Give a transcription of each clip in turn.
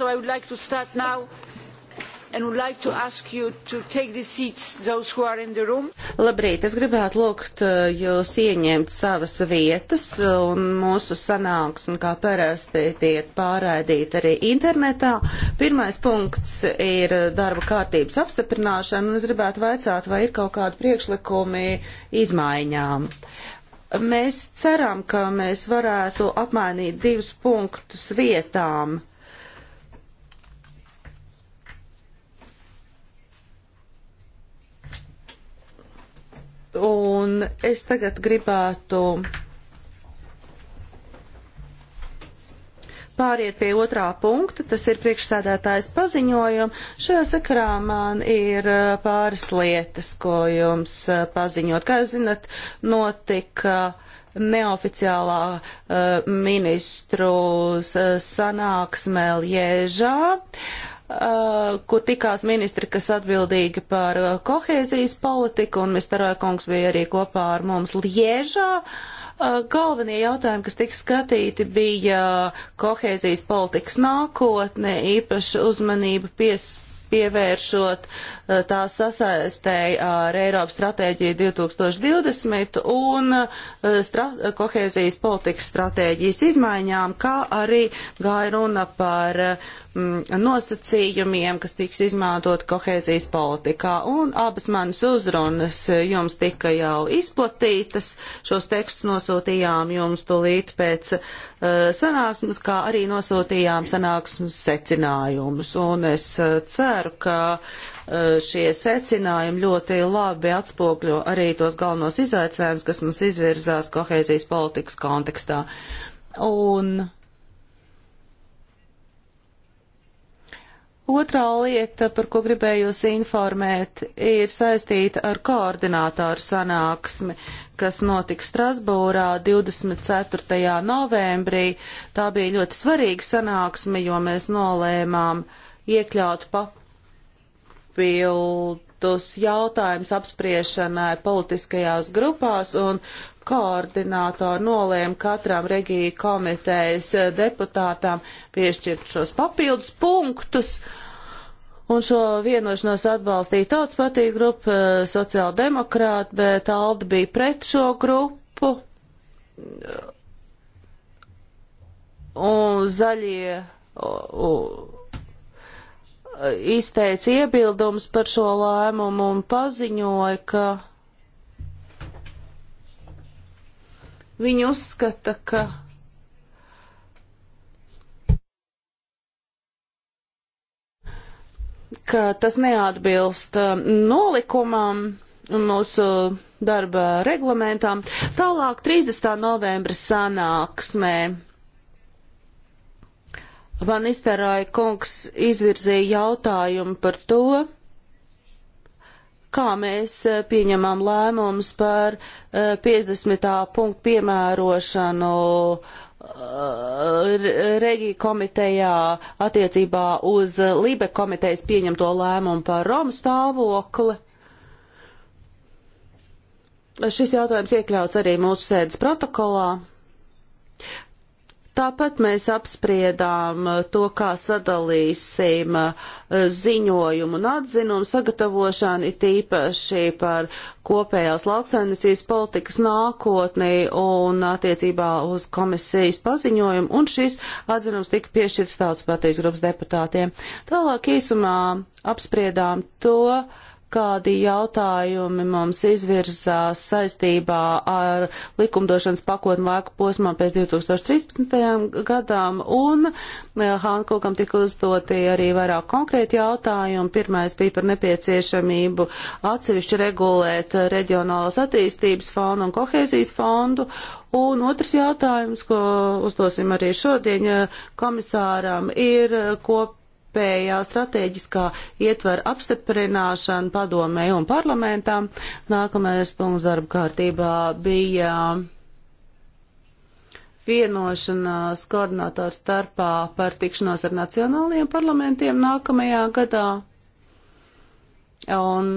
so i would like to start now and would like to ask you to take the seats, those who are in the room. Labrīt, es gribētu lūgt uh, jūs ieņemt savas vietas, un mūsu sanāksme, kā parasti, tiek pārraidīta arī internetā. Pirmais punkts ir darba kārtības apstiprināšana, un es gribētu vaicāt, vai ir kaut kādi priekšlikumi izmaiņām. Mēs ceram, ka mēs varētu apmainīt divus punktus vietām Un es tagad gribētu pāriet pie otrā punkta, tas ir priekšsēdētājs paziņojums. Šajā sakarā man ir uh, pāris lietas, ko jums uh, paziņot. Kā jūs zinat, notika neoficiālā uh, ministru sanāksmē Liežā. Uh, Eh, kur tikās ministri, kas atbildīgi par eh, kohēzijas politiku, un Mr. Roikungs bija arī kopā ar mums Liežā. Eh, galvenie jautājumi, kas tika skatīti, bija kohēzijas politikas nākotne, īpaši uzmanība pies, pievēršot tā sasaistēji ar Eiropas stratēģiju 2020 un stra kohēzijas politikas stratēģijas izmaiņām, kā arī gāja runa par Mm, nosacījumiem, kas tiks izmantot kohēzijas politikā. Un abas manas uzrunas e, jums tika jau izplatītas. Šos tekstus nosūtījām jums tūlīt pēc uh, sanāksmes, kā arī nosūtījām sanāksmes secinājumus. Un es uh, ceru, ka uh, šie secinājumi ļoti labi atspokļo arī tos galvenos izaicinājumus, kas mums izvirzās kohēzijas politikas kontekstā. Un Otrā lieta, par ko gribējos informēt, ir saistīta ar koordinātoru sanāksmi, kas notika Strasbūrā 24. novembrī. Tā bija ļoti svarīga sanāksme, jo mēs nolēmām iekļaut papildus jautājums apspriešanai politiskajās grupās un koordinātori nolēma katram regiju komitejas deputātām piešķirt šos papildus punktus, uh, Un šo vienošanos atbalstīja tautas patīk grupa, eh, sociāla demokrāta, bet Alda bija pret šo grupu. Un zaļie izteica iebildums par šo lēmumu un paziņoja, ka viņi uzskata, ka ka tas neatbilst uh, nolikumam mūsu darba reglamentām. Tālāk 30. novembra sanāksmē Van Isterāja kungs izvirzīja jautājumu par to, kā mēs uh, pieņemam lēmumus par 50. Uh, punktu piemērošanu Uh, Regija komitejā attiecībā uz Libe komitejas pieņemto lēmumu par Romu stāvokli. Šis jautājums iekļauts arī mūsu sēdes protokolā. Tāpat mēs apspriedām uh, to, kā sadalīsim uh, ziņojumu un atzinumu sagatavošanu, it īpaši par kopējās lauksainicijas politikas nākotnī un attiecībā uz komisijas paziņojumu, un šis atzinums tika piešķirts tautas partijas grupas deputātiem. Tālāk īsumā apspriedām to, kādi jautājumi mums izvirzās saistībā ar likumdošanas pakotni laika posmā pēc 2013. gadām, un eh, Hankokam tika uzdoti arī vairāk konkrēti jautājumi. Pirmais bija par nepieciešamību atsevišķi regulēt reģionālās attīstības fondu un kohēzijas fondu, Un otrs jautājums, ko uzdosim arī šodien eh, komisāram, ir eh, kop kopējā strateģiskā ietvera apstiprināšana padomē un parlamentā. Nākamais punkts darba kārtībā bija vienošanās koordinātoru starpā par tikšanos ar nacionālajiem parlamentiem nākamajā gadā. Un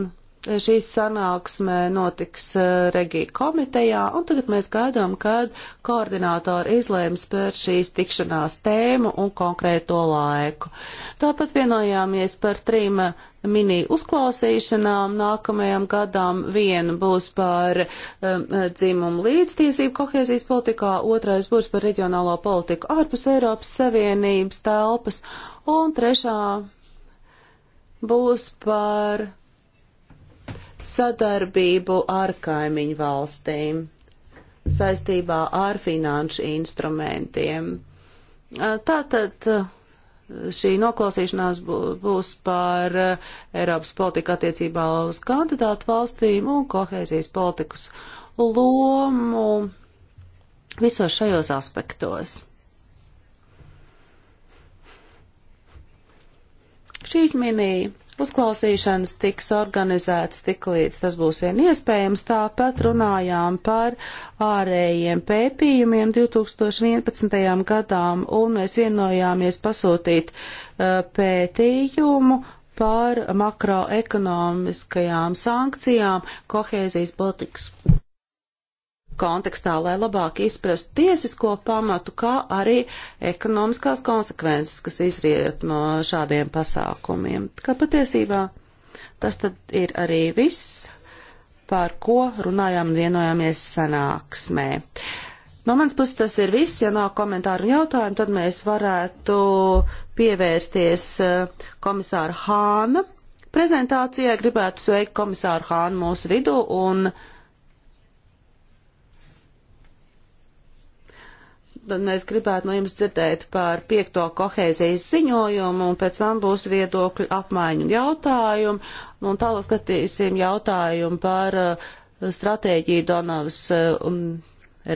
šī sanāksme notiks eh, Regija komitejā, un tagad mēs gaidām, kad koordinātori izlēms par šīs tikšanās tēmu un konkrēto laiku. Tāpat vienojāmies par trim mini uzklausīšanām nākamajam gadam. Viena būs par um, dzimumu līdztiesību kohēzijas politikā, otrais būs par reģionālo politiku ārpus Eiropas Savienības telpas, un trešā būs par sadarbību ar kaimiņu valstīm saistībā ar finanšu instrumentiem. Tātad šī noklausīšanās būs par Eiropas politiku attiecībā uz kandidātu valstīm un kohēzijas politikas lomu visos šajos aspektos. Šīs minēja Uzklausīšanas tiks organizētas tik līdz tas būs vien iespējams, tāpat runājām par ārējiem pētījumiem 2011. gadām, un mēs vienojāmies pasūtīt uh, pētījumu par makroekonomiskajām sankcijām kohēzijas politikas kontekstā, lai labāk izprastu tiesisko pamatu, kā arī ekonomiskās konsekvences, kas izriet no šādiem pasākumiem. Kā patiesībā tas tad ir arī viss, par ko runājām un vienojāmies sanāksmē. No mans puses tas ir viss. Ja nav komentāru un jautājumu, tad mēs varētu pievērsties eh, komisāra Hāna prezentācijai. Gribētu sveikt komisāru Hānu mūsu vidu un uh, tad mēs gribētu no jums dzirdēt par piekto kohēzijas ziņojumu, un pēc tam būs viedokļu apmaiņu un jautājumu, un tālāk skatīsim jautājumu par uh, stratēģiju Donavas uh,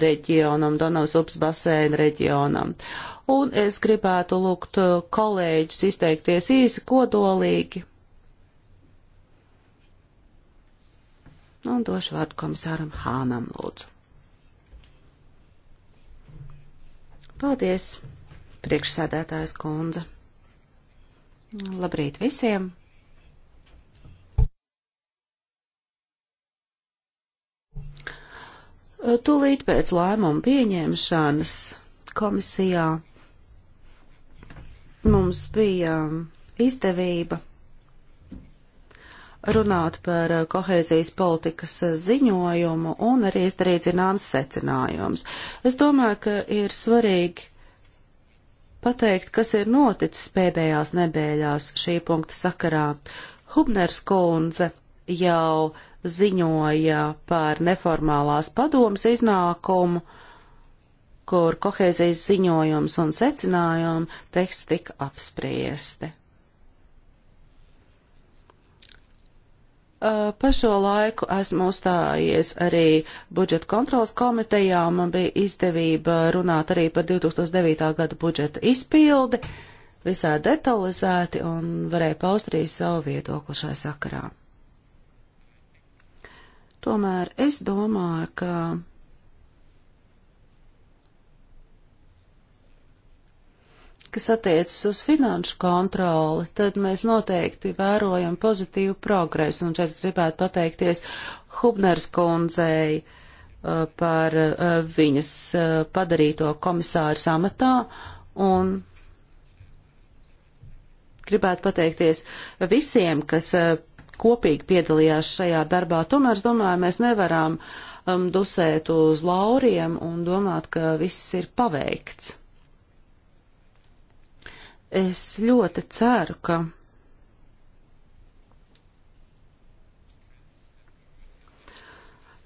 reģionam, Donavas upes basēna reģionam. Un es gribētu lūgt uh, kolēģus izteikties īsi kodolīgi. Un došu vārdu komisāram Hānam, lūdzu. Paldies, priekšsēdētājs kundze. Labrīt visiem! Tūlīt pēc lēmuma pieņemšanas komisijā mums bija izdevība runāt par uh, kohēzijas politikas uh, ziņojumu un arī izdarīt zināmas secinājumus. Es domāju, ka ir svarīgi pateikt, kas ir noticis pēdējās nedēļās šī punkta sakarā. Hubners kundze jau ziņoja par neformālās padomas iznākumu, kur kohēzijas ziņojums un secinājumi teksts tika apspriesti. Uh, pa šo laiku esmu uzstājies arī budžeta kontrolas komitejā, man bija izdevība runāt arī par 2009. gada budžeta izpildi visā detalizēti un varēja paust arī savu viedokli šai sakarā. Tomēr es domāju, ka kas attiecas uz finanšu kontroli, tad mēs noteikti vērojam pozitīvu progresu, un šeit es gribētu pateikties Hubners kundzei uh, par uh, viņas uh, padarīto komisāru samatā, un gribētu pateikties visiem, kas kopīgi piedalījās šajā darbā. Tomēr es domāju, mēs nevaram um, dusēt uz lauriem un domāt, ka viss ir paveikts. Es ļoti ceru, ka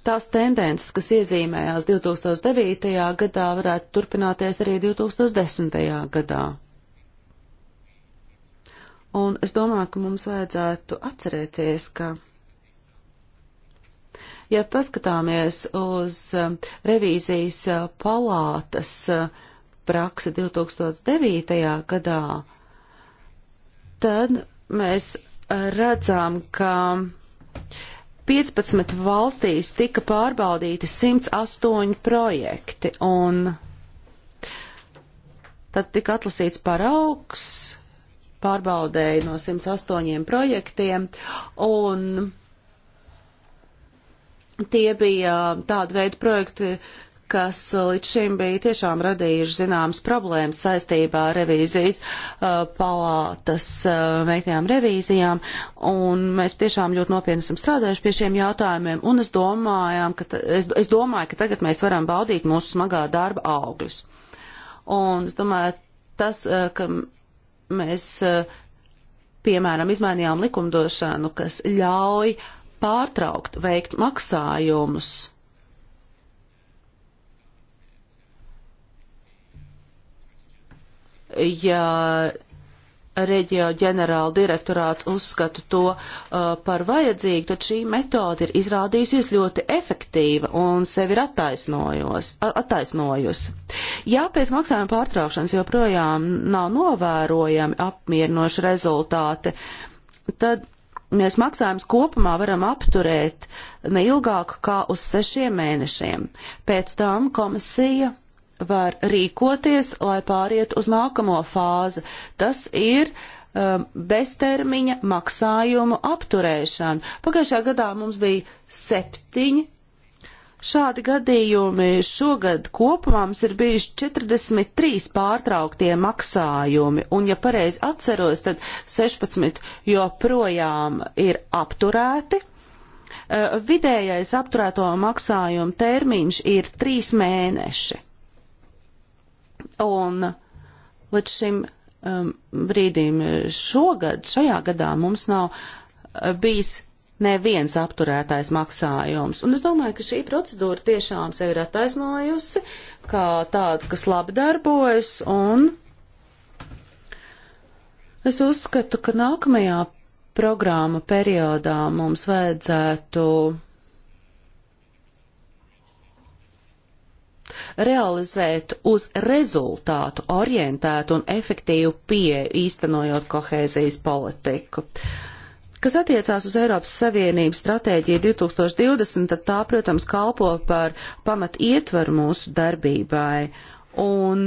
tās tendences, kas iezīmējās 2009. gadā, varētu turpināties arī 2010. gadā. Un es domāju, ka mums vajadzētu atcerēties, ka, ja paskatāmies uz eh, revīzijas eh, palātas, uh, praksi 2009. gadā, tad mēs redzam, ka 15 valstīs tika pārbaudīti 108 projekti, un tad tika atlasīts paraugs, pārbaudēja no 108 projektiem, un tie bija tādi veidi projekti, kas līdz šim bija tiešām radījuši zināmas problēmas saistībā ar revīzijas uh, palātas uh, veiktajām revīzijām, un mēs tiešām ļoti nopietni esam strādājuši pie šiem jautājumiem, un es, domājām, ka es, es domāju, ka tagad mēs varam baudīt mūsu smagā darba augļus. Un es domāju, tas, uh, ka mēs, uh, piemēram, izmainījām likumdošanu, kas ļauj pārtraukt veikt maksājumus ja reģio ģenerāla direktorāts uzskata to uh, par vajadzīgu, tad šī metode ir izrādījusies ļoti efektīva un sevi ir attaisnojusi. Ja pēc maksājuma pārtraukšanas joprojām nav novērojami apmierinoši rezultāti, tad mēs maksājumus kopumā varam apturēt neilgāk kā uz sešiem mēnešiem. Pēc tam komisija var rīkoties, lai pāriet uz nākamo fāzi. Tas ir um, beztermiņa maksājumu apturēšana. Pagājušajā gadā mums bija septiņi šādi gadījumi. Šogad kopumā mums ir bijuši 43 pārtrauktie maksājumi, un, ja pareizi atceros, tad 16 joprojām ir apturēti. Uh, vidējais apturēto maksājumu termiņš ir 3 mēneši. Un līdz šim um, brīdim šogad, šajā gadā mums nav uh, bijis neviens apturētais maksājums. Un es domāju, ka šī procedūra tiešām sevi ir attaisnojusi kā tāda, kas labi darbojas, un es uzskatu, ka nākamajā programma periodā mums vajadzētu realizēt uz rezultātu orientētu un efektīvu pieeju īstenojot kohēzijas politiku. Kas attiecās uz Eiropas Savienības stratēģiju 2020, tad tā, protams, kalpo par pamat ietveru mūsu darbībai. Un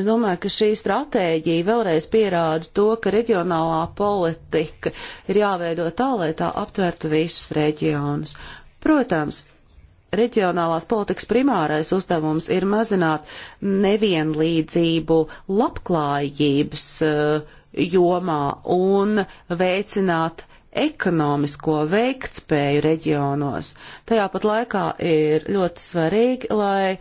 es domāju, ka šī stratēģija vēlreiz pierāda to, ka reģionālā politika ir jāveido tā, lai tā aptvertu visus reģionus. Protams, reģionālās politikas primārais uzdevums ir mazināt nevienlīdzību labklājības eh, jomā un veicināt ekonomisko veiktspēju reģionos. Tajā pat laikā ir ļoti svarīgi, lai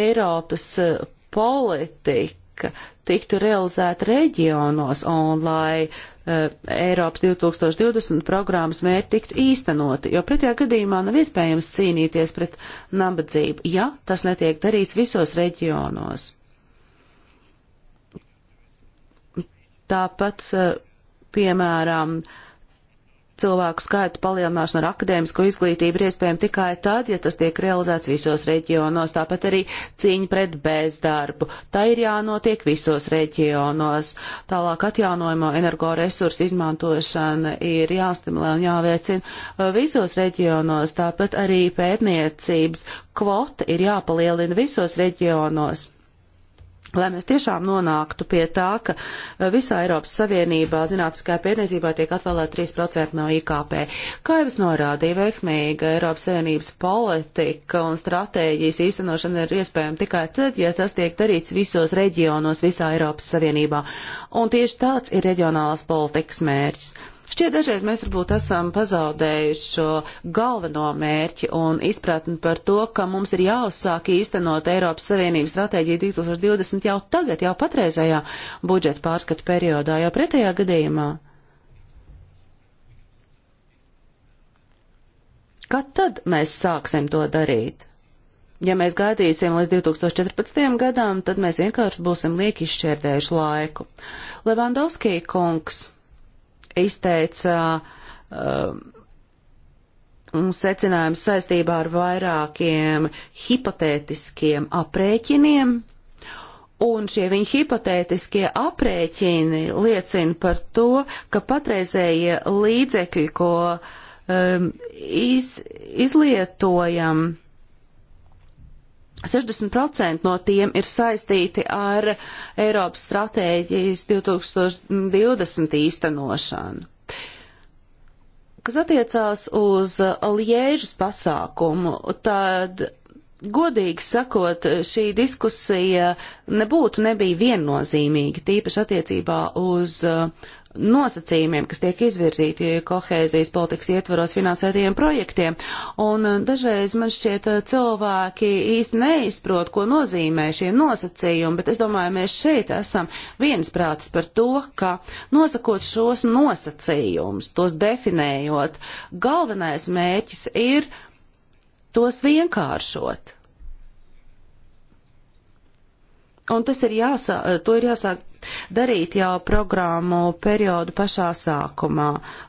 Eiropas eh, politika tiktu realizēta reģionos un lai uh, Eh, Eiropas 2020 programmas mērķi tiktu īstenoti, jo pretējā gadījumā nav iespējams cīnīties pret nabadzību, ja tas netiek darīts visos reģionos. Tāpat, eh, piemēram, uh, cilvēku skaitu palielināšana ar akadēmisko izglītību ir iespējama tikai tad, ja tas tiek realizēts visos reģionos, tāpat arī cīņa pret bezdarbu. Tā ir jānotiek visos reģionos. Tālāk atjaunojamo energoresursu izmantošana ir jāstimulē un jāveicina uh, visos reģionos, tāpat arī pētniecības kvota ir jāpalielina visos reģionos lai mēs tiešām nonāktu pie tā, ka eh, visā Eiropas Savienībā zinātniskajā pētniecībā tiek atvēlēta 3% no IKP. Kā jau es norādīju, veiksmīga Eiropas Savienības politika un stratēģijas īstenošana ir iespējama tikai tad, ja tas tiek darīts visos reģionos visā Eiropas Savienībā. Un tieši tāds ir reģionālās politikas mērķis. Šķiet, dažreiz mēs varbūt esam pazaudējuši šo galveno mērķi un izpratni par to, ka mums ir jāuzsāk īstenot Eiropas Savienības stratēģiju 2020 jau tagad, jau patreizējā budžeta pārskatu periodā, jo pretējā gadījumā. Kad tad mēs sāksim to darīt? Ja mēs gaidīsim līdz 2014. gadam, tad mēs vienkārši būsim lieki izšķērdējuši laiku. Levandovskī kungs izteica um, secinājums saistībā ar vairākiem hipotētiskiem aprēķiniem, un šie viņa hipotētiskie aprēķini liecina par to, ka patreizējie līdzekļi, ko um, iz, izlietojam, 60% no tiem ir saistīti ar Eiropas stratēģijas 2020 īstenošanu. Kas attiecās uz Liežas pasākumu, tad, godīgi sakot, šī diskusija nebūtu nebija viennozīmīga, tīpaši attiecībā uz uh, nosacījumiem, kas tiek izvirzīti kohēzijas politikas ietvaros finansētajiem projektiem. Un eh, dažreiz man šķiet eh, cilvēki īsti neizprot, ko nozīmē šie nosacījumi, bet es domāju, mēs šeit esam viensprātis par to, ka nosakot šos nosacījumus, tos definējot, galvenais mērķis ir tos vienkāršot Un tas ir jāsā, to ir jāsāk darīt jau programmu periodu pašā sākumā,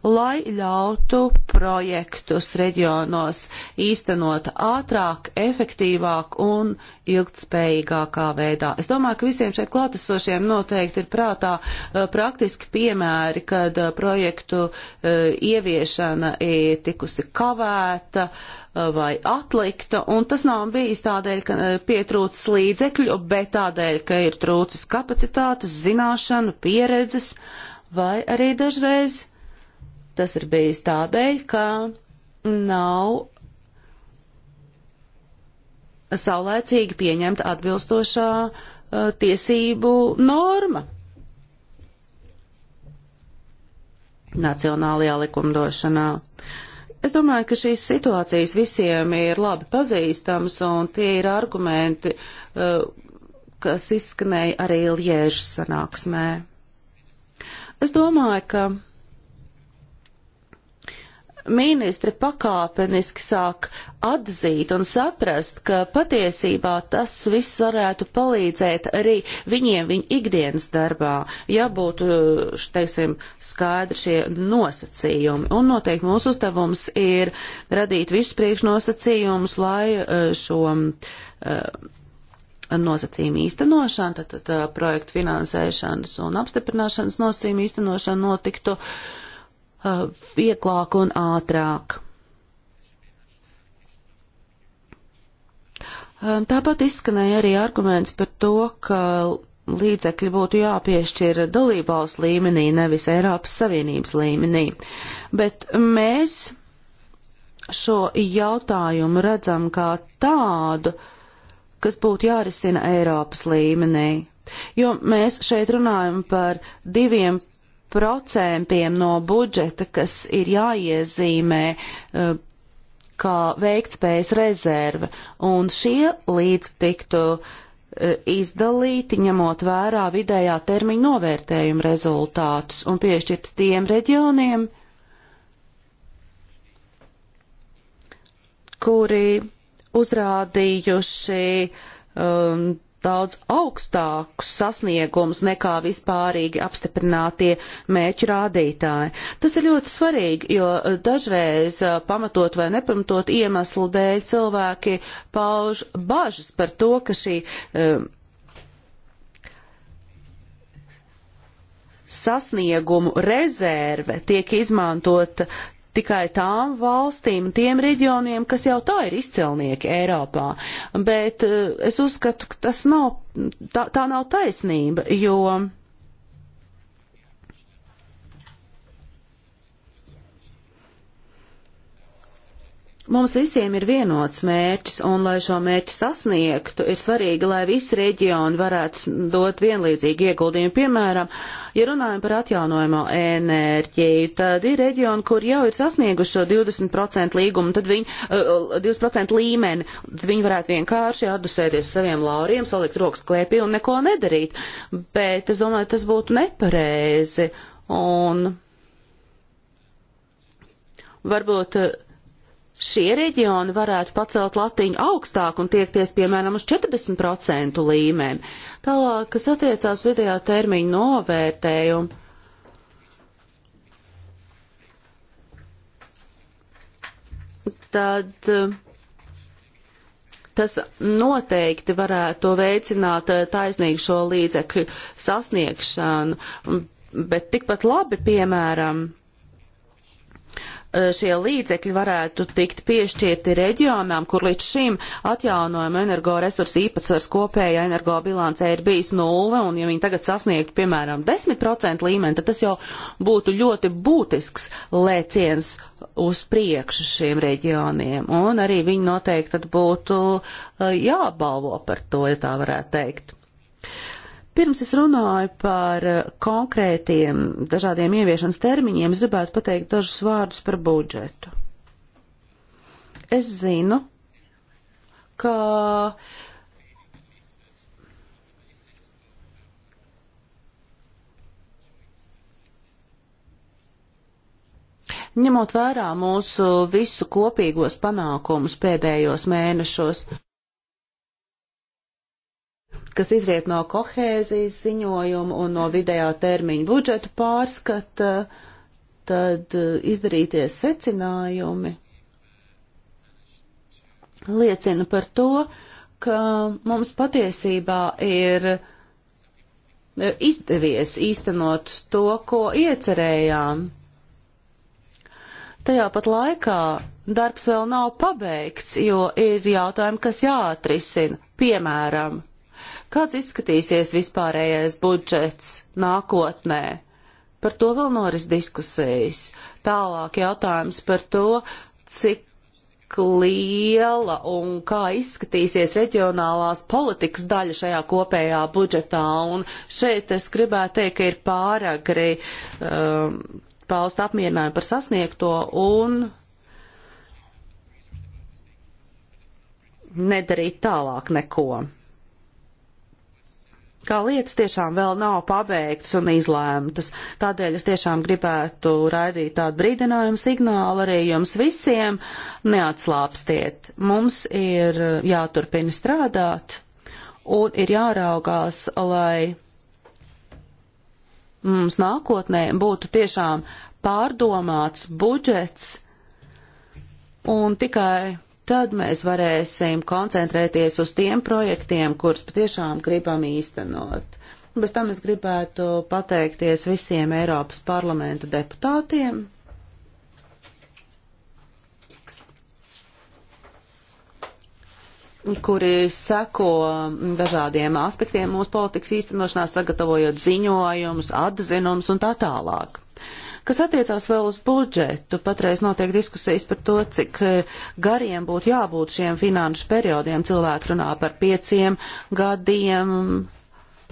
lai ļautu projektus reģionos īstenot ātrāk, efektīvāk un ilgtspējīgākā veidā. Es domāju, ka visiem šeit klātesošiem noteikti ir prātā uh, praktiski piemēri, kad uh, projektu uh, ieviešana ir tikusi kavēta, uh, vai atlikta, un tas nav bijis tādēļ, ka eh, pietrūcis līdzekļu, bet tādēļ, ka ir trūcis kapacitātes, zināšanu, pieredzes, vai arī dažreiz tas ir bijis tādēļ, ka nav saulēcīgi pieņemta atbilstošā uh, tiesību norma nacionālajā likumdošanā. Uh, Es domāju, ka šīs situācijas visiem ir labi pazīstams, un tie ir argumenti, eh, kas izskanēja arī Liežas sanāksmē. Es domāju, ka ministri pakāpeniski sāk atzīt un saprast, ka patiesībā tas viss varētu palīdzēt arī viņiem viņa ikdienas darbā, ja būtu, teiksim, skaidri šie nosacījumi. Un noteikti mūsu uzdevums ir radīt visus priekšnosacījumus, lai šo nosacījumu īstenošanu, tad, tad projektu finansēšanas un apstiprināšanas nosacījumu īstenošanu notiktu uh, Uh, vieglāk un ātrāk. Um, tāpat izskanēja arī arguments par to, ka līdzekļi būtu jāpiešķir dalībvalsts līmenī, nevis Eiropas Savienības līmenī. Bet mēs šo jautājumu redzam kā tādu, kas būtu jārisina Eiropas līmenī. Jo mēs šeit runājam par diviem procentiem no budžeta, kas ir jāiezīmē eh, kā veiktspējas rezerve, un šie līdz tiktu eh, izdalīti, ņemot vērā vidējā termiņa novērtējuma rezultātus un piešķirt tiem reģioniem, kuri uzrādījuši um, daudz augstākus sasniegumus nekā vispārīgi apstiprinātie mēķu rādītāji. Tas ir ļoti svarīgi, jo eh, dažreiz eh, pamatot vai nepamatot iemeslu dēļ cilvēki pauž bažas par to, ka šī um, sasniegumu rezerve tiek izmantota tikai tām valstīm, tiem reģioniem, kas jau tā ir izcelnieki Eiropā. Bet eh, es uzskatu, ka tas nav, tā, tā nav taisnība, jo Mums visiem ir vienots mērķis, un lai šo mērķi sasniegtu, ir svarīgi, lai visi reģioni varētu dot vienlīdzīgu ieguldījumu. Piemēram, ja runājam par atjaunojamo enerģiju, tad ir reģioni, kur jau ir sasnieguši šo 20% līgumu, tad viņi, 20% uh, uh, līmeni, tad viņi varētu vienkārši atdusēties saviem lauriem, salikt rokas klēpī un neko nedarīt. Bet es domāju, tas būtu nepareizi. Un varbūt uh, šie reģioni varētu pacelt latiņu augstāk un tiekties, piemēram, uz 40% līmēm. Tālāk, kas attiecās uz vidējā termiņa novērtējumu. Tad eh, tas noteikti varētu veicināt eh, taisnīgu šo līdzekļu sasniegšanu, bet tikpat labi, piemēram, Eh, šie līdzekļi varētu tikt piešķirti reģionām, kur līdz šim atjaunojama energoresursa īpatsvars kopējā energobilancē ir bijis nulle, un ja viņi tagad sasniegtu, piemēram, 10% līmeni, tad tas jau būtu ļoti būtisks lēciens uz priekšu šiem reģioniem, un arī viņi noteikti tad būtu eh, jābalvo par to, ja tā varētu teikt. Pirms es runāju par eh, konkrētiem dažādiem ieviešanas termiņiem, es gribētu pateikt dažus vārdus par budžetu. Es zinu, ka ņemot vērā mūsu visu kopīgos panākumus pēdējos mēnešos kas izriet no kohēzijas ziņojuma un no vidējā termiņa budžeta pārskata, tad eh, izdarītie secinājumi liecina par to, ka mums patiesībā ir eh, izdevies īstenot to, ko iecerējām. Tajā pat laikā darbs vēl nav pabeigts, jo ir jautājumi, kas jāatrisina. Piemēram, Kāds izskatīsies vispārējais budžets nākotnē? Par to vēl noris diskusijas. Tālāk jautājums par to, cik liela un kā izskatīsies reģionālās politikas daļa šajā kopējā budžetā. Un šeit es gribētu teikt, ka ir pāragri um, paust apmierinājumu par sasniegto un nedarīt tālāk neko ka lietas tiešām vēl nav pabeigtas un izlēmtas. Tādēļ es tiešām gribētu raidīt tādu brīdinājumu signālu arī jums visiem - neatslāpstiet. Mums ir jāturpina strādāt un ir jāraugās, lai mums nākotnē būtu tiešām pārdomāts budžets un tikai tad mēs varēsim koncentrēties uz tiem projektiem, kurus patiešām gribam īstenot. Bez tam es gribētu pateikties visiem Eiropas parlamenta deputātiem. kuri seko dažādiem aspektiem mūsu politikas īstenošanā, sagatavojot ziņojumus, atzinumus un tā tālāk. Kas attiecās vēl uz budžetu, patreiz notiek diskusijas par to, cik eh, gariem būtu jābūt šiem finanšu periodiem. Cilvēki runā par pieciem gadiem,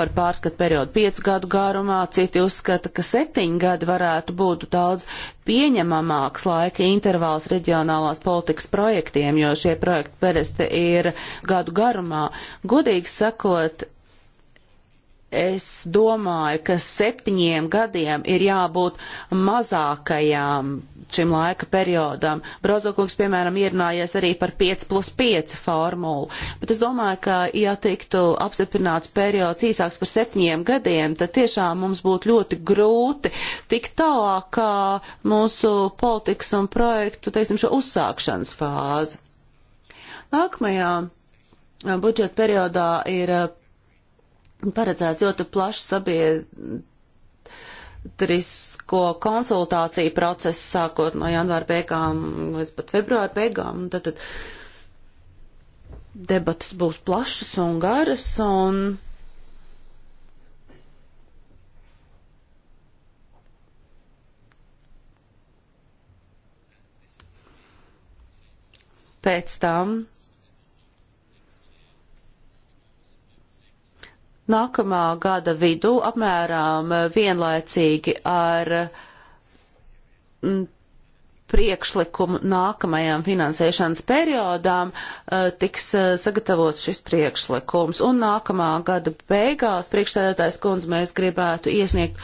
par pārskatu periodu piecu gadu garumā, citi uzskata, ka septiņi gadi varētu būt daudz pieņemamāks laika intervāls reģionālās politikas projektiem, jo šie projekti pereste ir gadu garumā. Godīgi sakot, Es domāju, ka septiņiem gadiem ir jābūt mazākajām šim laika periodam. Brozokungs, piemēram, ierunājies arī par 5 plus 5 formulu, bet es domāju, ka, ja tiktu apstiprināts periods īsāks par septiņiem gadiem, tad tiešām mums būtu ļoti grūti tik tālā, kā mūsu politikas un projektu, teiksim, šo uzsākšanas fāzi. Nākamajā budžeta periodā ir paredzēts ļoti plašs sabiedrisko konsultāciju process, sākot no janvāra beigām līdz pat februāra beigām. Tad, tad debatas būs plašas un garas, un pēc tam nākamā gada vidū apmēram vienlaicīgi ar priekšlikumu nākamajam finansēšanas periodām eh, tiks eh, sagatavots šis priekšlikums. Un nākamā gada beigās, priekšsēdētājs kundze, mēs gribētu iesniegt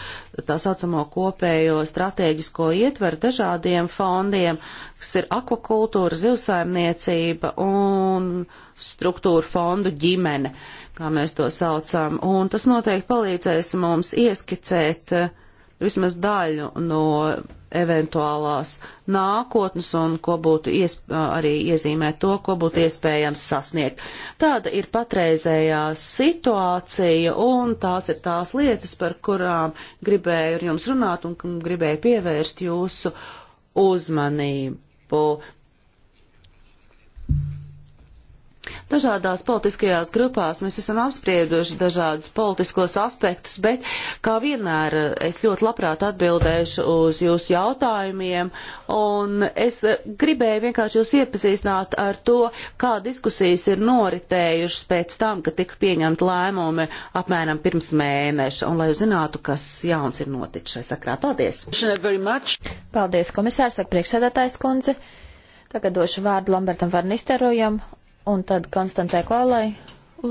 tā saucamo kopējo strateģisko ietveru dažādiem fondiem, kas ir akvakultūra, zivsaimniecība un struktūra fondu ģimene, kā mēs to saucam. Un tas noteikti palīdzēs mums ieskicēt eh, vismaz daļu no eventuālās nākotnes un ko būtu iesp arī iezīmēt to, ko būtu iespējams sasniegt. Tāda ir patreizējā situācija un tās ir tās lietas, par kurām gribēju ar jums runāt un gribēju pievērst jūsu uzmanību. Dažādās politiskajās grupās mēs esam apsprieduši dažādus politiskos aspektus, bet kā vienmēr es ļoti labprāt atbildēšu uz jūsu jautājumiem, un es gribēju vienkārši jūs iepazīstināt ar to, kā diskusijas ir noritējušas pēc tam, kad tika pieņemta lēmumi apmēram pirms mēneša, un lai jūs zinātu, kas jauns ir noticis šai sakrā. Paldies! Paldies, komisārs, ar priekšsēdētājs kundze. Tagad došu vārdu Lambertam Varnisterojam Un tad Konstancē Klālai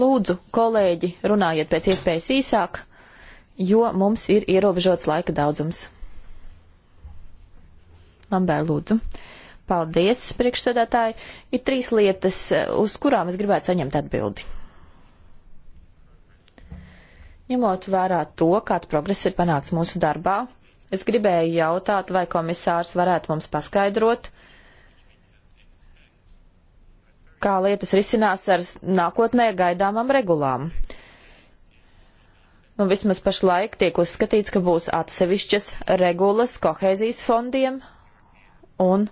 lūdzu, kolēģi, runājiet pēc iespējas īsāk, jo mums ir ierobežots laika daudzums. Lambēr, lūdzu. Paldies, priekšsēdētāji. Ir trīs lietas, uz kurām es gribētu saņemt atbildi. Ņemot vērā to, kāds progress ir panākts mūsu darbā, es gribēju jautāt, vai komisārs varētu mums paskaidrot, uh, kā lietas risinās ar nākotnē gaidāmām regulām. Nu, vismaz pašlaik tiek uzskatīts, ka būs atsevišķas regulas kohēzijas fondiem un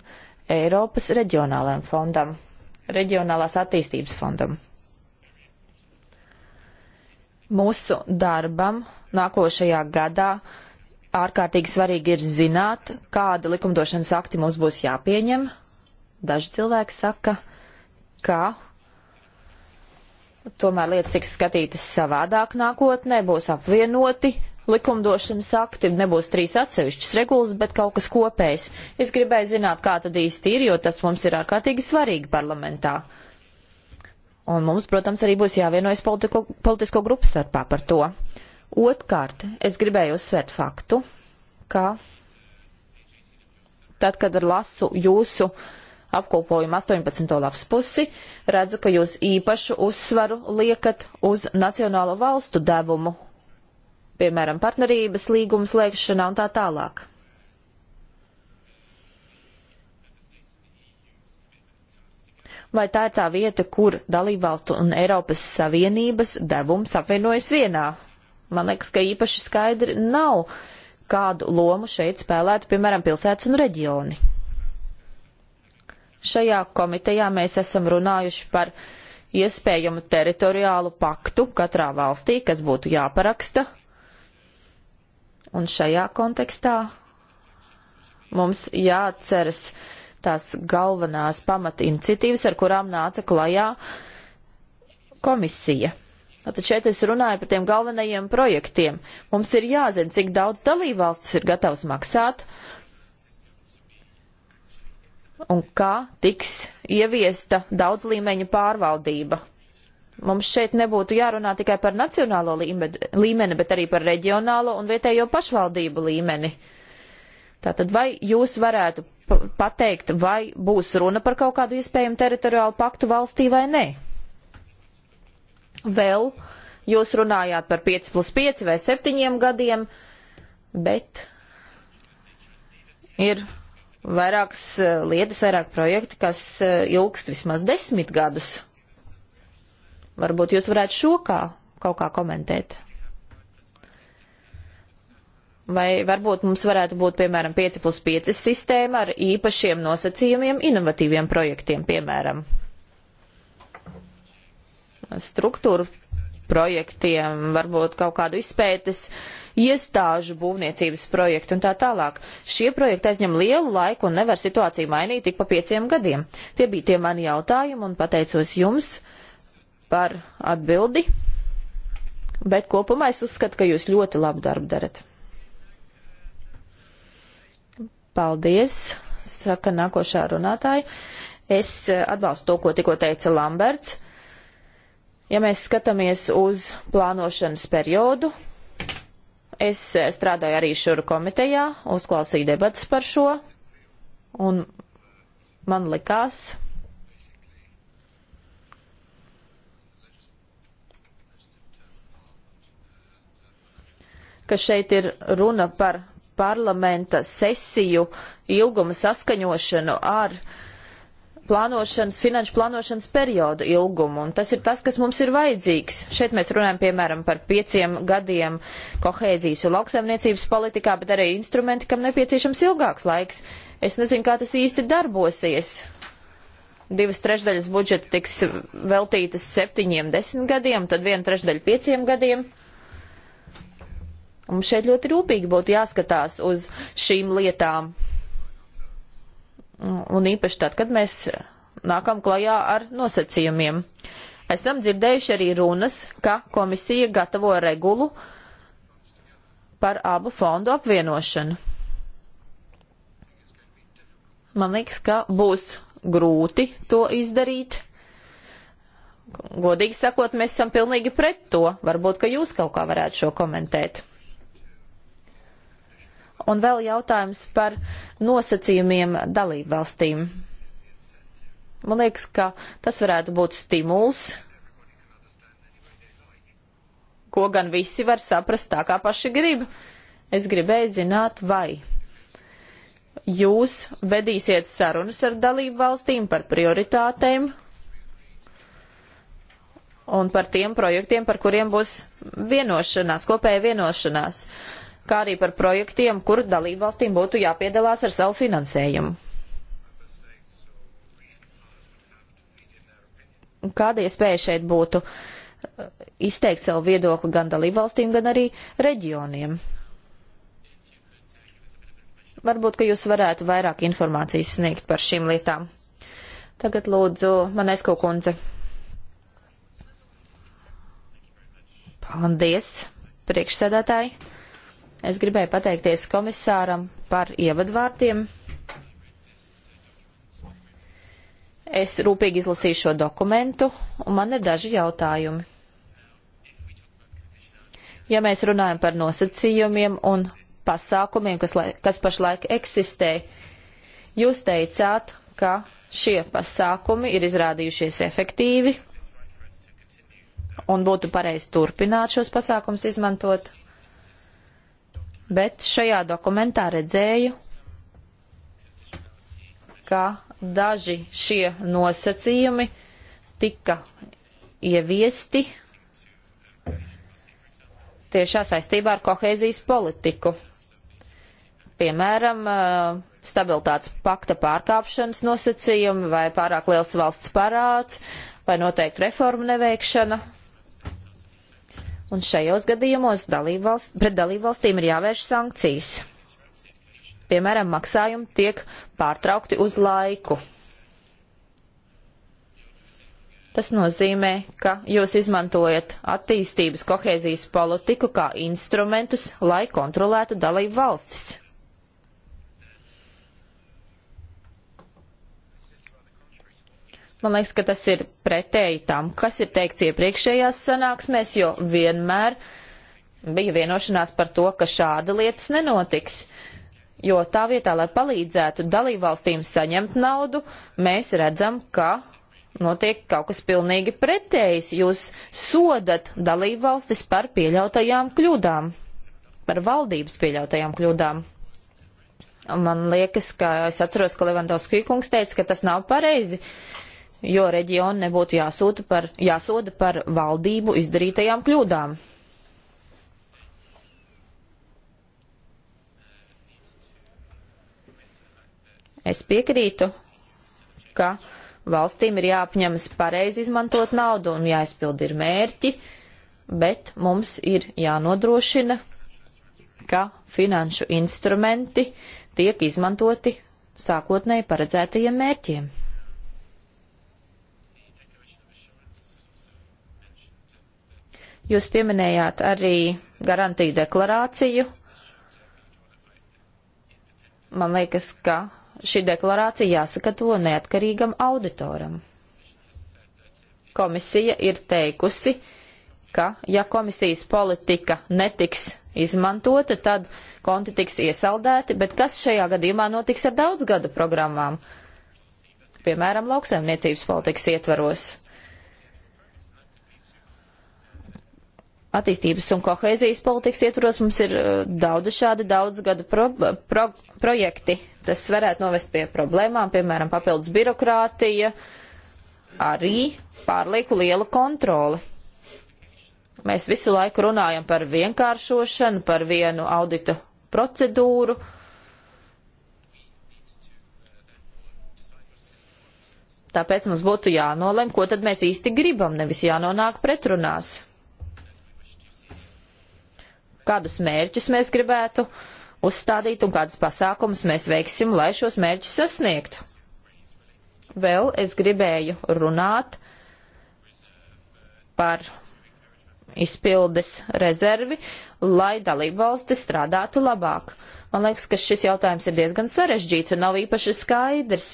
Eiropas reģionālajiem fondam, reģionālās attīstības fondam. Mūsu darbam nākošajā gadā ārkārtīgi svarīgi ir zināt, kāda likumdošanas akti mums būs jāpieņem. Daži cilvēki saka, ka tomēr lietas tiks skatītas savādāk nākotnē, būs apvienoti likumdošanas akti, nebūs trīs atsevišķas regulas, bet kaut kas kopējs. Es gribēju zināt, kā tad īsti ir, jo tas mums ir ārkārtīgi svarīgi parlamentā. Un mums, protams, arī būs jāvienojas politiko, politisko grupu starpā par to. Otkārt, es gribēju uzsvērt faktu, ka tad, kad lasu jūsu uh, apkopojumu 18. lapas pusi, redzu, ka jūs īpašu uzsvaru liekat uz nacionālo valstu devumu, piemēram, partnerības līgumu slēgšanā un tā tālāk. Vai tā ir tā vieta, kur dalībvalstu un Eiropas Savienības devums apvienojas vienā? Man liekas, ka īpaši skaidri nav, kādu lomu šeit spēlētu, piemēram, pilsētas un reģioni. Šajā komitejā mēs esam runājuši par iespējamu teritoriālu paktu katrā valstī, kas būtu jāparaksta. Un šajā kontekstā mums jāatceras tās galvenās pamata iniciatīvas, ar kurām nāca klajā komisija. Tātad šeit es runāju par tiem galvenajiem projektiem. Mums ir jāzina, cik daudz dalībvalstis ir gatavs maksāt, un kā tiks ieviesta daudz līmeņa pārvaldība. Mums šeit nebūtu jārunā tikai par nacionālo līmeni, bet arī par reģionālo un vietējo pašvaldību līmeni. Tātad vai jūs varētu pateikt, vai būs runa par kaut kādu iespējamu teritoriālu paktu valstī vai nē? Vēl jūs runājāt par 5 plus 5 vai 7 gadiem, bet ir vairākas eh, lietas, vairāk projekti, kas eh, ilgst vismaz desmit gadus. Varbūt jūs varētu šo kā kaut kā komentēt. Vai varbūt mums varētu būt, piemēram, 5 plus 5 sistēma ar īpašiem nosacījumiem, inovatīviem projektiem, piemēram, struktūru projektiem, varbūt kaut kādu izpētes uh, iestāžu būvniecības projekti un tā tālāk. Šie projekti aizņem lielu laiku un nevar situāciju mainīt tik pa pieciem gadiem. Tie bija tie mani jautājumi un pateicos jums par atbildi. Bet kopumā es uzskatu, ka jūs ļoti labu darbu darat. Paldies, saka nākošā runātāja. Es atbalstu to, ko tikko teica Lamberts. Ja mēs skatāmies uz plānošanas periodu, Es strādāju arī šur komitejā, uzklausīju debatas par šo, un man likās, ka šeit ir runa par parlamenta sesiju ilguma saskaņošanu ar uh, plānošanas, finanšu plānošanas periodu ilgumu, un tas ir tas, kas mums ir vajadzīgs. Šeit mēs runājam, piemēram, par pieciem gadiem kohēzijas un lauksaimniecības politikā, bet arī instrumenti, kam nepieciešams ilgāks laiks. Es nezinu, kā tas īsti darbosies. Divas trešdaļas budžeta tiks veltītas septiņiem, desmit gadiem, tad viena trešdaļa pieciem gadiem. Mums šeit ļoti rūpīgi būtu jāskatās uz šīm lietām un īpaši tad, kad mēs nākam klajā ar nosacījumiem. Esam dzirdējuši arī runas, ka komisija gatavo regulu par abu fondu apvienošanu. Man liekas, ka būs grūti to izdarīt. Godīgi sakot, mēs esam pilnīgi pret to. Varbūt, ka jūs kaut kā varētu šo komentēt. Un vēl jautājums par nosacījumiem dalību valstīm. Man liekas, ka tas varētu būt stimuls, ko gan visi var saprast tā, kā paši grib. Es gribēju zināt, vai jūs vedīsiet sarunas ar dalību valstīm par prioritātēm un par tiem projektiem, par kuriem būs vienošanās, kopēja vienošanās. Uh, kā arī par projektiem, kur dalībvalstīm būtu jāpiedalās ar savu finansējumu. Kāda iespēja šeit būtu uh, izteikt savu viedokli gan dalībvalstīm, gan arī reģioniem? Varbūt, ka jūs varētu vairāk informācijas sniegt par šīm lietām. Tagad lūdzu Manesko kundze. Paldies, priekšsēdētāji. Es gribēju pateikties komisāram par ievadvārdiem. Es rūpīgi izlasīju šo dokumentu, un man ir daži jautājumi. Ja mēs runājam par nosacījumiem un pasākumiem, kas, lai, kas pašlaik eksistē, jūs teicāt, ka šie pasākumi ir izrādījušies efektīvi un būtu pareizi turpināt šos pasākums izmantot bet šajā dokumentā redzēju, ka daži šie nosacījumi tika ieviesti tiešā saistībā ar kohēzijas politiku. Piemēram, eh, stabilitātes pakta pārkāpšanas nosacījumi vai pārāk liels valsts parāds vai noteikti reformu neveikšana Un šajos gadījumos dalībvalst, pret dalībvalstīm ir jāvērš sankcijas. Piemēram, maksājumi tiek pārtraukti uz laiku. Tas nozīmē, ka jūs izmantojat attīstības kohēzijas politiku kā instrumentus, lai kontrolētu dalību valstis. Man liekas, ka tas ir pretēji tam, kas ir teikts iepriekšējās sanāksmēs, jo vienmēr bija vienošanās par to, ka šāda lietas nenotiks. Jo tā vietā, lai palīdzētu dalībvalstīm saņemt naudu, mēs redzam, ka notiek kaut kas pilnīgi pretējs. Jūs sodat dalībvalstis par pieļautajām kļūdām, par valdības pieļautajām kļūdām. Man liekas, ka es atceros, ka Levandovskij kungs teica, ka tas nav pareizi. Uh, jo reģionu nebūtu jāsūta par, jāsoda par valdību izdarītajām kļūdām. Es piekrītu, ka valstīm ir jāapņemas pareizi izmantot naudu un jāizpild ir mērķi, bet mums ir jānodrošina, ka finanšu instrumenti tiek izmantoti sākotnēji paredzētajiem mērķiem. Jūs pieminējāt arī garantiju deklarāciju. Man liekas, ka šī deklarācija jāsagatavo neatkarīgam auditoram. Komisija ir teikusi, ka ja komisijas politika netiks izmantota, tad konti tiks iesaldēti, bet kas šajā gadījumā notiks ar daudzgadu programmām? Piemēram, lauksaimniecības politikas ietvaros. attīstības un kohēzijas politikas ietvaros mums ir uh, daudz šādi daudz gadu pro, pro, projekti. Tas varētu novest pie problēmām, piemēram, papildus birokrātija, arī pārlieku liela kontroli. Mēs visu laiku runājam par vienkāršošanu, par vienu audita procedūru. Tāpēc mums būtu jānolem, ko tad mēs īsti gribam, nevis jānonāk pretrunās kādus mērķus mēs gribētu uzstādīt un kādus pasākumus mēs veiksim, lai šos mērķus sasniegtu. Vēl es gribēju runāt par izpildes rezervi, lai dalībvalstis strādātu labāk. Man liekas, ka šis jautājums ir diezgan sarežģīts un nav īpaši skaidrs.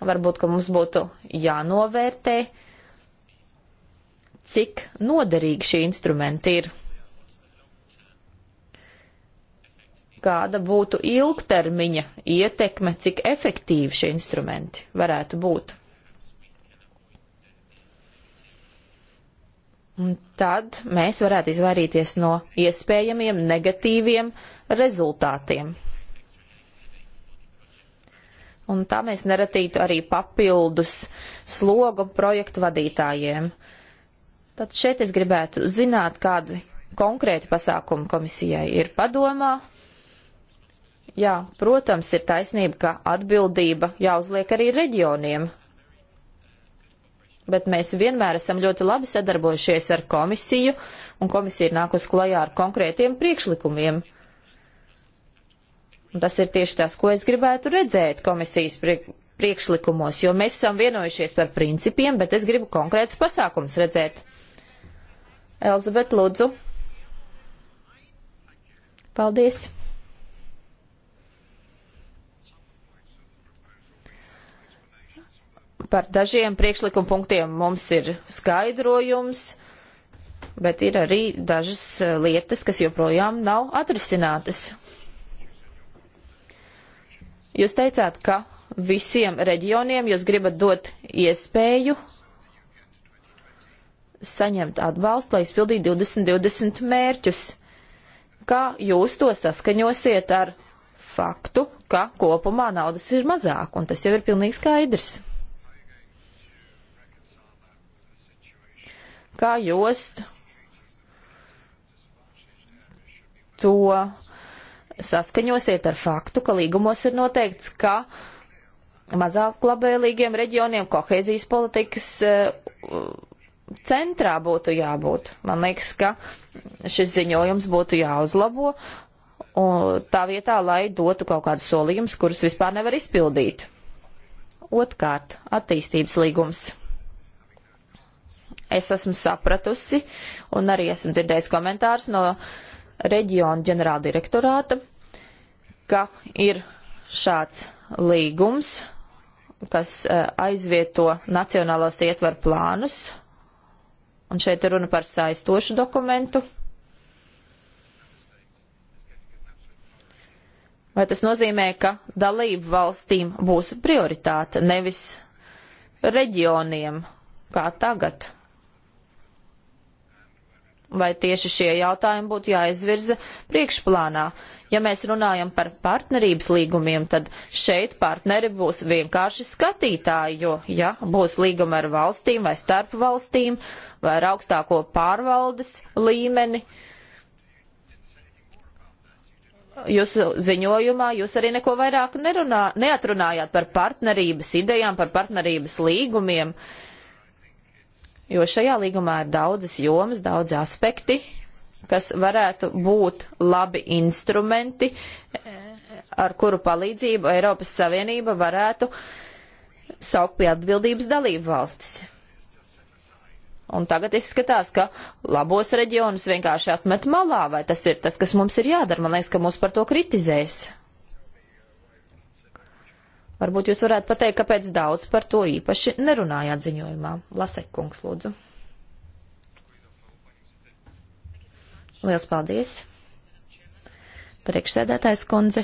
Varbūt, ka mums būtu jānovērtē, cik noderīgi šī instrumenti ir. kāda būtu ilgtermiņa ietekme, cik efektīvi šie instrumenti varētu būt. Un tad mēs varētu izvairīties no iespējamiem negatīviem rezultātiem. Un tā mēs neratītu arī papildus slogu projektu vadītājiem. Tad šeit es gribētu zināt, kādi konkrēti pasākumi komisijai ir padomā, Jā, protams, ir taisnība, ka atbildība jāuzliek arī reģioniem. Bet mēs vienmēr esam ļoti labi sadarbojušies ar komisiju, un komisija ir nākus klajā ar konkrētiem priekšlikumiem. Un tas ir tieši tas, ko es gribētu redzēt komisijas priek priekšlikumos, jo mēs esam vienojušies par principiem, bet es gribu konkrēts pasākums redzēt. Elzabet, lūdzu. Paldies! Par dažiem priekšlikuma punktiem mums ir skaidrojums, bet ir arī dažas eh, lietas, kas joprojām nav atrisinātas. Jūs teicāt, ka visiem reģioniem jūs gribat dot iespēju saņemt atbalstu, lai izpildītu 2020 mērķus. Kā jūs to saskaņosiet ar faktu, ka kopumā naudas ir mazāk, un tas jau ir pilnīgi skaidrs. kā jost to saskaņosiet ar faktu, ka līgumos ir noteikts, ka mazāk labvēlīgiem reģioniem kohēzijas politikas eh, centrā būtu jābūt. Man liekas, ka šis ziņojums būtu jāuzlabo tā vietā, lai dotu kaut kādus solījumus, kurus vispār nevar izpildīt. Otkārt, attīstības līgums es esmu sapratusi un arī esmu dzirdējusi komentārus no reģiona ģenerāldirektorāta, ka ir šāds līgums, kas e, aizvieto nacionālos ietvaru plānus, un šeit ir runa par saistošu dokumentu. Vai tas nozīmē, ka dalību valstīm būs prioritāte, nevis reģioniem kā tagad? Vai tieši šie jautājumi būtu jāizvirza priekšplānā? Ja mēs runājam par partnerības līgumiem, tad šeit partneri būs vienkārši skatītāji, jo, ja būs līguma ar valstīm vai starp valstīm vai ar augstāko pārvaldes līmeni, jūs ziņojumā jūs arī neko vairāk nerunā, neatrunājāt par partnerības idejām, par partnerības līgumiem. Uh, jo šajā līgumā ir daudzas jomas, daudz aspekti, kas varētu būt labi instrumenti, ar kuru palīdzību Eiropas Savienība varētu saukt pie atbildības dalību valstis. Un tagad izskatās, ka labos reģionus vienkārši atmet malā, vai tas ir tas, kas mums ir jādara. Man liekas, ka mūs par to kritizēs. Varbūt jūs varētu pateikt, kāpēc daudz par to īpaši nerunājāt ziņojumā. Lasek kungs, lūdzu. Liels paldies. Priekšsēdētājs kundze.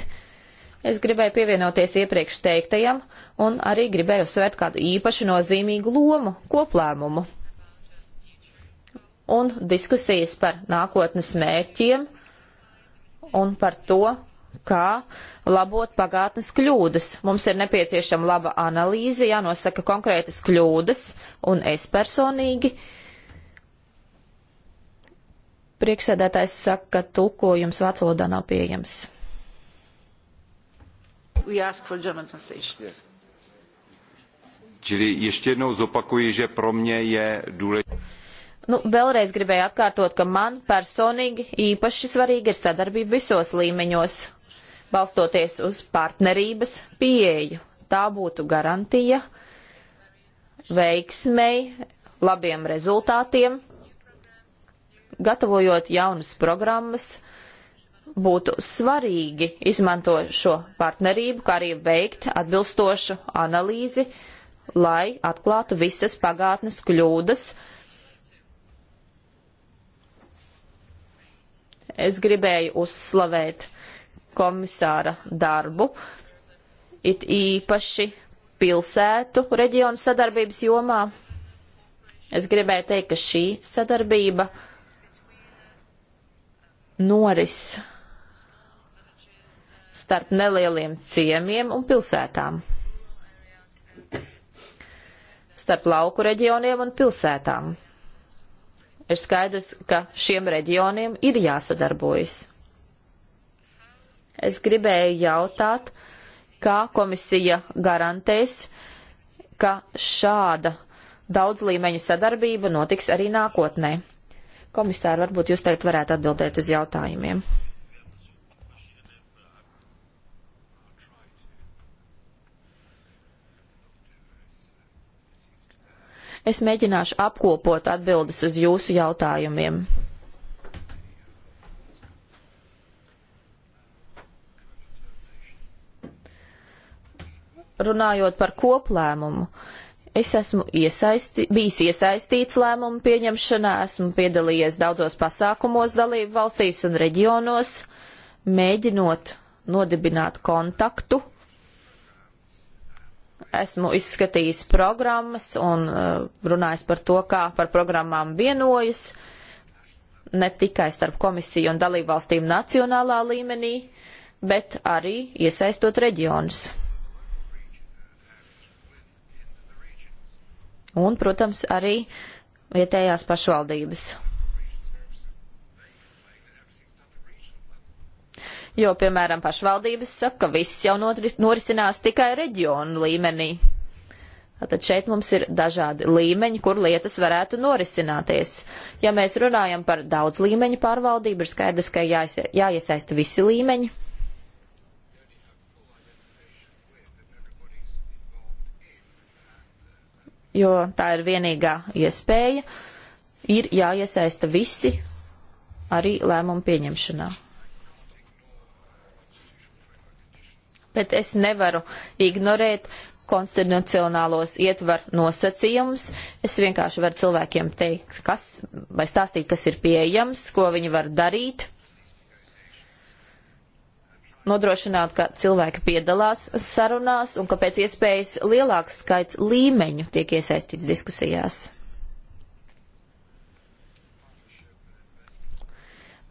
Es gribēju pievienoties iepriekš teiktajam un arī gribēju uzsvērt kādu īpaši nozīmīgu lomu, koplēmumu. Un diskusijas par nākotnes mērķiem un par to, kā uh, labot pagātnes kļūdas. Mums ir nepieciešama laba analīze, jānosaka konkrētas kļūdas, un es personīgi. Priekšsēdētājs saka, ka tulkojums vācu valodā nav pieejams. Yes. Čili ještě jednou zopakuji, že pro mě je důležité. Nu, vēlreiz gribēju atkārtot, ka man personīgi īpaši svarīgi ir sadarbība visos līmeņos, balstoties uz partnerības pieeju. Tā būtu garantija veiksmei, labiem rezultātiem, gatavojot jaunas programmas, būtu svarīgi izmantot šo partnerību, kā arī veikt atbilstošu analīzi, lai atklātu visas pagātnes kļūdas. Es gribēju uzslavēt komisāra darbu, it īpaši pilsētu reģionu sadarbības jomā. Es gribēju teikt, ka šī sadarbība noris starp nelieliem ciemiem un pilsētām, starp lauku reģioniem un pilsētām. Ir skaidrs, ka šiem reģioniem ir jāsadarbojas. Es gribēju jautāt, kā komisija garantēs, ka šāda daudzlīmeņu sadarbība notiks arī nākotnē. Komisāri, varbūt jūs teikt varētu atbildēt uz jautājumiem. Es mēģināšu apkopot atbildes uz jūsu jautājumiem. runājot par koplēmumu, es esmu iesaisti, bijis iesaistīts lēmumu pieņemšanā, esmu piedalījies daudzos pasākumos dalību valstīs un reģionos, mēģinot nodibināt kontaktu. Esmu izskatījis programmas un uh, runājis par to, kā par programmām vienojas, ne tikai starp komisiju un dalībvalstīm nacionālā līmenī, bet arī iesaistot reģionus. un, protams, arī vietējās pašvaldības. Jo, piemēram, pašvaldības saka, ka viss jau norisinās tikai reģionu līmenī. Tātad šeit mums ir dažādi līmeņi, kur lietas varētu norisināties. Ja mēs runājam par daudz līmeņu pārvaldību, ir skaidrs, ka jāiesaista visi līmeņi, jo tā ir vienīgā iespēja, ir jāiesaista visi arī lēmumu pieņemšanā. Bet es nevaru ignorēt konstitucionālos ietver nosacījumus. Es vienkārši varu cilvēkiem teikt, kas, vai stāstīt, kas ir pieejams, ko viņi var darīt nodrošināt, ka cilvēki piedalās sarunās un ka pēc iespējas lielāks skaits līmeņu tiek iesaistīts diskusijās.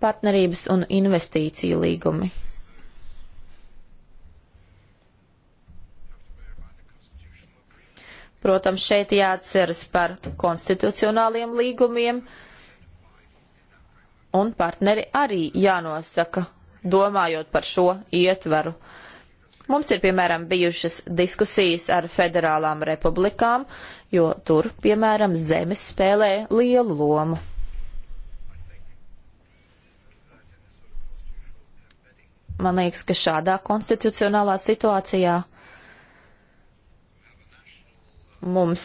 Partnerības un investīciju līgumi. Protams, šeit jāatceras par konstitucionāliem līgumiem, un partneri arī jānosaka domājot par šo ietvaru. Mums ir, piemēram, bijušas diskusijas ar federālām republikām, jo tur, piemēram, zemes spēlē lielu lomu. Man liekas, ka šādā konstitucionālā situācijā mums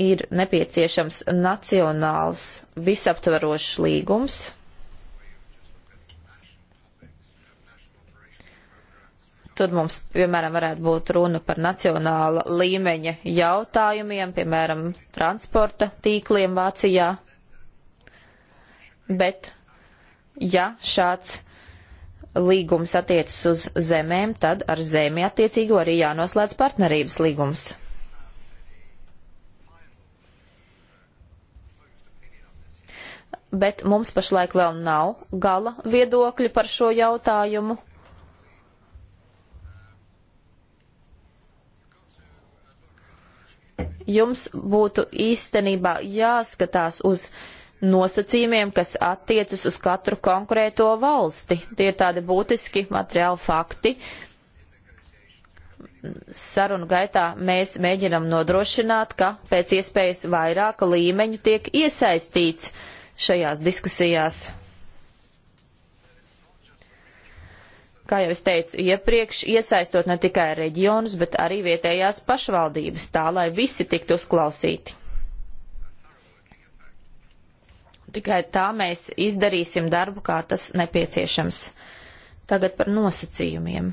ir nepieciešams nacionāls visaptvarošs līgums, Tad mums, piemēram, varētu būt runa par nacionāla līmeņa jautājumiem, piemēram, transporta tīkliem Vācijā. Bet, ja šāds līgums attiecas uz zemēm, tad ar zemi attiecīgo arī jānoslēdz partnerības līgums. Bet mums pašlaik vēl nav gala viedokļi par šo jautājumu. jums būtu īstenībā jāskatās uz nosacījumiem, kas attiecas uz katru konkrēto valsti. Tie ir tādi būtiski materiāli fakti. Sarunu gaitā mēs mēģinam nodrošināt, ka pēc iespējas vairāk līmeņu tiek iesaistīts šajās diskusijās. kā jau es teicu iepriekš, iesaistot ne tikai reģionus, bet arī vietējās pašvaldības, tā lai visi tiktu uzklausīti. Tikai tā mēs izdarīsim darbu, kā tas nepieciešams. Tagad par nosacījumiem.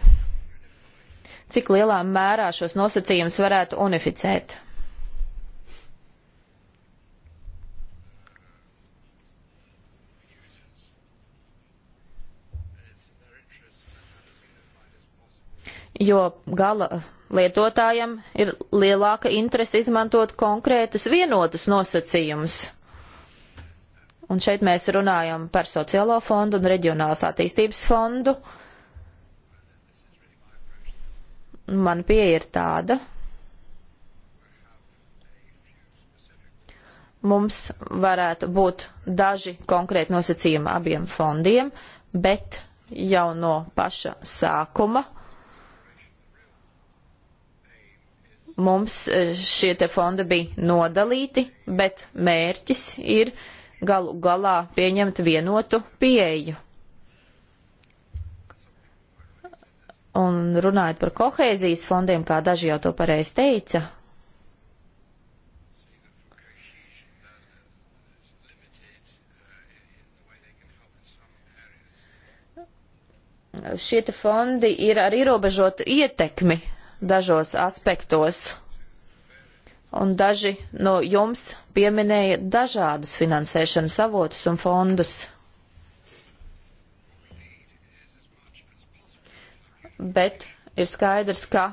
Cik lielā mērā šos nosacījumus varētu unificēt? jo gala lietotājam ir lielāka interese izmantot konkrētus vienotus nosacījumus. Un šeit mēs runājam par sociālo fondu un reģionālas attīstības fondu. Man pieeja ir tāda. Mums varētu būt daži konkrēti nosacījumi abiem fondiem, bet jau no paša sākuma Mums e, šie te fondi bija nodalīti, bet mērķis ir galu galā pieņemt vienotu pieeju. Un runājot par kohēzijas fondiem, kā daži jau to pareizi teica, šie fondi ir ar ierobežotu ietekmi dažos aspektos, un daži no jums pieminēja dažādus finansēšanas avotus un fondus. Bet ir skaidrs, ka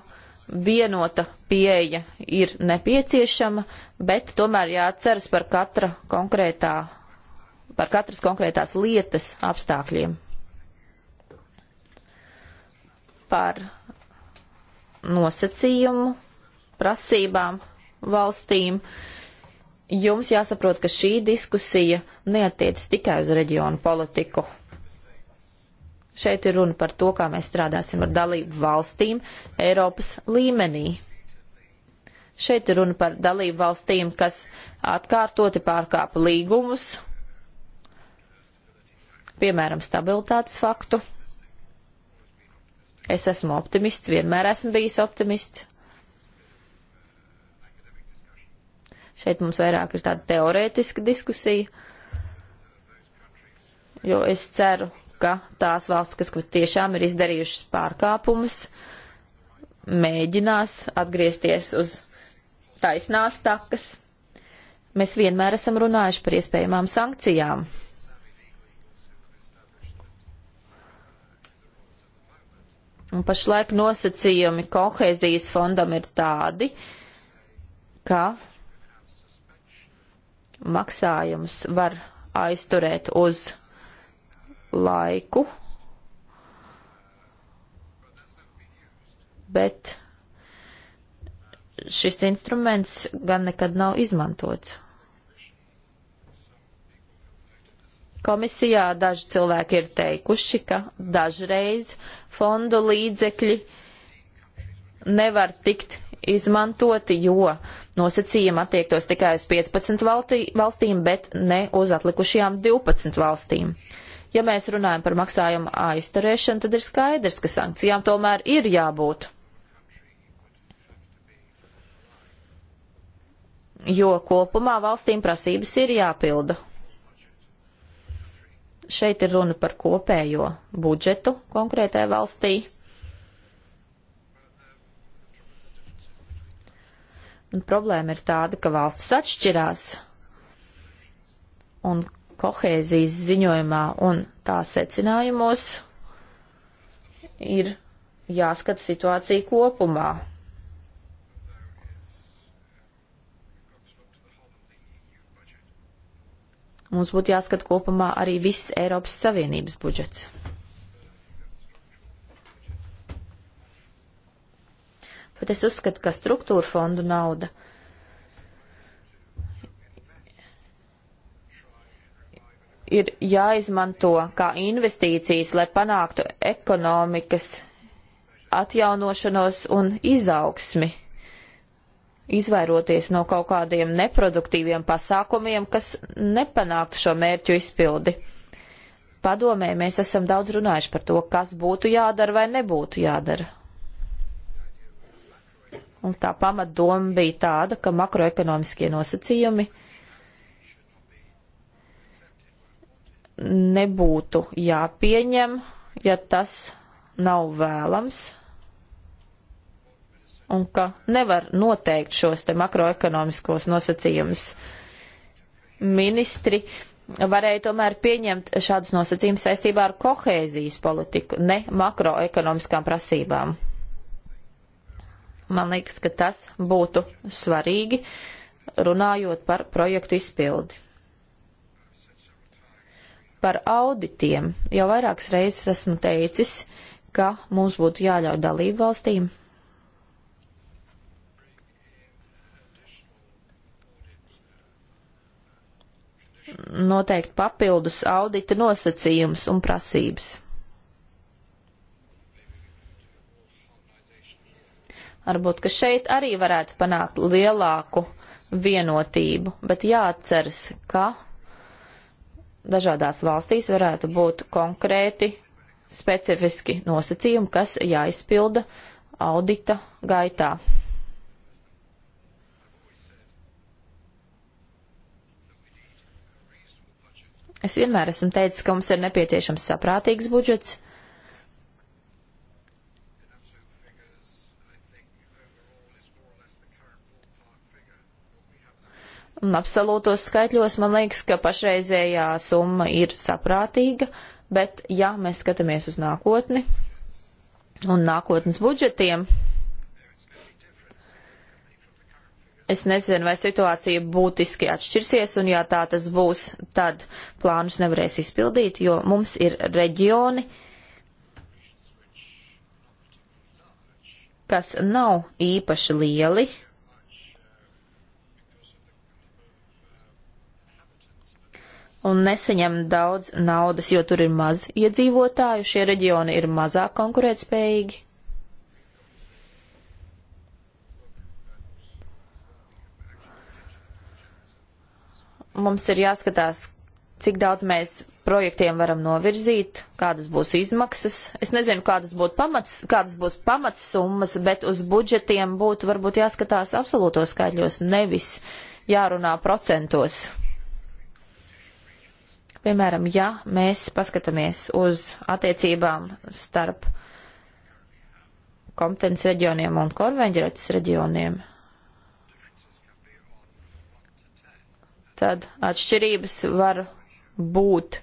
vienota pieeja ir nepieciešama, bet tomēr jāatceras par katra konkrētā, par katras konkrētās lietas apstākļiem. Par nosacījumu, prasībām valstīm. Jums jāsaprot, ka šī diskusija neatiec tikai uz reģionu politiku. Šeit ir runa par to, kā mēs strādāsim ar dalību valstīm Eiropas līmenī. Šeit ir runa par dalību valstīm, kas atkārtoti pārkāpa līgumus, piemēram, stabilitātes faktu Es esmu optimists, vienmēr esmu bijis optimists. Šeit mums vairāk ir tāda teorētiska diskusija, jo es ceru, ka tās valsts, kas tiešām ir izdarījušas pārkāpumus, mēģinās atgriezties uz taisnās takas. Mēs vienmēr esam runājuši par iespējamām sankcijām. Un pašlaik nosacījumi kohēzijas fondam ir tādi, ka maksājumus var aizturēt uz laiku, bet šis instruments gan nekad nav izmantots. Komisijā daži cilvēki ir teikuši, ka dažreiz fondu līdzekļi nevar tikt izmantoti, jo nosacījumi attiektos tikai uz 15 valstīm, bet ne uz atlikušajām 12 valstīm. Ja mēs runājam par maksājumu aizturēšanu, tad ir skaidrs, ka sankcijām tomēr ir jābūt. Jo kopumā valstīm prasības ir jāpilda. Šeit ir runa par kopējo budžetu konkrētajā valstī. Un problēma ir tāda, ka valstis atšķirās. Un kohēzijas ziņojumā un tā secinājumos ir jāskata situācija kopumā. Mums būtu jāskat kopumā arī viss Eiropas Savienības budžets. Bet es uzskatu, ka struktūra fondu nauda ir jāizmanto kā investīcijas, lai panāktu ekonomikas atjaunošanos un izaugsmi izvairoties no kaut kādiem neproduktīviem pasākumiem, kas nepanāktu šo mērķu izpildi. Padomē mēs esam daudz runājuši par to, kas būtu jādara vai nebūtu jādara. Un tā pamatdoma bija tāda, ka makroekonomiskie nosacījumi nebūtu jāpieņem, ja tas nav vēlams un ka nevar noteikt šos te makroekonomiskos nosacījumus. Ministri varēja tomēr pieņemt šādus nosacījumus saistībā ar kohēzijas politiku, ne makroekonomiskām prasībām. Man liekas, ka tas būtu svarīgi, runājot par projektu izpildi. Par auditiem jau vairākas reizes esmu teicis, ka mums būtu jāļauj dalību valstīm noteikt papildus audita nosacījumus un prasības. Varbūt, ka šeit arī varētu panākt lielāku vienotību, bet jāatceras, ka dažādās valstīs varētu būt konkrēti specifiski nosacījumi, kas jāizpilda audita gaitā. Es vienmēr esmu teicis, ka mums ir nepieciešams saprātīgs budžets. Un absolūtos skaitļos man liekas, ka pašreizējā summa ir saprātīga, bet ja mēs skatāmies uz nākotni un nākotnes budžetiem, Es nezinu, vai situācija būtiski atšķirsies, un ja tā tas būs, tad plānus nevarēs izpildīt, jo mums ir reģioni, kas nav īpaši lieli. Un nesaņem daudz naudas, jo tur ir maz iedzīvotāju, šie reģioni ir mazāk konkurētspējīgi. mums ir jāskatās, cik daudz mēs projektiem varam novirzīt, kādas būs izmaksas. Es nezinu, kādas, būt pamats, kādas būs pamatsummas, bet uz budžetiem būtu varbūt jāskatās absolūtos skaitļos, nevis jārunā procentos. Piemēram, ja mēs paskatāmies uz attiecībām starp kompetences reģioniem un korvenģerats reģioniem, tad atšķirības var būt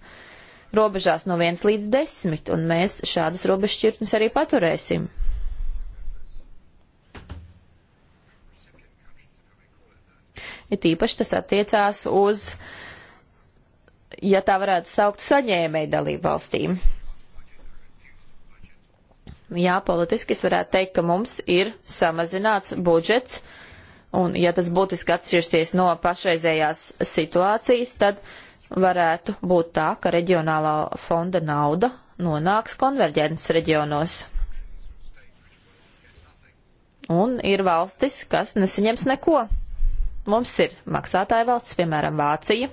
robežās no 1 līdz 10, un mēs šādas robežšķirtnes arī paturēsim. It īpaši tas attiecās uz, ja tā varētu saukt, saņēmēju dalību valstīm. Jā, politiski es varētu teikt, ka mums ir samazināts budžets Un ja tas būtiski atšķirsies no pašreizējās situācijas, tad varētu būt tā, ka reģionālā fonda nauda nonāks konverģences reģionos. Un ir valstis, kas nesaņems neko. Mums ir maksātāja valsts, piemēram, Vācija,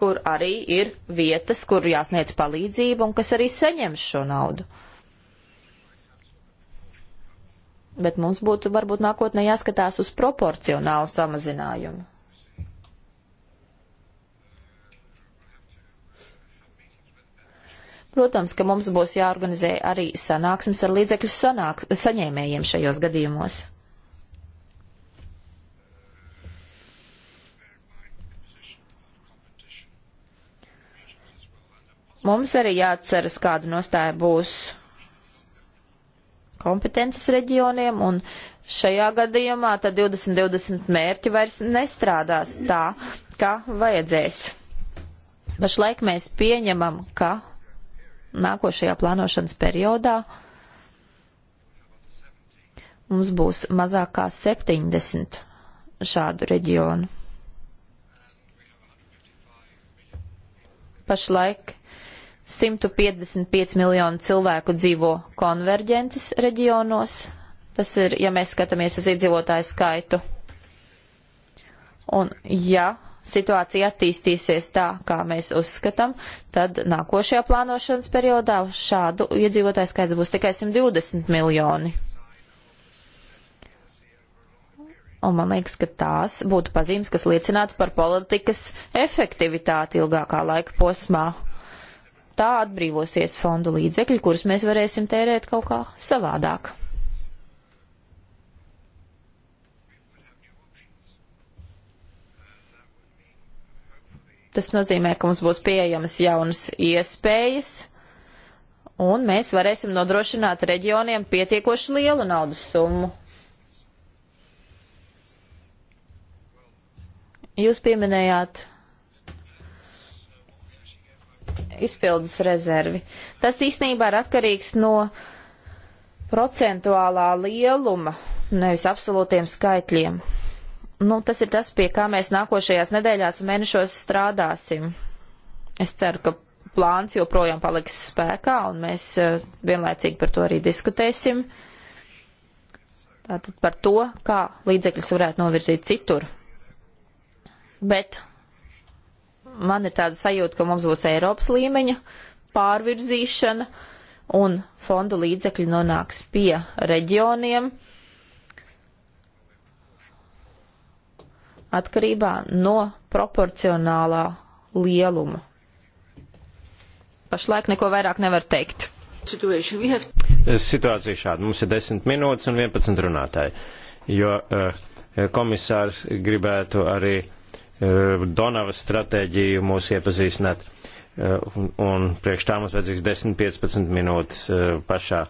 kur arī ir vietas, kur jāsniedz palīdzība un kas arī saņems šo naudu. Bet mums būtu varbūt nākotnē jāskatās uz proporcionālu samazinājumu. Protams, ka mums būs jāorganizē arī sanāksmes ar līdzekļu sanāk, saņēmējiem šajos gadījumos. Mums arī jāatceras, kāda nostāja būs kompetences reģioniem, un šajā gadījumā tad 2020 mērķi vairs nestrādās tā, kā vajadzēs. Pašlaik mēs pieņemam, ka nākošajā plānošanas periodā mums būs mazāk kā 70 šādu reģionu. Pašlaik 155 miljonu cilvēku dzīvo konverģences reģionos. Tas ir, ja mēs skatāmies uz iedzīvotāju skaitu. Un ja situācija attīstīsies tā, kā mēs uzskatām, tad nākošajā plānošanas periodā šādu iedzīvotāju skaits būs tikai 120 miljoni. Un man liekas, ka tās būtu pazīmes, kas liecinātu par politikas efektivitāti ilgākā laika posmā tā atbrīvosies fonda līdzekļi, kurus mēs varēsim tērēt kaut kā savādāk. Tas nozīmē, ka mums būs pieejamas jaunas iespējas, un mēs varēsim nodrošināt reģioniem pietiekoši lielu naudas summu. Jūs pieminējāt izpildes rezervi. Tas īstenībā ir atkarīgs no procentuālā lieluma, nevis absolūtiem skaitļiem. Nu, tas ir tas, pie kā mēs nākošajās nedēļās un mēnešos strādāsim. Es ceru, ka plāns joprojām paliks spēkā, un mēs eh, vienlaicīgi par to arī diskutēsim. Tātad par to, kā līdzekļus varētu novirzīt citur. Bet man ir tāda sajūta, ka mums būs Eiropas līmeņa pārvirzīšana un fondu līdzekļi nonāks pie reģioniem atkarībā no proporcionālā lieluma. Pašlaik neko vairāk nevar teikt. Eh, situācija šāda. Mums ir 10 minūtes un 11 runātāji, jo eh, komisārs gribētu arī Eh, Donavas stratēģiju mūs iepazīstināt. Eh, un, un priekš tā mums vajadzīgs 10-15 minūtes eh, pašā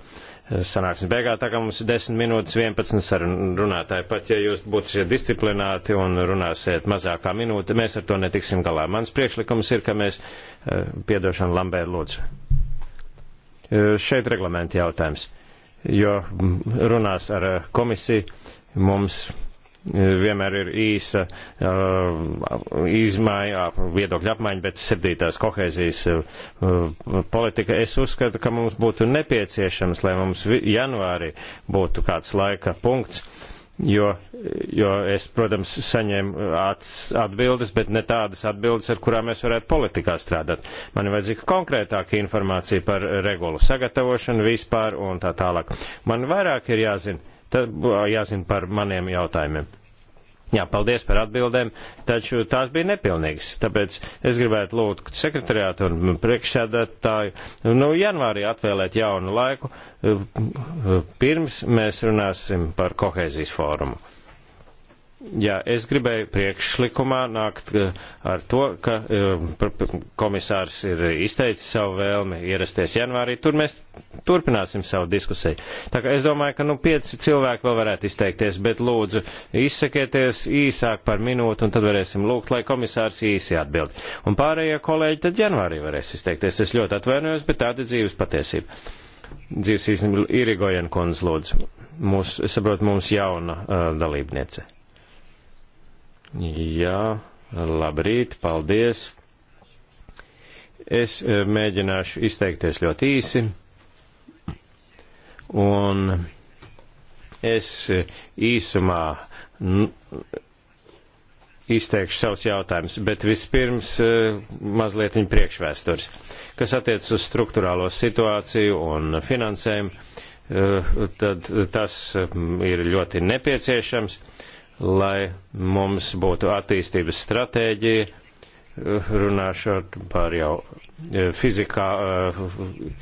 sanāksmes beigā, tā kā mums ir 10 minūtes 11 sarunātāji. Pat ja jūs būsiet disciplināti un runāsiet mazākā minūte, mēs ar to netiksim galā. Mans priekšlikums ir, ka mēs piedošanu Lambēru lūdzu. Šeit reglamenta jautājums, jo mm, runās ar komisiju mums vienmēr ir īsa uh, izmaiņa, viedokļa apmaiņa, bet septītās kohēzijas uh, politika. Es uzskatu, ka mums būtu nepieciešams, lai mums janvārī būtu kāds laika punkts. Jo, jo es, protams, saņēmu atbildes, bet ne tādas atbildes, ar kurām mēs varētu politikā strādāt. Man ir vajadzīga konkrētāka informācija par regulu sagatavošanu vispār un tā tālāk. Man vairāk ir jāzina, tad jāzina par maniem jautājumiem. Jā, paldies par atbildēm, taču tās bija nepilnīgas. Tāpēc es gribētu lūgt sekretariātu un priekšsēdētāju, nu, janvārī atvēlēt jaunu laiku, pirms mēs runāsim par kohēzijas fórumu. Jā, es gribēju priekšlikumā nākt eh, ar to, ka eh, komisārs ir izteicis savu vēlmi ierasties janvārī. Tur mēs turpināsim savu diskusiju. Tā kā es domāju, ka nu pieci cilvēki vēl varētu izteikties, bet lūdzu izsakieties īsāk par minūtu un tad varēsim lūgt, lai komisārs īsi atbild. Un pārējie kolēģi tad janvārī varēs izteikties. Es ļoti atvainojos, bet tāda dzīves patiesība. Dzīves īstenība ir Igojana Konz lūdzu. Mūs, es saprotu, mums jauna uh, dalībniece. Jā, labrīt, paldies. Es eh, mēģināšu izteikties ļoti īsi. Un es eh, īsumā izteikšu savus jautājumus, bet vispirms eh, mazliet viņa priekšvēstures, kas attiec uz struktūrālo situāciju un finansējumu, tad tas ir ļoti nepieciešams lai mums būtu attīstības stratēģija, runāšot par jau e, fizikā, e,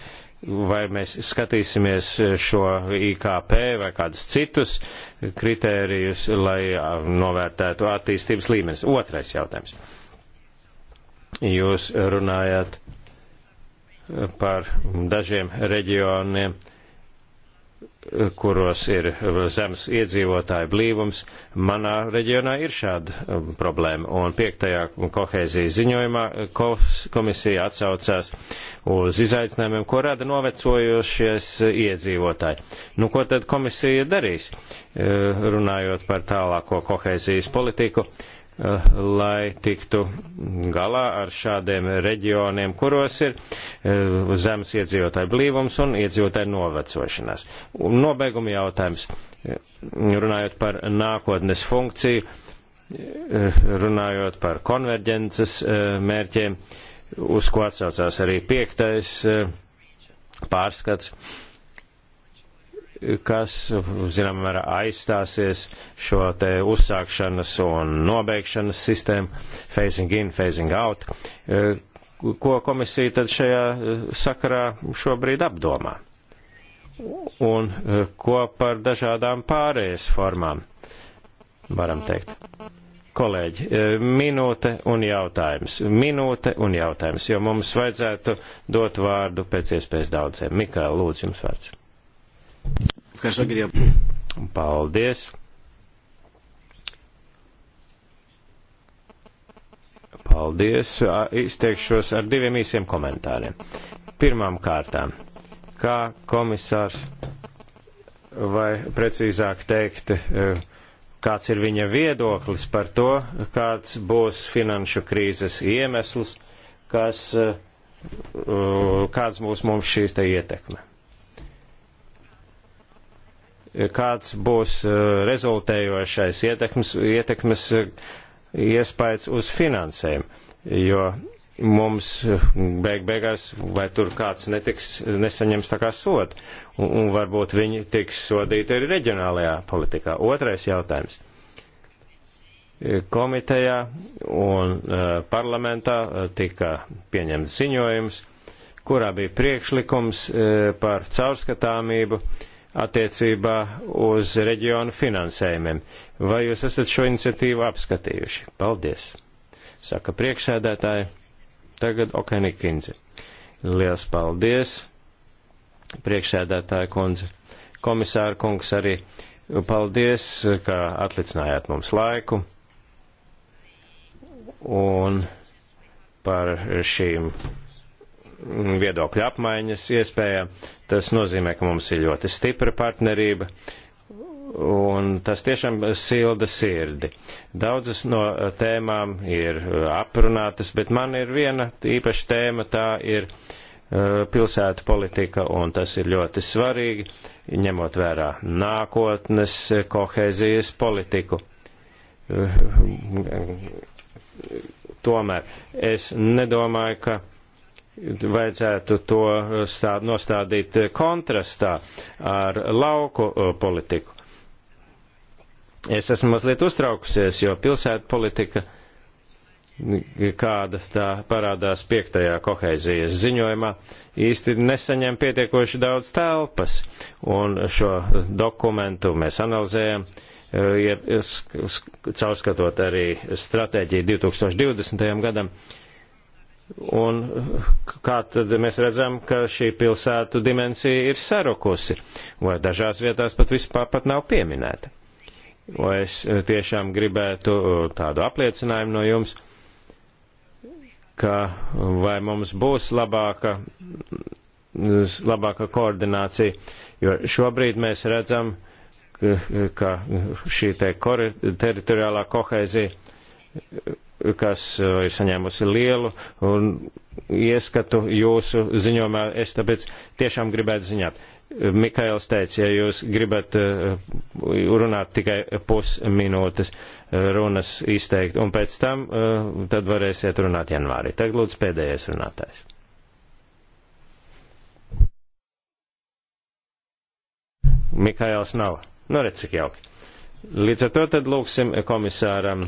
vai mēs skatīsimies šo IKP vai kādus citus kritērijus, lai e, novērtētu attīstības līmenis. Otrais jautājums. Jūs runājāt par dažiem reģioniem, uh, kuros ir zemes iedzīvotāju blīvums, manā reģionā ir šāda um, problēma. Un piektajā kohēzijas ziņojumā eh, komisija atsaucās uz izaicinājumiem, ko rada novecojošies eh, iedzīvotāji. Nu, ko tad komisija darīs, eh, runājot par tālāko kohēzijas politiku? Eh, lai tiktu galā ar šādiem reģioniem, kuros ir eh, zemes iedzīvotāju blīvums un iedzīvotāju novecošanās. Un nobeiguma jautājums, eh, runājot par nākotnes funkciju, runājot par konverģences mērķiem, uz ko atsaucās arī piektais pārskats kas, zinām, mērā aizstāsies šo te uzsākšanas un nobeigšanas sistēmu, phasing in, phasing out, e, ko komisija tad šajā e, sakarā šobrīd apdomā? Un e, ko par dažādām pārējas formām varam teikt? kolēģi, minūte un jautājums. Minūte un jautājums, jo mums vajadzētu dot vārdu pēc iespējas daudziem. Mikāla, lūdzu, jums vārds. Ευχαριστώ κύριε. Paldies. Paldies. Izteikšos ar diviem īsiem komentāriem. Pirmām kārtām, kā komisārs vai precīzāk teikt, e, kāds ir viņa viedoklis par to, kāds būs finanšu krīzes iemesls, kas, e, kāds būs mums šīs te ietekme kāds būs eh, rezultējošais ietekmes, ietekmes eh, iespējas uz finansēm, jo mums eh, beig beigās vai tur kāds netiks, nesaņems tā kā sodu, un, un varbūt viņi tiks sodīti arī reģionālajā politikā. Otrais jautājums. Komitejā un parlamentā tika pieņemts ziņojums, kurā bija priekšlikums par caurskatāmību, uh, attiecībā uz reģionu finansējumiem. Vai jūs esat šo iniciatīvu apskatījuši? Paldies! Saka priekšsēdētāji, tagad Okani Kinzi. Liels paldies, priekšsēdētāja kundze. Komisāra kungs arī paldies, ka atlicinājāt mums laiku. Un par šīm viedokļu apmaiņas iespēja. Tas nozīmē, ka mums ir ļoti stipra partnerība, un tas tiešām silda sirdi. Daudzas no tēmām ir aprunātas, bet man ir viena īpaša tēma, tā ir uh, pilsētu politika, un tas ir ļoti svarīgi, ņemot vērā nākotnes kohēzijas politiku. Uh, tomēr es nedomāju, ka vajadzētu to stād, nostādīt kontrastā ar lauku uh, politiku. Es esmu mazliet uztraukusies, jo pilsēta politika, kāda tā parādās piektajā koheizijas ziņojumā, īsti nesaņem pietiekoši daudz telpas, un šo dokumentu mēs analizējam, uh, ir caurskatot arī stratēģiju 2020. gadam. Un kā tad mēs redzam, ka šī pilsētu dimensija ir sarukusi, vai dažās vietās pat vispār pat nav pieminēta. Vai es eh, tiešām gribētu eh, tādu apliecinājumu no jums, ka vai mums būs labāka, labāka koordinācija, jo šobrīd mēs redzam, ka šī te teritoriālā kohēzija kas uh, ir saņēmusi lielu un ieskatu jūsu ziņojumā. Es tāpēc tiešām gribētu ziņāt. Mikails teica, ja jūs gribat uh, runāt tikai pusminūtes uh, runas izteikt, un pēc tam tad varēsiet runāt janvārī. Tagad lūdzu pēdējais runātājs. Mikails nav. Nu, redz, cik jauki. Līdz ar to tad lūksim komisāram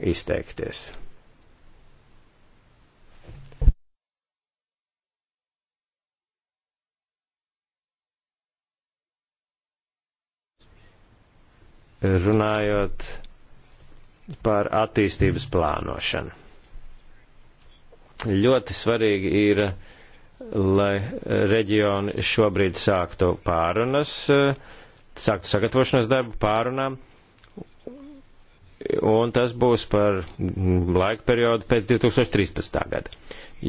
izteikties. Runājot par attīstības plānošanu. Ļoti svarīgi ir, lai reģioni šobrīd sāktu pārunas, sāktu sagatavošanas darbu pārunām un tas būs par laika periodu pēc 2013. gada.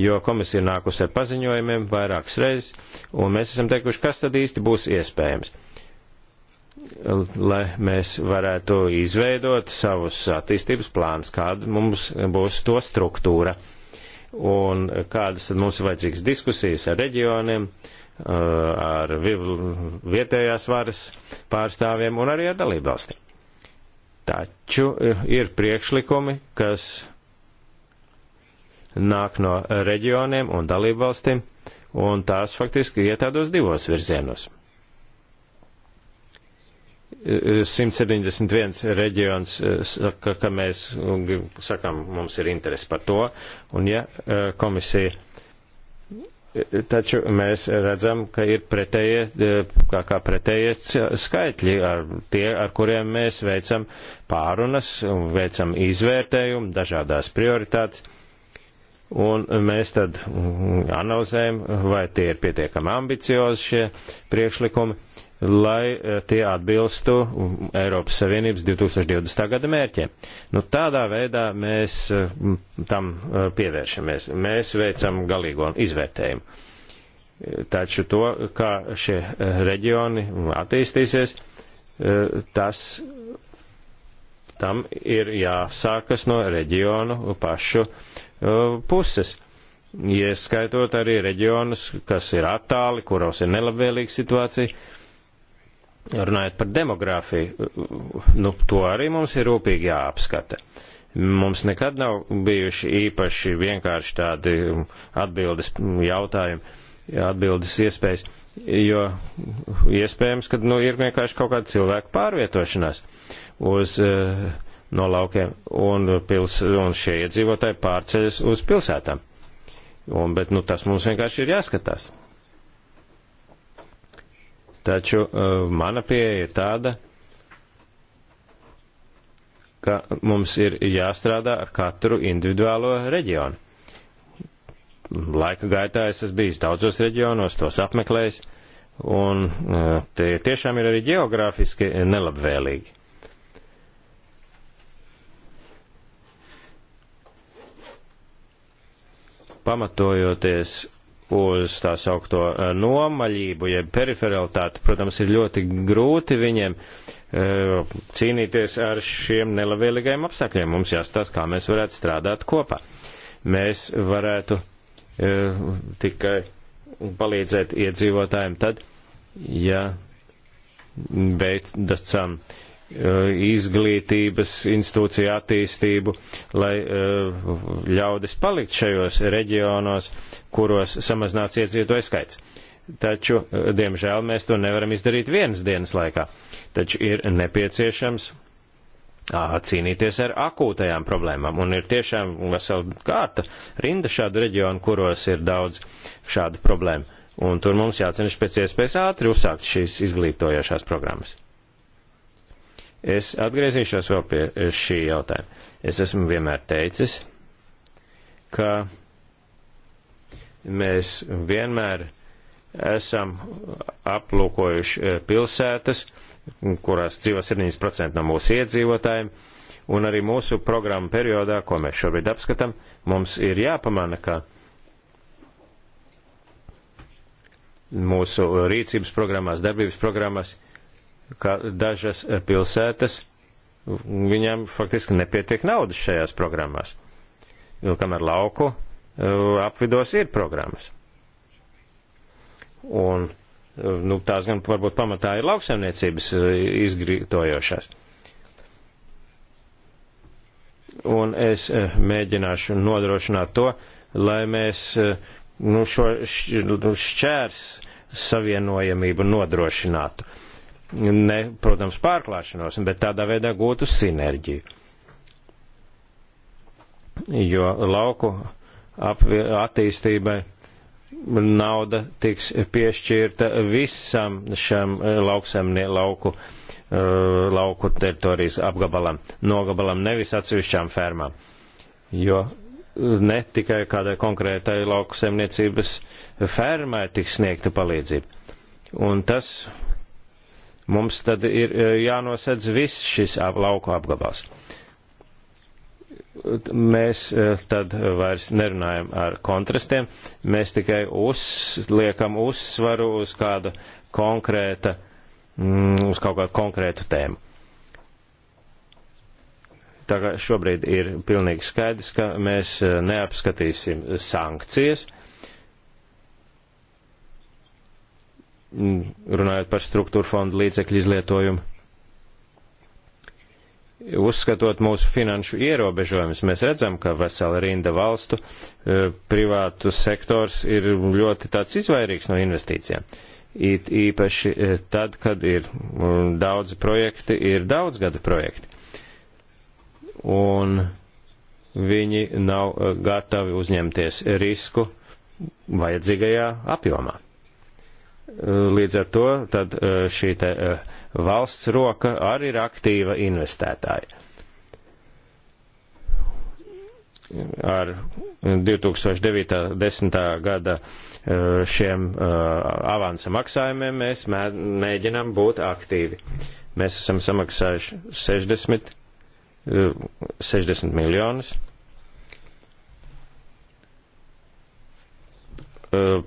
Jo komisija ir nākusi ar paziņojumiem vairākas reizes, un mēs esam teikuši, kas tad īsti būs iespējams. Lai mēs varētu izveidot savus attīstības plānus, kāda mums būs to struktūra, un kādas tad mums ir vajadzīgas diskusijas ar reģioniem, ar vietējās varas pārstāvjiem un arī ar dalībvalstīm Taču eh, ir priekšlikumi, kas nāk no reģioniem un dalībvalstīm, un tās faktiski iet tādos divos virzienos. 171 eh, eh, reģions saka, ka mēs sakam, mums ir interesi par to, un ja komisija Taču mēs redzam, ka ir pretējie, e, kā, kā pretējie skaitļi ar tie, ar kuriem mēs veicam pārunas, veicam izvērtējumu, dažādās prioritātes. Un mēs tad mm, analizējam, vai tie ir pietiekami ambiciozi šie priekšlikumi, lai eh, tie atbilstu um, Eiropas Savienības 2020. gada mērķiem. Nu, tādā veidā mēs eh, tam eh, pievēršamies. Mēs veicam galīgo izvērtējumu. Taču to, kā šie reģioni attīstīsies, tas tam ir jāsākas no reģionu pašu puses. Ieskaitot arī reģionus, kas ir attāli, kuros ir nelabvēlīga situācija, Runājot par demogrāfiju, nu, to arī mums ir rūpīgi jāapskata. Mums nekad nav bijuši īpaši vienkārši tādi atbildes jautājumi, atbildes iespējas, jo iespējams, ka nu, ir vienkārši kaut kāda cilvēka pārvietošanās uz, eh, no laukiem, un, pils, un šie iedzīvotāji pārceļas uz pilsētām. Un, bet nu, tas mums vienkārši ir jāskatās. Taču uh, mana pieeja ir tāda, ka mums ir jāstrādā ar katru individuālo reģionu. Laika gaitā es esmu bijis daudzos reģionos, tos apmeklējis, un uh, tie tiešām ir arī geogrāfiski nelabvēlīgi. Pamatojoties uz tā saukto eh, nomaļību, jeb periferalitāti, protams, ir ļoti grūti viņiem eh, cīnīties ar šiem nelabvēlīgajiem apstākļiem. Mums jāstāsta, kā mēs varētu strādāt kopā. Mēs varētu eh, tikai palīdzēt iedzīvotājiem tad, ja beidzam Eh, izglītības institūciju attīstību, lai eh, ļaudis palikt šajos reģionos, kuros samazināts iedzīvotāju skaits. Taču, eh, diemžēl, mēs to nevaram izdarīt vienas dienas laikā. Taču ir nepieciešams cīnīties ar akūtajām problēmām. Un ir tiešām vesela kārta rinda šādu reģionu, kuros ir daudz šādu problēmu. Un tur mums jācenšas pēc iespējas ātri uzsākt šīs izglītojošās programmas. Es atgriezīšos vēl pie eh, šī jautājuma. Es esmu vienmēr teicis, ka mēs vienmēr esam aplūkojuši eh, pilsētas, kurās dzīvo 7% no mūsu iedzīvotājiem, un arī mūsu programmu periodā, ko mēs šobrīd apskatām, mums ir jāpamana, ka mūsu rīcības programmās, darbības programmās, uh, ka dažas pilsētas viņām faktiski nepietiek naudas šajās programmās, jo nu, kamēr lauku e, apvidos ir programmas. Un e, nu, tās gan varbūt pamatā ir lauksaimniecības e, izgrītojošās. Un es mēģināšu nodrošināt to, lai mēs nu, šo nu, šķērs savienojamību nodrošinātu ne, protams, pārklāšanos, bet tādā veidā gūtu sinerģiju. Jo lauku attīstībai nauda tiks piešķirta visam šam eh, lauksemnie lauku, eh, lauku teritorijas apgabalam, nogabalam, nevis atsevišķām fermām. Jo eh, ne tikai kādai konkrētai lauku saimniecības fermai tiks sniegta palīdzība. Un tas Mums tad ir e, jānosedz viss šis lauku apgabals. Mēs e, tad vairs nerunājam ar kontrastiem, mēs tikai uzliekam uzsvaru uz kādu konkrēta, mm, uz kaut kādu konkrētu tēmu. Tā kā šobrīd ir pilnīgi skaidrs, ka mēs e, neapskatīsim sankcijas, uh, Mm, runājot par struktūra fondu līdzekļu izlietojumu. Uzskatot mūsu finanšu ierobežojumus, mēs redzam, ka vesela rinda valstu e, privātu sektors ir ļoti tāds izvairīgs no investīcijām. It īpaši e, tad, kad ir mm, daudzi projekti, ir daudzgadu projekti. Un viņi nav e, gatavi uzņemties risku vajadzīgajā apjomā. Līdz ar to tad e, šī te e, valsts roka arī ir aktīva investētāja. Ar 2009.10. gada e, šiem avansa maksājumiem mēs mēģinām būt aktīvi. Mēs esam samaksājuši 60, 60 miljonus. Eh,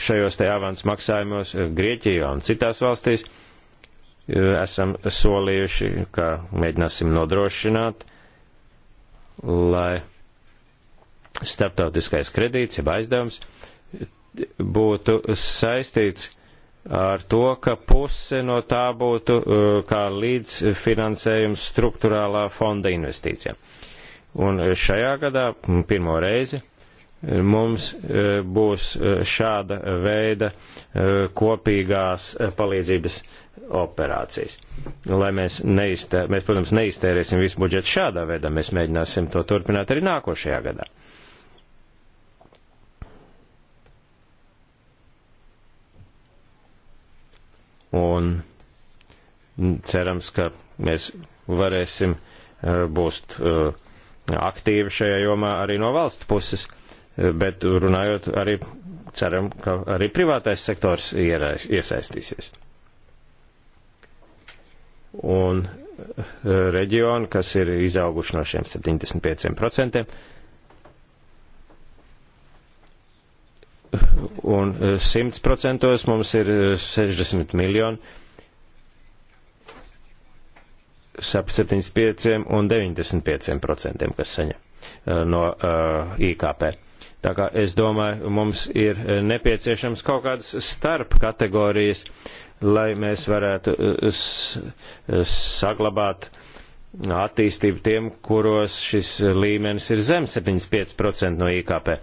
šajos te avans maksājumos eh, Grieķijā un citās valstīs. Eh, esam solījuši, ka mēģināsim nodrošināt, lai starptautiskais kredīts, jeb aizdevums, būtu saistīts ar to, ka puse no tā būtu kā līdzfinansējums struktūrālā fonda investīcijām. Un šajā gadā pirmo reizi mums e, būs e, šāda veida e, kopīgās palīdzības operācijas. Lai mēs, neiztē, mēs protams, neiztērēsim visu budžetu šādā veidā, mēs mēģināsim to turpināt arī nākošajā gadā. Un cerams, ka mēs varēsim būt aktīvi šajā jomā arī no valsts puses bet runājot arī ceram, ka arī privātais sektors iesaistīsies. Un e, reģioni, kas ir izauguši no šiem 75%, un 100% e, mums ir 60 e, miljoni, ap 75 un 95%, kas saņem no uh, IKP. Tā kā es domāju, mums ir eh, nepieciešams kaut kādas starp kategorijas, lai mēs varētu eh, eh, saglabāt attīstību tiem, kuros šis līmenis ir zem 75% no IKP.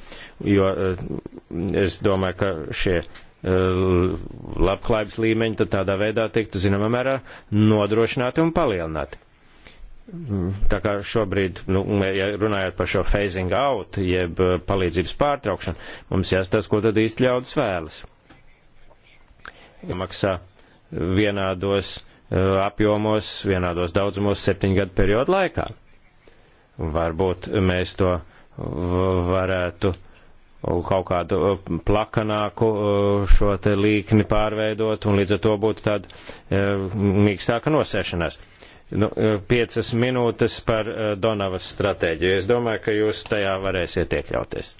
Jo es domāju, ka šie labklājības līmeņi tad tādā veidā tiktu, zināmā mērā, nodrošināti un palielināti. Tā kā šobrīd, nu, ja runājot par šo phasing out, jeb uh, palīdzības pārtraukšanu, mums jāstāsta, ko tad īsti ļaudis vēlas. Maksā vienādos uh, apjomos, vienādos daudzumos septiņu gadu periodu laikā. Varbūt mēs to varētu kaut kādu uh, plakanāku šo te līkni pārveidot un līdz ar to būtu tāda mīkstāka nosēšanās nu, e, piecas minūtes par e, Donavas stratēģiju. Es domāju, ka jūs tajā varēsiet iekļauties.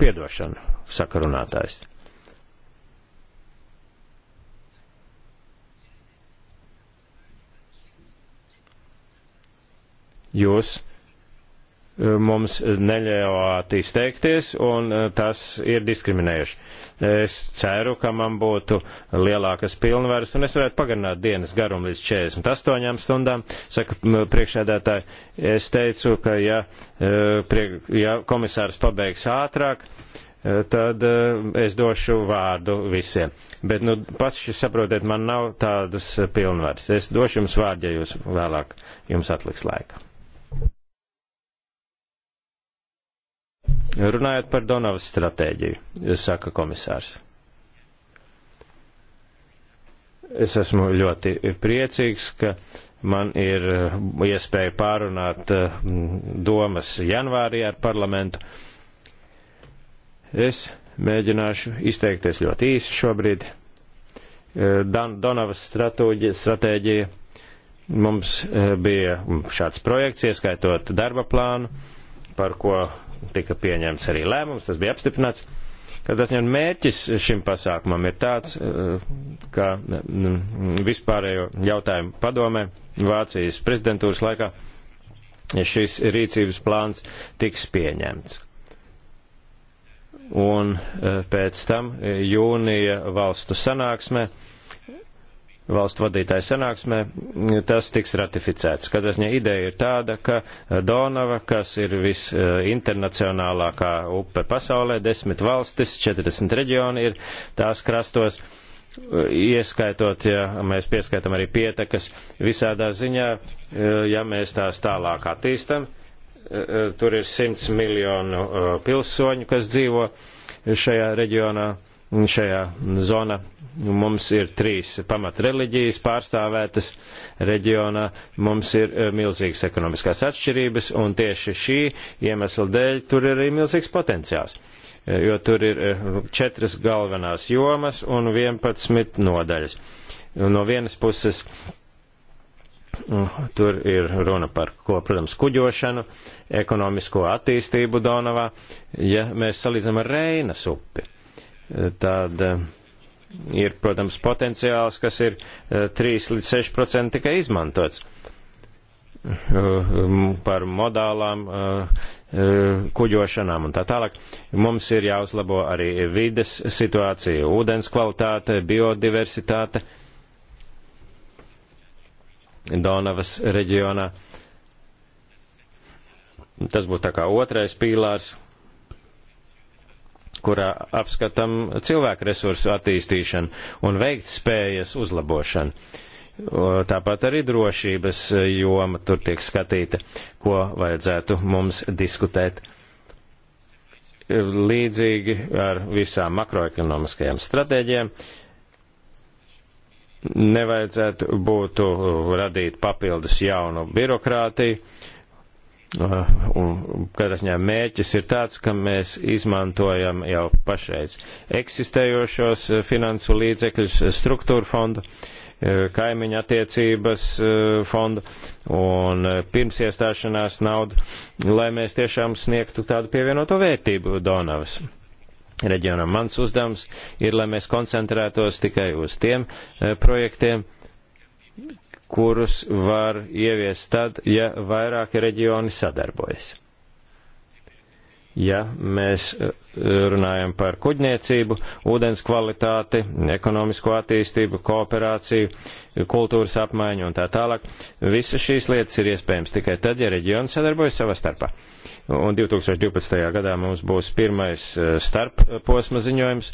Piedošana, saka runātājs. Jūs mums neļaut izteikties, un eh, tas ir diskriminējuši. Es ceru, ka man būtu lielākas pilnvaras, un es varētu pagarināt dienas garumu līdz 48 stundām. Saka priekšēdētāji, es teicu, ka ja, eh, priek, ja komisārs pabeigs ātrāk, eh, tad es došu vārdu visiem. Bet, nu, pats šis saprotiet, man nav tādas pilnvaras. Es došu jums vārdu, ja jūs vēlāk jums atliks laika. Runājot par Donavas stratēģiju, saka komisārs. Es esmu ļoti priecīgs, ka man ir uh, iespēja pārunāt uh, domas janvārī ar parlamentu. Es mēģināšu izteikties ļoti īsi šobrīd. Uh, Dan Donavas stratēģija mums bija šāds projekts, ieskaitot darba plānu, par ko tika pieņemts arī lēmums, tas bija apstiprināts. Kad tas ņem mērķis šim pasākumam ir tāds, eh, ka mm, vispārējo jautājumu padomē Vācijas prezidentūras laikā šis rīcības plāns tiks pieņemts. Un eh, pēc tam eh, jūnija valstu sanāksmē valstu vadītāju sanāksmē, tas tiks ratificēts. Katrā ziņā ideja ir tāda, ka Donava, kas ir visinternacionālākā upe pasaulē, desmit valstis, 40 reģioni ir tās krastos, ieskaitot, ja mēs pieskaitam arī pietekas, visādā ziņā, ja mēs tās tālāk attīstam, tur ir 100 miljonu uh, pilsoņu, kas dzīvo šajā reģionā šajā zonā. Mums ir trīs pamatreliģijas pārstāvētas reģionā, mums ir eh, milzīgas ekonomiskās atšķirības, un tieši šī iemesla dēļ tur ir arī milzīgs potenciāls, eh, jo tur ir eh, četras galvenās jomas un 11 nodaļas. No vienas puses mm, tur ir runa par, ko, protams, kuģošanu, ekonomisko attīstību Donavā, ja mēs salīdzinām ar Reinas upi tad eh, ir, protams, potenciāls, kas ir 3 eh, līdz 6% tikai izmantots eh, par modālām kuģošanām un tā tālāk. Mums ir jāuzlabo arī vides situācija, ūdens kvalitāte, biodiversitāte Donavas reģionā. Tas būtu tā kā otrais pīlārs kurā apskatām cilvēku resursu attīstīšanu un veiktspējas uzlabošanu. Tāpat arī drošības joma tur tiek skatīta, ko vajadzētu mums diskutēt līdzīgi ar visām makroekonomiskajām stratēģijām. Nevajadzētu būtu radīt papildus jaunu birokrātiju, Uh, un katrā ziņā mērķis ir tāds, ka mēs izmantojam jau pašreiz eksistējošos uh, finansu līdzekļus, uh, struktūra fondu, kaimiņa attiecības fondu un pirms iestāšanās naudu, lai mēs tiešām sniegtu tādu pievienoto vērtību Donavas reģionam. Mans uzdevums ir, lai mēs koncentrētos tikai uz tiem projektiem, kurus var ieviest tad, ja vairāki reģioni sadarbojas. Ja mēs eh, runājam par kuģniecību, ūdens kvalitāti, ekonomisko attīstību, kooperāciju, kultūras apmaiņu un tā tālāk, visas šīs lietas ir iespējams tikai tad, ja reģioni sadarbojas savā starpā. Un 2012. gadā mums būs pirmais eh, starp posma ziņojums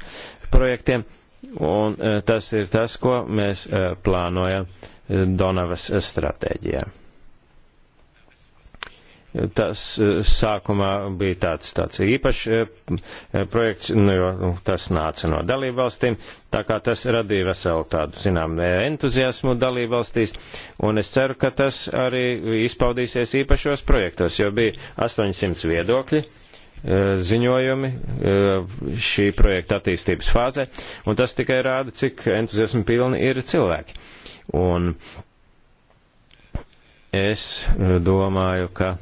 projektiem, Un eh, tas ir tas, ko mēs eh, plānojam eh, Donavas stratēģijā. Tas sākumā bija tāds, tāds īpašs projekts, nu, jo nu, tas nāca no dalībvalstīm, tā kā tas radīja veselu tādu, zinām, entuziasmu dalībvalstīs, un es ceru, ka tas arī izpaudīsies īpašos projektos, jo bija 800 viedokļi, Eh, ziņojumi eh, šī projekta attīstības fāzē, un tas tikai rāda, cik entuziasmu pilni ir cilvēki. Un es eh, domāju, ka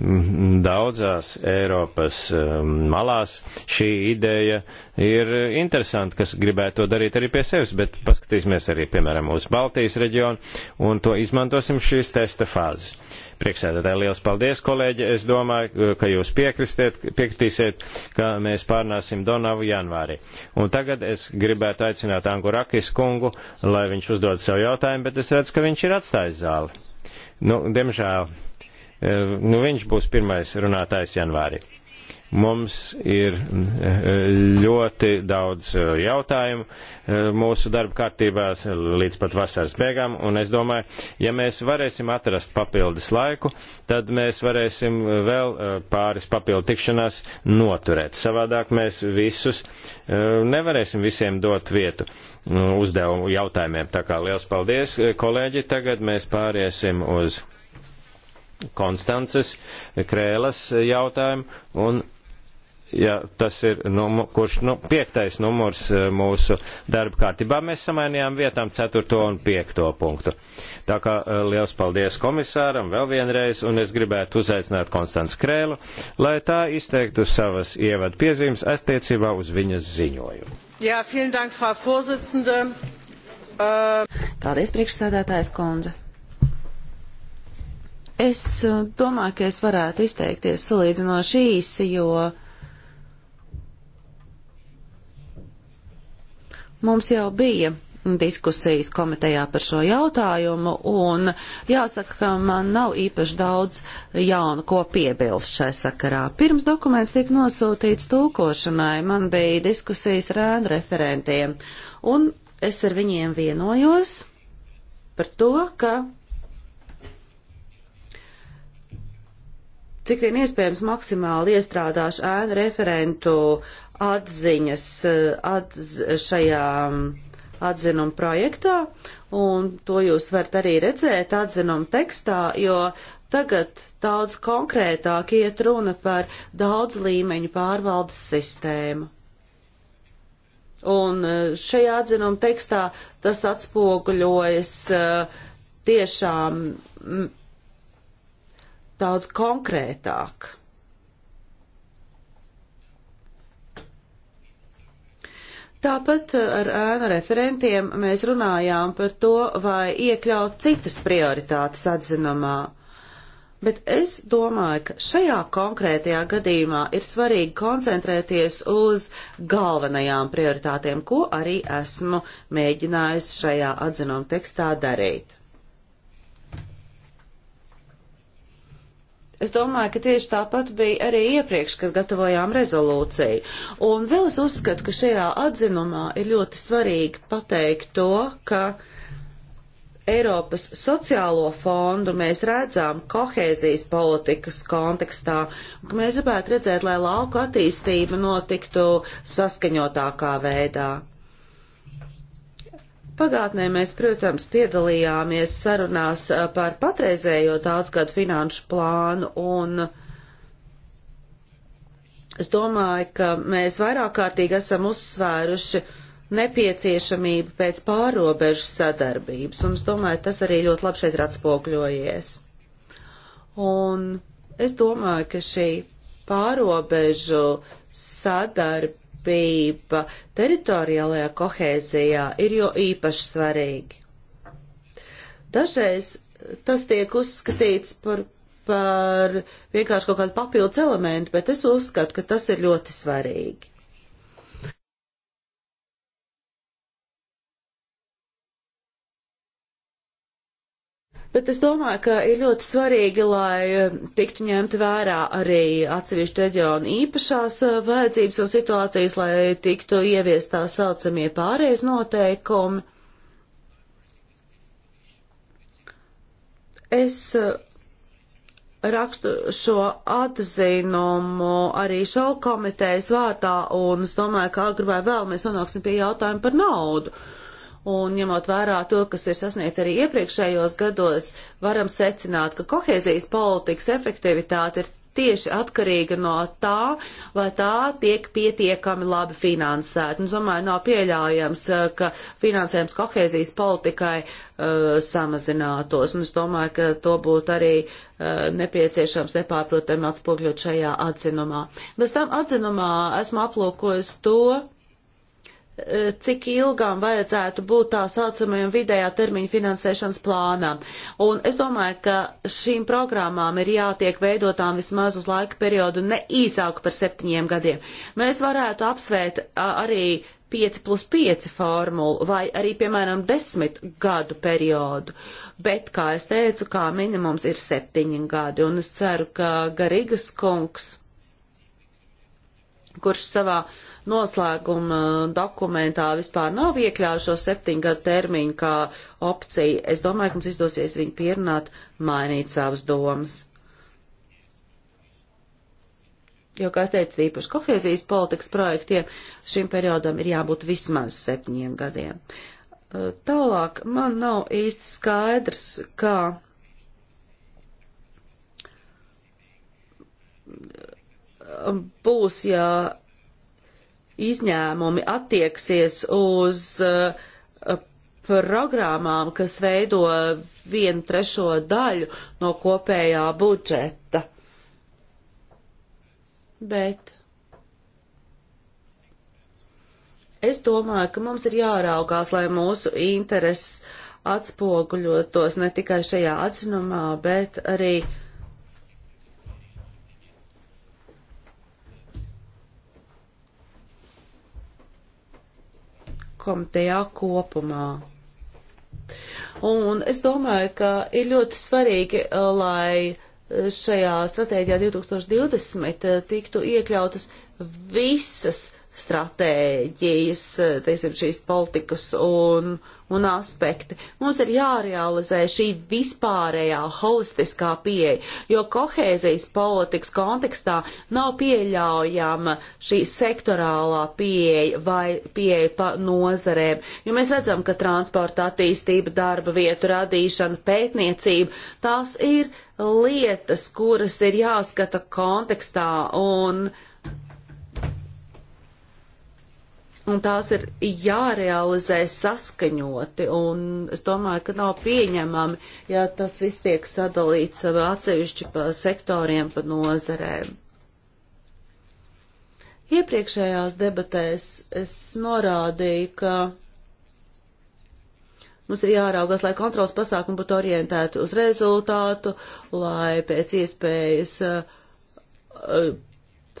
mm, daudzās Eiropas ehm, malās šī ideja ir interesanta, kas gribētu to darīt arī pie sevis, bet paskatīsimies arī, piemēram, uz Baltijas reģionu un to izmantosim šīs testa fāzes Priekšsēdētāji, liels paldies, kolēģi. Es domāju, eh, ka jūs piekritīsiet, ka mēs pārnāsim Donavu janvārī. Un tagad es gribētu aicināt Angurakis kungu, lai viņš uzdod savu jautājumu, bet es redzu, ka viņš ir atstājis zāli. Nu, diemžēl, eh, nu, viņš būs pirmais runātājs janvārī. Mums ir eh, ļoti daudz eh, jautājumu eh, mūsu darba kārtībās līdz pat vasaras beigām, un es domāju, ja mēs varēsim atrast papildus laiku, tad mēs varēsim vēl pāris papildu tikšanās noturēt. Savādāk mēs visus nevarēsim visiem dot vietu mm, uzdevumu jautājumiem. Tā kā liels paldies, kolēģi, tagad mēs pāriesim uz. Konstances Krēlas jautājumu un ja tas ir num, kurš nu, piektais numurs eh, mūsu darba kārtībā. Mēs samainījām vietām ceturto un piekto punktu. Tā kā eh, liels paldies komisāram vēl vienreiz, un es gribētu uzaicināt Konstants Krēlu, lai tā izteiktu savas ievadu piezīmes attiecībā uz viņas ziņojumu. Jā, vielen dank, Frau Vorsitzende. Uh... Paldies, priekšsēdētājs Konze. Es äh, domāju, ka es varētu izteikties salīdzinoši īsi, jo Mums jau bija diskusijas komitejā par šo jautājumu, un jāsaka, ka man nav īpaši daudz jaunu, ko piebilst šai sakarā. Pirms dokuments tika nosūtīts tulkošanai, man bija diskusijas ar ēnu referentiem, un es ar viņiem vienojos par to, ka cik vien iespējams maksimāli iestrādāšu ēnu referentu atziņas eh, atz, šajā mm, atzinuma projektā, un to jūs varat arī redzēt atzinuma tekstā, jo tagad daudz konkrētāk iet runa par daudz līmeņu pārvaldes sistēmu. Un eh, šajā atzinuma tekstā tas atspoguļojas eh, tiešām mm, daudz konkrētāk. Tāpat ar ēnu referentiem mēs runājām par to, vai iekļaut citas prioritātes atzinumā. Bet es domāju, ka šajā konkrētajā gadījumā ir svarīgi koncentrēties uz galvenajām prioritātēm, ko arī esmu mēģinājusi šajā atzinuma tekstā darīt. Es domāju, ka tieši tāpat bija arī iepriekš, kad gatavojām rezolūciju. Un vēl es uzskatu, ka šajā atzinumā ir ļoti svarīgi pateikt to, ka Eiropas sociālo fondu mēs redzam kohēzijas politikas kontekstā, un ka mēs gribētu redzēt, lai lauku attīstība notiktu saskaņotākā veidā. Pagātnē mēs, protams, piedalījāmies sarunās eh, par patreizējo daudzgadu finanšu plānu un es domāju, ka mēs vairāk kārtīgi esam uzsvēruši nepieciešamību pēc pārobežu sadarbības un es domāju, tas arī ļoti labi šeit ir atspokļojies. Un es domāju, ka šī pārobežu sadarbība sadarbība teritoriālajā kohēzijā ir jo īpaši svarīgi. Dažreiz tas tiek uzskatīts par, par vienkārši kaut kādu papildus elementu, bet es uzskatu, ka tas ir ļoti svarīgi. Bet es domāju, ka ir ļoti svarīgi, lai eh, tiktu ņemta vērā arī atsevišķu reģionu īpašās eh, vajadzības un situācijas, lai tiktu ieviest tā saucamie pārējais noteikumi. Es eh, rakstu šo atzinumu arī šo komitejas vārtā, un es domāju, ka agrāk vai vēl mēs nonāksim pie jautājuma par naudu. Uh, Un ņemot vērā to, kas ir sasniegts arī iepriekšējos gados, varam secināt, ka kohēzijas politikas efektivitāte ir tieši atkarīga no tā, vai tā tiek pietiekami labi finansēta. Es domāju, nav pieļaujams, eh, ka finansējums kohēzijas politikai uh, samazinātos. Un es domāju, ka to būtu arī uh, nepieciešams nepārprotami atspogļot šajā atzinumā. Bez tam atzinumā esmu aplūkojis to, Eh, cik ilgām vajadzētu būt tā saucamajam vidējā termiņa finansēšanas plānam. Un es domāju, ka šīm programmām ir jātiek veidotām vismaz uz laika periodu ne īsāku par septiņiem gadiem. Mēs varētu apsvērt arī 5 plus 5 formulu vai arī, piemēram, 10 gadu periodu. Bet, kā es teicu, kā minimums ir 7 gadi, un es ceru, ka Garīgas kungs kurš savā noslēguma dokumentā vispār nav iekļāvis šo septiņu gadu termiņu kā opciju. Es domāju, ka mums izdosies viņu pierunāt, mainīt savas domas. Jo, kā es teicu, īpaši kohēzijas politikas projektiem šim periodam ir jābūt vismaz septiņiem gadiem. Uh, tālāk man nav īsti skaidrs, kā Um, būs, ja izņēmumi attieksies uz uh, programmām, kas veido vienu trešo daļu no kopējā budžeta. Bet es domāju, ka mums ir jāraugās, lai mūsu intereses atspoguļotos ne tikai šajā atzinumā, bet arī uh, komitejā kopumā. Un es domāju, ka ir ļoti svarīgi, eh, lai eh, šajā stratēģijā 2020 eh, tiktu iekļautas visas stratēģijas, teiksim, šīs politikas un, un aspekti. Mums ir jārealizē šī vispārējā holistiskā pieeja, jo kohēzijas politikas kontekstā nav pieļaujama šī sektorālā pieeja vai pieeja pa nozarēm, jo mēs redzam, ka transporta attīstība, darba vietu radīšana, pētniecība, tās ir lietas, kuras ir jāskata kontekstā un uh, un tās ir jārealizē saskaņoti, un es domāju, ka nav pieņemami, ja tas viss tiek sadalīts atsevišķi pa sektoriem, pa nozarēm. Iepriekšējās debatēs es norādīju, ka mums ir jāraugās, lai kontrols pasākumi būtu orientēti uz rezultātu, lai pēc iespējas uh,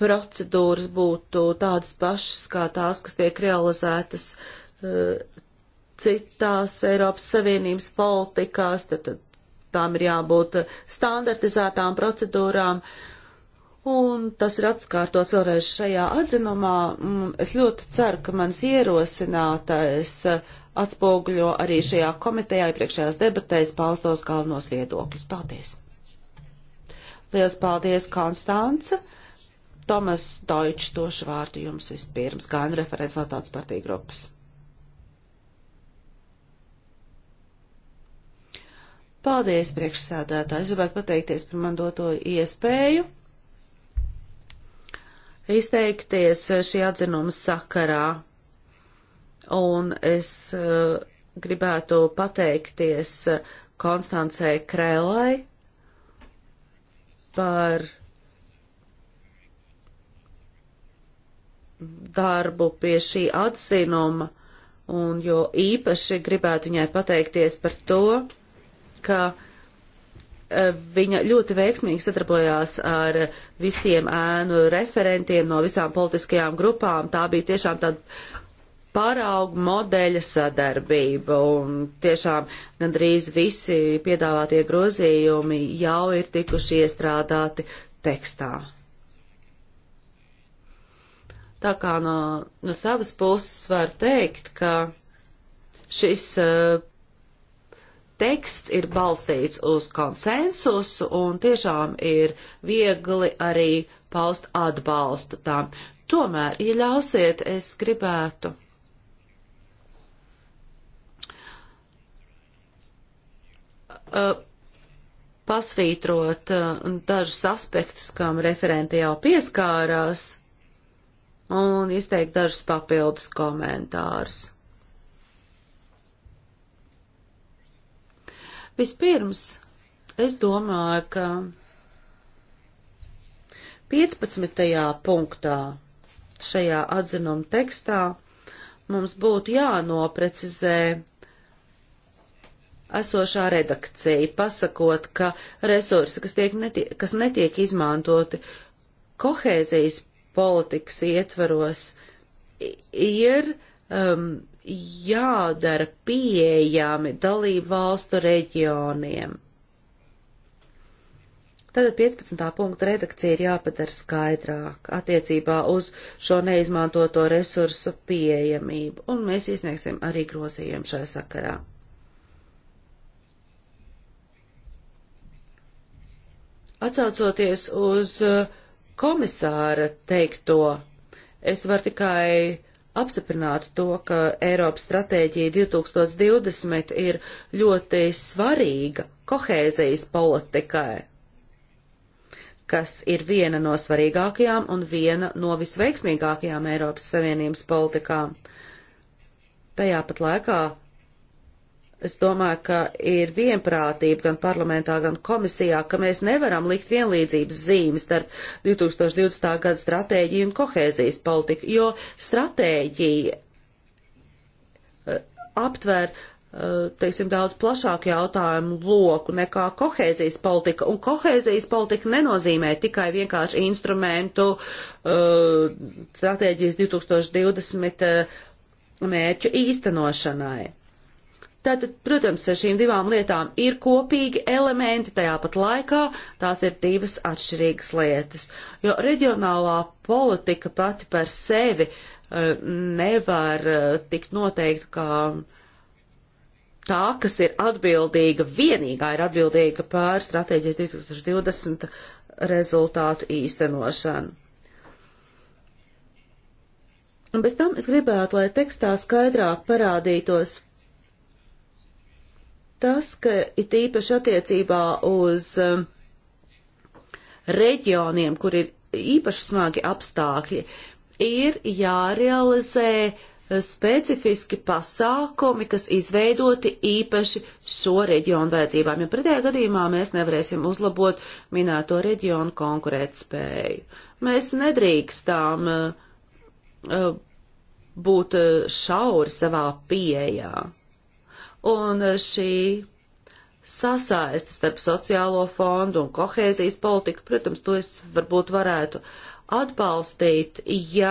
procedūras būtu tādas pašas kā tās, kas tiek realizētas uh, citās Eiropas Savienības politikās, tad, tad tām ir jābūt standartizētām procedūrām. Un tas ir atkārtots vēlreiz šajā atzinumā. Mm, es ļoti ceru, ka mans ierosinātais eh, atspoguļo arī šajā komitejā iepriekšējās debatēs paustos galvenos viedokļus. Paldies! Lielas paldies, Konstance! Tomas Deutsch došu vārdu jums vispirms, gan referents no tāds partija grupas. Paldies, priekšsēdētāji. Es gribētu pateikties par man doto iespēju izteikties šī atzinuma sakarā. Un es uh, gribētu pateikties eh, Konstancē Krēlai par darbu pie šī atzinuma, un jo īpaši gribētu viņai pateikties par to, ka e, viņa ļoti veiksmīgi sadarbojās ar visiem ēnu referentiem no visām politiskajām grupām. Tā bija tiešām tāda paraugu modeļa sadarbība, un tiešām gandrīz visi piedāvātie grozījumi jau ir tikuši iestrādāti tekstā. Tā kā no, no savas puses var teikt, ka šis uh, teksts ir balstīts uz konsensusu un tiešām ir viegli arī paust atbalstu tam. Tomēr, ja ļausiet, es gribētu uh, pasvītrot uh, dažus aspektus, kam referenti jau pieskārās un izteikt dažus papildus komentārus. Vispirms, es domāju, ka 15. punktā šajā atzinuma tekstā mums būtu jānoprecizē esošā redakcija, pasakot, ka resursi, kas, tiek netiek, kas netiek izmantoti kohēzijas politikas ietvaros ir um, jādara pieejami dalību valstu reģioniem. Tātad 15. punkta redakcija ir jāpadara skaidrāk attiecībā uz šo neizmantoto resursu pieejamību, un mēs iesniegsim arī grozījumu šajā sakarā. Atcaucoties uz uh, komisāra teikto, es varu tikai apstiprināt to, ka Eiropas stratēģija 2020 ir ļoti svarīga kohēzijas politikai, kas ir viena no svarīgākajām un viena no visveiksmīgākajām Eiropas Savienības politikām. Tajā pat laikā Es domāju, ka ir vienprātība gan parlamentā, gan komisijā, ka mēs nevaram likt vienlīdzības zīmes starp 2020. gada stratēģiju un kohēzijas politiku, jo stratēģija eh, aptver eh, teiksim, daudz plašāku jautājumu loku nekā kohēzijas politika. Un kohēzijas politika nenozīmē tikai vienkārši instrumentu uh, stratēģijas 2020 mērķu īstenošanai. Tātad, protams, šīm divām lietām ir kopīgi elementi, tajā pat laikā tās ir divas atšķirīgas lietas, jo reģionālā politika pati par sevi eh, nevar eh, tikt noteikta kā tā, kas ir atbildīga, vienīgā ir atbildīga pār stratēģijas 2020 rezultātu īstenošanu. Un bez tam es gribētu, lai tekstā skaidrāk parādītos Tas, ka it īpaši attiecībā uz um, reģioniem, kur ir īpaši smagi apstākļi, ir jārealizē uh, specifiski pasākumi, kas izveidoti īpaši šo reģionu vajadzībām, jo ja pretējā gadījumā mēs nevarēsim uzlabot minēto reģionu konkurētspēju. Mēs nedrīkstām uh, uh būt uh, šauri savā pieejā un eh, šī sasaiste starp sociālo fondu un kohēzijas politiku, protams, to es varbūt varētu atbalstīt, ja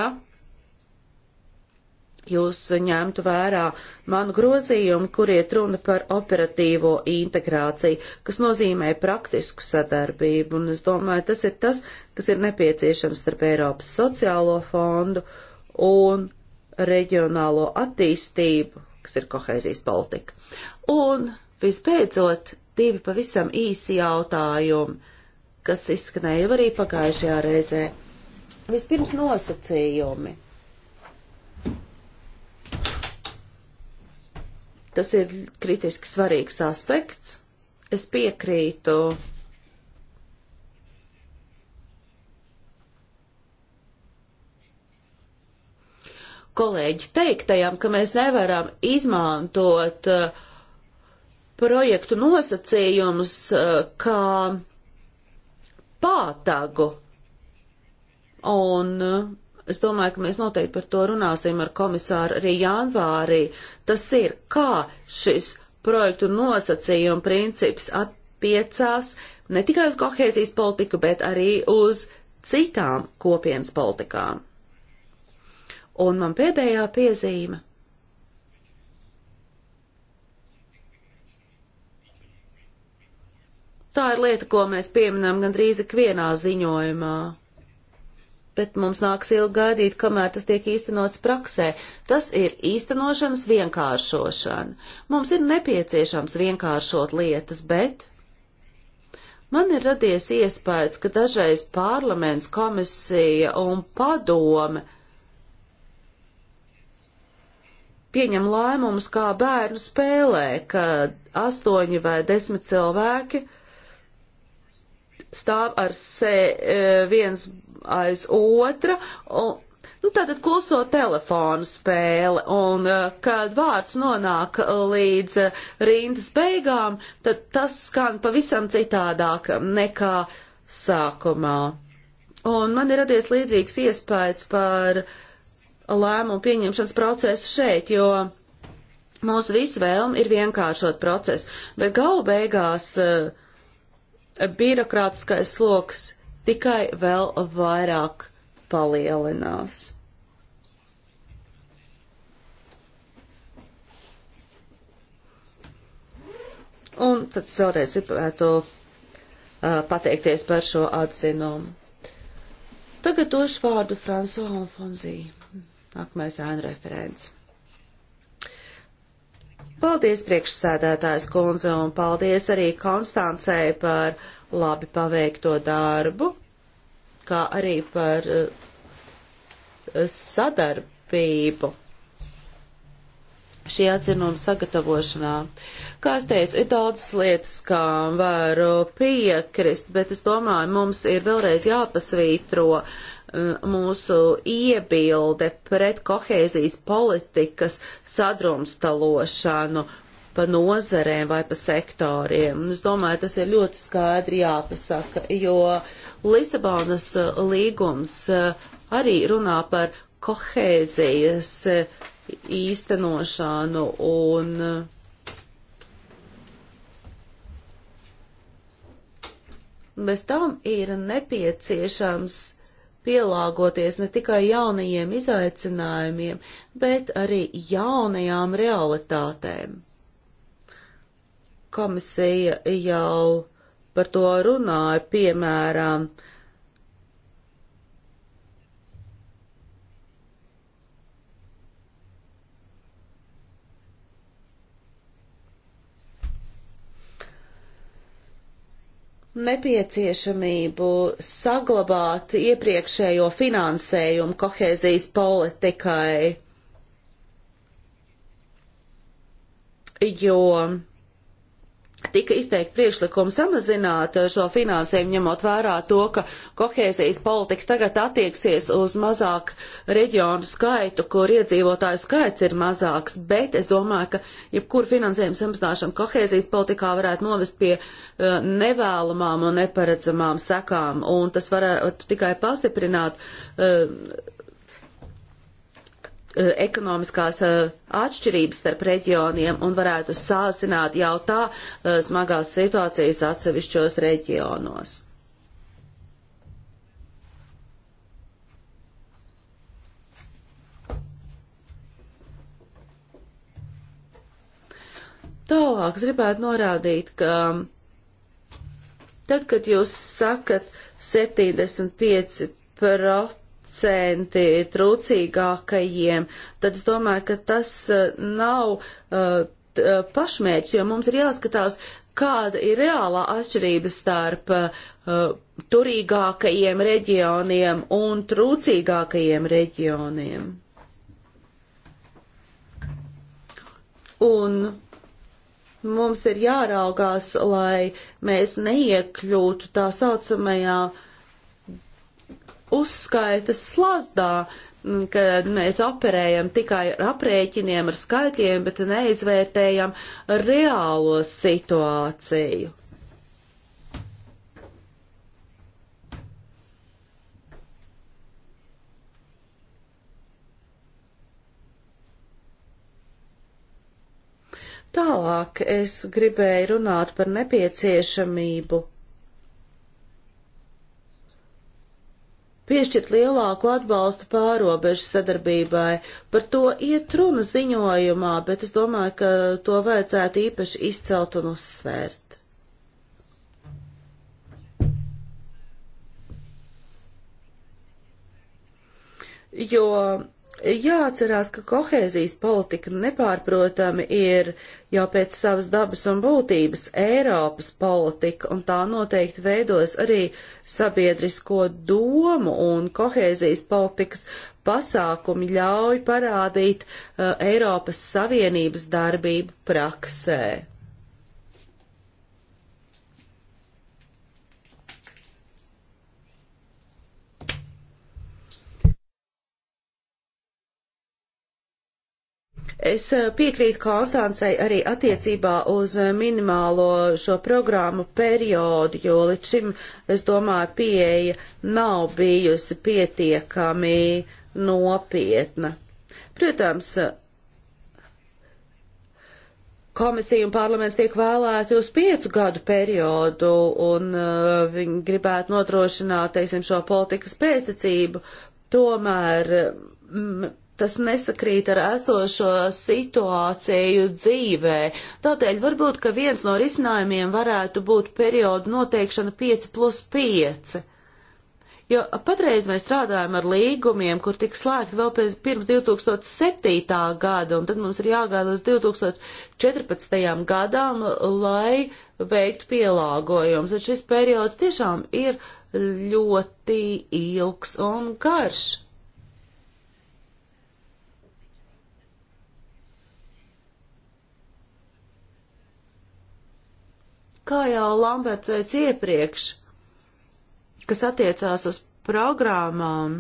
jūs ņemtu vērā manu grozījumu, kur iet runa par operatīvo integrāciju, kas nozīmē praktisku sadarbību, un es domāju, tas ir tas, kas ir nepieciešams starp Eiropas sociālo fondu un reģionālo attīstību kas ir kohēzijas politika. Un vispēcot, divi pavisam īsi jautājumi, kas izskanēja jau arī pagājušajā reizē. Vispirms nosacījumi. Tas ir kritiski svarīgs aspekts. Es piekrītu kolēģi teiktajam, ka mēs nevaram izmantot uh, projektu nosacījumus uh, kā pātagu. Un uh, es domāju, ka mēs noteikti par to runāsim ar komisāru arī janvārī. Tas ir, kā šis projektu nosacījuma princips attiecās ne tikai uz kohēzijas politiku, bet arī uz citām kopienas politikām. Un man pēdējā piezīme. Tā ir lieta, ko mēs pieminam gandrīz ikvienā ziņojumā bet mums nāks ilgi gaidīt, kamēr tas tiek īstenots praksē. Tas ir īstenošanas vienkāršošana. Mums ir nepieciešams vienkāršot lietas, bet man ir radies iespējas, ka dažreiz parlaments, komisija un padome pieņem lēmumus, kā bērnu spēlē, ka astoņi vai desmit cilvēki stāv ar se, e, viens aiz otra, un, nu, tātad kluso telefonu spēle, un e, kad vārds nonāk līdz rindas beigām, tad tas skan pavisam citādāk nekā sākumā. Un man ir radies līdzīgs iespējas par uh, lēmumu pieņemšanas procesu šeit, jo mūsu visu vēlmi ir vienkāršot procesu, bet galu beigās uh, birokrātiskais sloks tikai vēl vairāk palielinās. Un tad es vēlreiz gribētu uh, pateikties par šo atzinumu. Tagad došu vārdu Fransuam Fonzijam. Nākamais ēnu referents. Paldies priekšsēdētājs kundze un paldies arī Konstancei par labi paveikto darbu, kā arī par eh, sadarbību šī atzinuma sagatavošanā. Kā es teicu, ir daudzas lietas, kam varu piekrist, bet es domāju, mums ir vēlreiz jāpasvītro mūsu iebilde pret kohēzijas politikas sadrumstalošanu pa nozarēm vai pa sektoriem. Es domāju, tas ir ļoti skaidri jāpasaka, jo Lisabonas līgums eh, arī runā par kohēzijas eh, īstenošanu un eh, bez tam ir nepieciešams pielāgoties ne tikai jaunajiem izaicinājumiem, bet arī jaunajām realitātēm. Komisija jau par to runāja, piemēram, uh, nepieciešamību saglabāt iepriekšējo finansējumu kohēzijas politikai, jo tika izteikti priekšlikumi samazināt eh, šo finansējumu, ņemot vērā to, ka kohēzijas politika tagad attieksies uz mazāk reģionu skaitu, kur iedzīvotāju skaits ir mazāks, bet es domāju, ka jebkur finansējuma samazināšana kohēzijas politikā varētu novest pie uh, nevēlamām un neparedzamām sekām, un tas varētu tikai pastiprināt uh, Eh, ekonomiskās eh, atšķirības starp reģioniem un varētu sāsināt jau tā eh, smagās situācijas atsevišķos reģionos. Tālāk es gribētu norādīt, ka tad, kad jūs sakat 75% procenti trūcīgākajiem, tad es domāju, ka tas eh, nav uh, pašmērķis, jo mums ir jāskatās, kāda ir reālā atšķirība starp uh, turīgākajiem reģioniem un trūcīgākajiem reģioniem. Un mums ir jāraugās, lai mēs neiekļūtu tā saucamajā uh, uzskaitas slazdā, mm, kad mēs operējam tikai ar aprēķiniem, ar skaitļiem, bet neizvērtējam reālo situāciju. Tālāk es gribēju runāt par nepieciešamību piešķirt lielāku atbalstu pārobežu sadarbībai. Par to iet runa ziņojumā, bet es domāju, ka to vajadzētu īpaši izcelt un uzsvērt. Jo Jāatcerās, ka kohēzijas politika nepārprotami ir jau pēc savas dabas un būtības Eiropas politika, un tā noteikti veidos arī sabiedrisko domu, un kohēzijas politikas pasākumi ļauj parādīt uh, Eiropas Savienības darbību praksē. Es eh, piekrītu Konstancei arī attiecībā uz eh, minimālo šo programmu periodu, jo līdz šim, es domāju, pieeja nav bijusi pietiekami nopietna. Protams, eh, komisija un parlaments tiek vēlēti uz piecu gadu periodu, un uh, viņi gribētu nodrošināt, teiksim, šo politikas pēctecību. Tomēr. Mm, tas nesakrīt ar esošo situāciju dzīvē. Tādēļ varbūt, ka viens no risinājumiem varētu būt periodu noteikšana 5 plus 5. Jo patreiz mēs strādājam ar līgumiem, kur tika slēgti vēl pēc, pirms 2007. gada, un tad mums ir jāgaida līdz 2014. gadam, lai veiktu pielāgojums. Un šis periods tiešām ir ļoti ilgs un garš. Kā jau Lamberts teica iepriekš, kas attiecās uz programmām,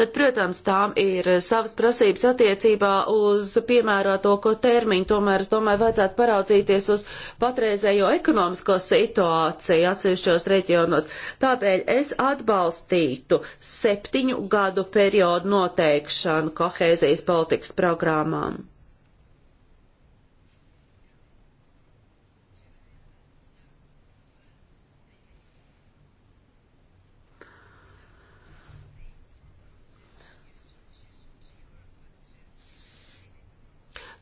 tad, protams, tām ir savas prasības attiecībā uz piemēroto termiņu. Tomēr, es domāju, vajadzētu paraudzīties uz patreizējo ekonomisko situāciju atsevišķos reģionos. Tāpēc es atbalstītu septiņu gadu periodu noteikšanu kohēzijas politikas programmām.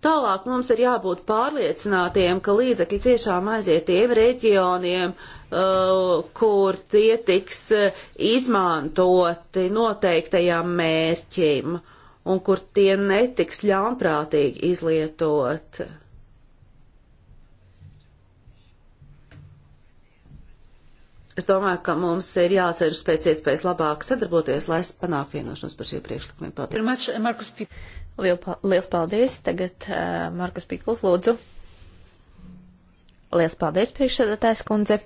Tālāk mums ir jābūt pārliecinātiem, ka līdzekļi tiešām aiziet tiem reģioniem, uh, kur tie tiks uh, izmantoti noteiktajam mērķim un kur tie netiks ļaunprātīgi izlietot. Es domāju, ka mums ir jāceras pēc iespējas labāk sadarboties, lai panāktu vienošanos par šiem priekšlikumiem. Paldies. Lielas paldies. Tagad uh, Markus Pikls lūdzu. Lielas paldies, priekšsēdētājs kundze.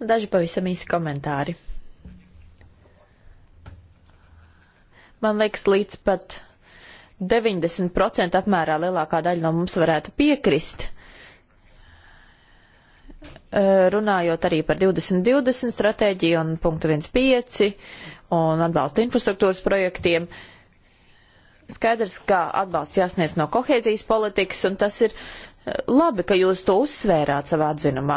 Daži pavisam īsi komentāri. Man liekas, līdz pat 90% apmērā lielākā daļa no mums varētu piekrist. Uh, runājot arī par 2020 stratēģiju un punktu 1.5 un atbalstu infrastruktūras projektiem, uh, Skaidrs, ka atbalsts jāsniedz no kohēzijas politikas, un tas ir eh, labi, ka jūs to uzsvērāt savā atzinumā.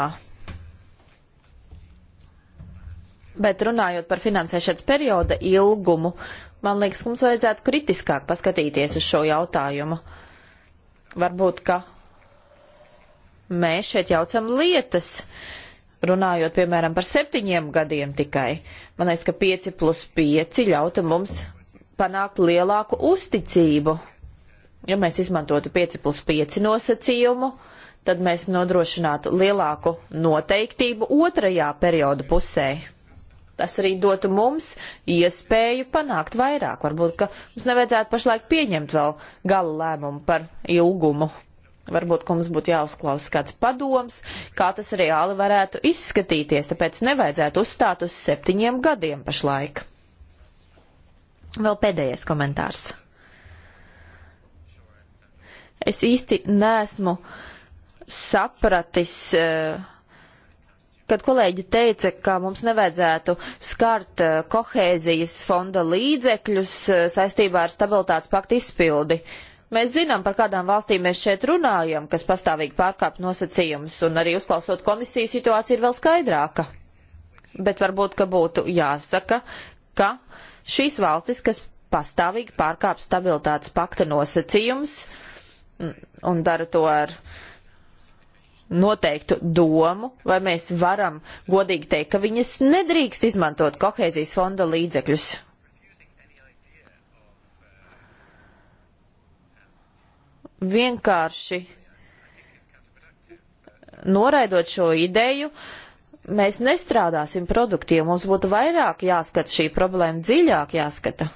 Bet runājot par finansēšanas perioda ilgumu, man liekas, mums vajadzētu kritiskāk paskatīties uz šo jautājumu. Varbūt, ka mēs šeit jaucam lietas, runājot, piemēram, par septiņiem gadiem tikai. Man liekas, ka pieci plus pieci ļauta mums panākt lielāku uzticību. Ja mēs izmantotu 5 plus 5 nosacījumu, tad mēs nodrošinātu lielāku noteiktību otrajā perioda pusē. Tas arī dotu mums iespēju panākt vairāk. Varbūt, ka mums nevajadzētu pašlaik pieņemt vēl gala lēmumu par ilgumu. Varbūt, ka mums būtu jāuzklausa kāds padoms, kā tas reāli varētu izskatīties, tāpēc nevajadzētu uzstāt uz septiņiem gadiem pašlaik. Vēl pēdējais komentārs. Es īsti nesmu sapratis, eh, kad kolēģi teica, ka mums nevajadzētu skart eh, kohēzijas fonda līdzekļus eh, saistībā ar stabilitātes paktu izpildi. Mēs zinām, par kādām valstīm mēs šeit runājam, kas pastāvīgi pārkāp nosacījumus, un arī uzklausot komisiju situācija ir vēl skaidrāka. Bet varbūt, ka būtu jāsaka, ka uh, Šīs valstis, kas pastāvīgi pārkāp stabilitātes pakta nosacījums un dara to ar noteiktu domu, vai mēs varam godīgi teikt, ka viņas nedrīkst izmantot kohēzijas fonda līdzekļus. Vienkārši noraidot šo ideju, uh, mēs nestrādāsim produktīvi, mums būtu vairāk jāskata šī problēma, dziļāk jāskata.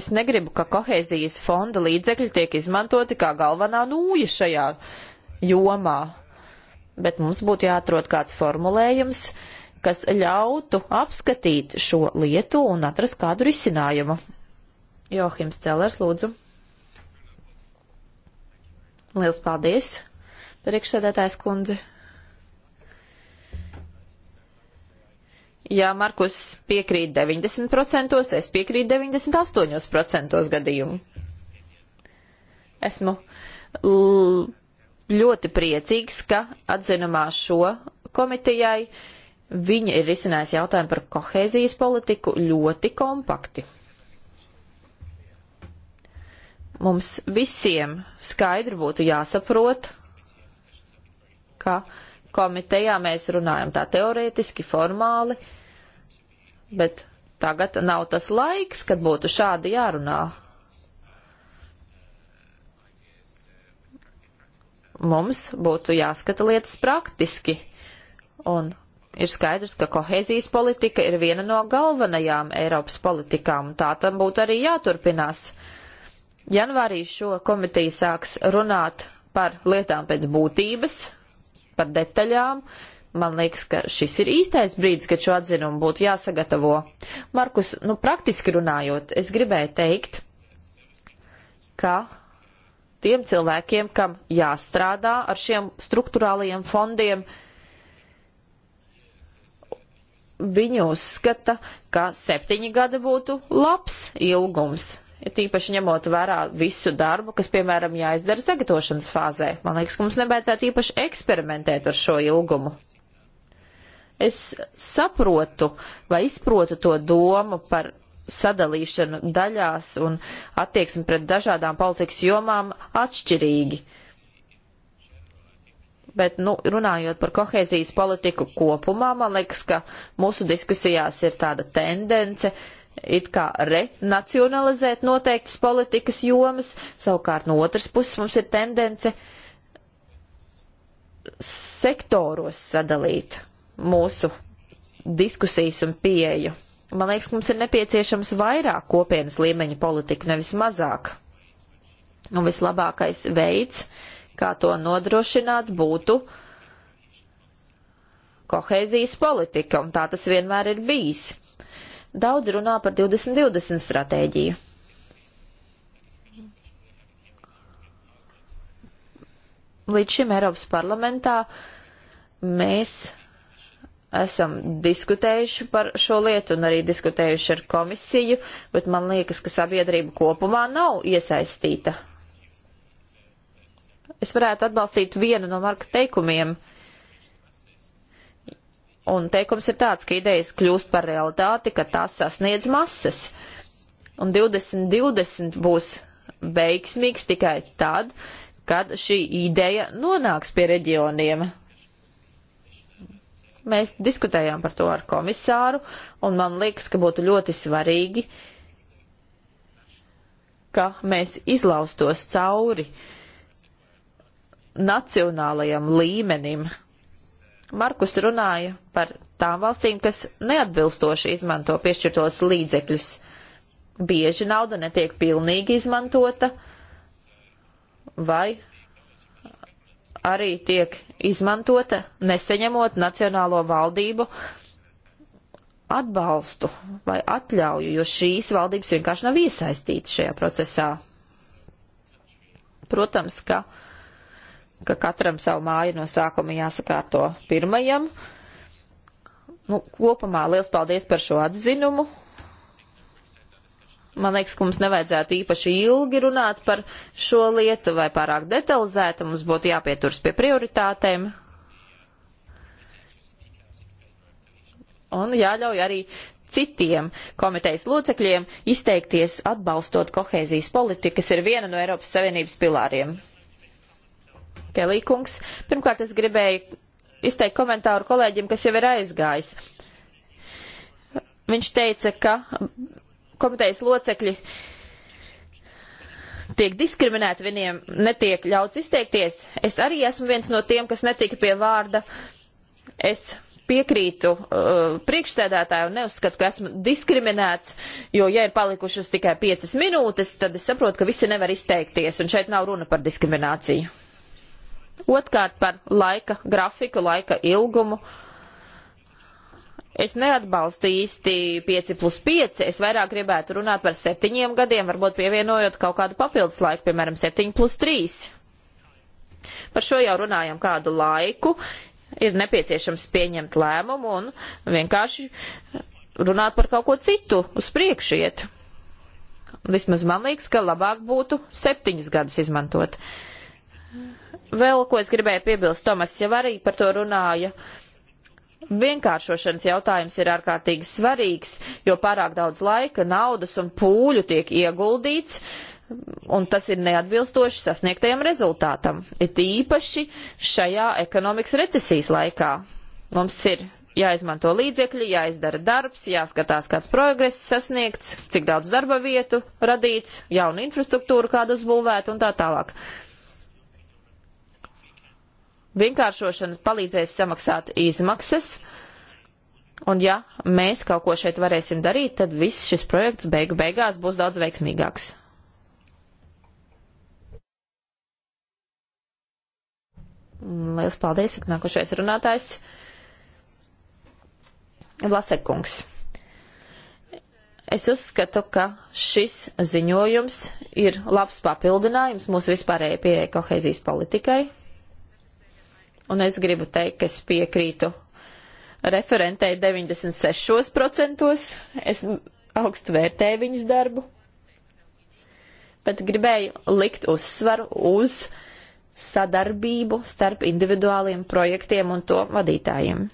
Es negribu, ka kohēzijas fonda līdzekļi tiek izmantoti kā galvenā nūja šajā jomā, bet mums būtu jāatrod kāds formulējums, kas ļautu apskatīt šo lietu un atrast kādu risinājumu. Johims Celers, lūdzu. Liels paldies, priekšsēdētājs kundze. Jā, Markus piekrīt 90%, es piekrītu 98% gadījumu. Esmu ļoti priecīgs, ka atzinumā šo komitejai viņa ir risinājusi jautājumu par kohēzijas politiku ļoti kompakti. Mums visiem skaidri būtu jāsaprot, ka komitejā mēs runājam tā teorētiski, formāli, bet tagad nav tas laiks, kad būtu šādi jārunā. Mums būtu jāskata lietas praktiski, un ir skaidrs, ka kohēzijas politika ir viena no galvenajām Eiropas politikām, un tā tam būtu arī jāturpinās. Janvārī šo komiteju sāks runāt par lietām pēc būtības, par detaļām. Man liekas, ka šis ir īstais brīdis, kad šo atzinumu būtu jāsagatavo. Markus, nu praktiski runājot, es gribēju teikt, ka tiem cilvēkiem, kam jāstrādā ar šiem struktūrālajiem fondiem, viņi uzskata, ka septiņi gadi būtu labs ilgums ja tīpaši ņemot vērā visu darbu, kas, piemēram, jāizdara sagatavošanas fāzē. Man liekas, ka mums nebaidzētu īpaši eksperimentēt ar šo ilgumu. Es saprotu vai izprotu to domu par sadalīšanu daļās un attieksmi pret dažādām politikas jomām atšķirīgi bet nu, runājot par kohēzijas politiku kopumā, man liekas, ka mūsu diskusijās ir tāda tendence it kā renacionalizēt noteiktas politikas jomas, savukārt no otras puses mums ir tendence sektoros sadalīt mūsu diskusijas un pieeju. Man liekas, mums ir nepieciešams vairāk kopienas līmeņa politiku, nevis mazāk. Un vislabākais veids, kā to nodrošināt, būtu kohēzijas politika, un tā tas vienmēr ir bijis. Daudz runā par 2020 stratēģiju. Līdz šim Eiropas parlamentā mēs esam diskutējuši par šo lietu un arī diskutējuši ar komisiju, bet man liekas, ka sabiedrība kopumā nav iesaistīta. Es varētu atbalstīt vienu no Marka teikumiem. Uh, Un teikums ir tāds, ka idejas kļūst par realitāti, ka tas sasniedz masas. Un 2020 būs veiksmīgs tikai tad, kad šī ideja nonāks pie reģioniem. Mēs diskutējām par to ar komisāru, un man liekas, ka būtu ļoti svarīgi, ka mēs izlaustos cauri nacionālajam līmenim Markus runāja par tām valstīm, kas neatbilstoši izmanto piešķirtos līdzekļus. Bieži nauda netiek pilnīgi izmantota vai arī tiek izmantota neseņemot nacionālo valdību atbalstu vai atļauju, jo šīs valdības vienkārši nav iesaistītas šajā procesā. Protams, ka uh, ka katram savu māju no sākuma jāsakārto pirmajam. Nu, kopumā liels paldies par šo atzinumu. Man liekas, ka mums nevajadzētu īpaši ilgi runāt par šo lietu vai pārāk detalizēti. Mums būtu jāpieturas pie prioritātēm. Un jāļauj arī citiem komitejas locekļiem izteikties atbalstot kohēzijas politiku, kas ir viena no Eiropas Savienības pilāriem. Kelīkungs. Pirmkārt, es gribēju izteikt komentāru kolēģim, kas jau ir aizgājis. Viņš teica, ka komitejas locekļi tiek diskriminēti, viņiem netiek ļauts izteikties. Es arī esmu viens no tiem, kas netika pie vārda. Es piekrītu uh, priekšsēdētāju un neuzskatu, ka esmu diskriminēts, jo, ja ir palikušas tikai piecas minūtes, tad es saprotu, ka visi nevar izteikties, un šeit nav runa par diskrimināciju. Otkārt par laika grafiku, laika ilgumu. Es neatbalstu īsti 5 plus 5, es vairāk gribētu runāt par 7 gadiem, varbūt pievienojot kaut kādu papildus laiku, piemēram, 7 plus 3. Par šo jau runājam kādu laiku, ir nepieciešams pieņemt lēmumu un vienkārši runāt par kaut ko citu, uz priekšu iet. Vismaz man liekas, ka labāk būtu septiņus gadus izmantot vēl ko es gribēju piebilst, Tomas jau arī par to runāja. Vienkāršošanas jautājums ir ārkārtīgi svarīgs, jo pārāk daudz laika, naudas un pūļu tiek ieguldīts, un tas ir neatbilstoši sasniegtajam rezultātam. It īpaši šajā ekonomikas recesijas laikā mums ir jāizmanto līdzekļi, jāizdara darbs, jāskatās, kāds progress sasniegts, cik daudz darba vietu radīts, jauna infrastruktūra kādu uzbūvēt un tā tālāk. Vienkāršošana palīdzēs samaksāt izmaksas, un ja mēs kaut ko šeit varēsim darīt, tad viss šis projekts beigu beigās būs daudz veiksmīgāks. Lielas paldies, nākošais runātājs. Vlasekungs. Es uzskatu, ka šis ziņojums ir labs papildinājums mūsu vispārējai pieeja kohēzijas politikai un es gribu teikt, ka es piekrītu referentei 96%, es augstu vērtēju viņas darbu, bet gribēju likt uzsvaru uz sadarbību starp individuāliem projektiem un to vadītājiem.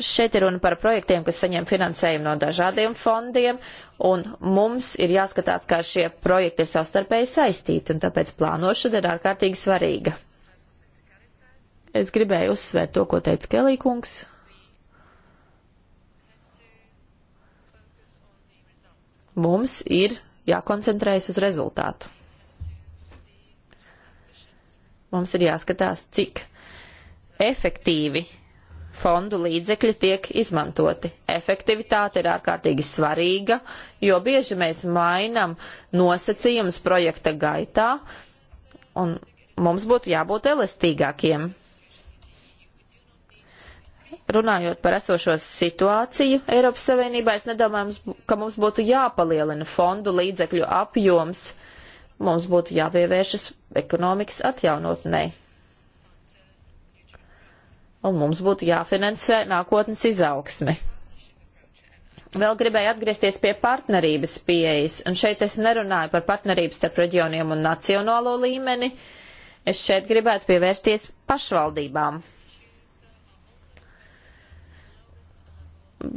Šeit ir runa par projektiem, kas saņem finansējumu no dažādiem fondiem, un mums ir jāskatās, kā šie projekti ir savstarpēji saistīti, un tāpēc plānošana ir ārkārtīgi svarīga. Es gribēju uzsvērt to, ko teica Kelīkungs. Mums ir jākoncentrējas uz rezultātu. Mums ir jāskatās, cik efektīvi fondu līdzekļi tiek izmantoti. Efektivitāte ir ārkārtīgi svarīga, jo bieži mēs mainam nosacījumus projekta gaitā, un mums būtu jābūt elastīgākiem. Runājot par esošo situāciju Eiropas Savienībā, es nedomāju, ka mums būtu jāpalielina fondu līdzekļu apjoms. Mums būtu jāpievēršas ekonomikas atjaunotnei un mums būtu jāfinansē nākotnes izaugsme. Vēl gribēju atgriezties pie partnerības pieejas, un šeit es nerunāju par partnerības starp reģioniem un nacionālo līmeni, es šeit gribētu pievērsties pašvaldībām.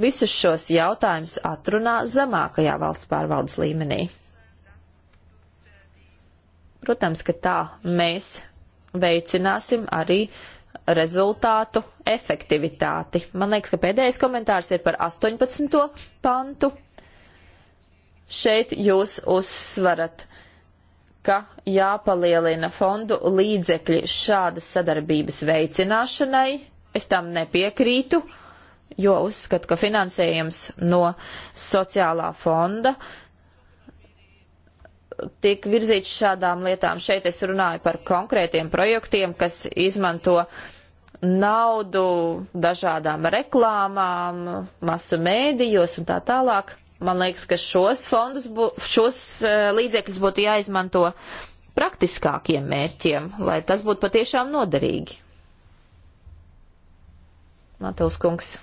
Visus šos jautājumus atrunā zemākajā valsts pārvaldes līmenī. Protams, ka tā mēs veicināsim arī uh, rezultātu efektivitāti. Man liekas, ka pēdējais komentārs ir par 18. pantu. Šeit jūs uzsvarat, ka jāpalielina fondu līdzekļi šādas sadarbības veicināšanai. Es tam nepiekrītu, jo uzskatu, ka finansējums no sociālā fonda uh, tiek virzīts šādām lietām. Šeit es runāju par konkrētiem projektiem, kas izmanto naudu dažādām reklāmām, masu mēdījos un tā tālāk. Man liekas, ka šos fondus, bū, šos eh, līdzekļus būtu jāizmanto praktiskākiem mērķiem, lai tas būtu patiešām noderīgi. Matils kungs.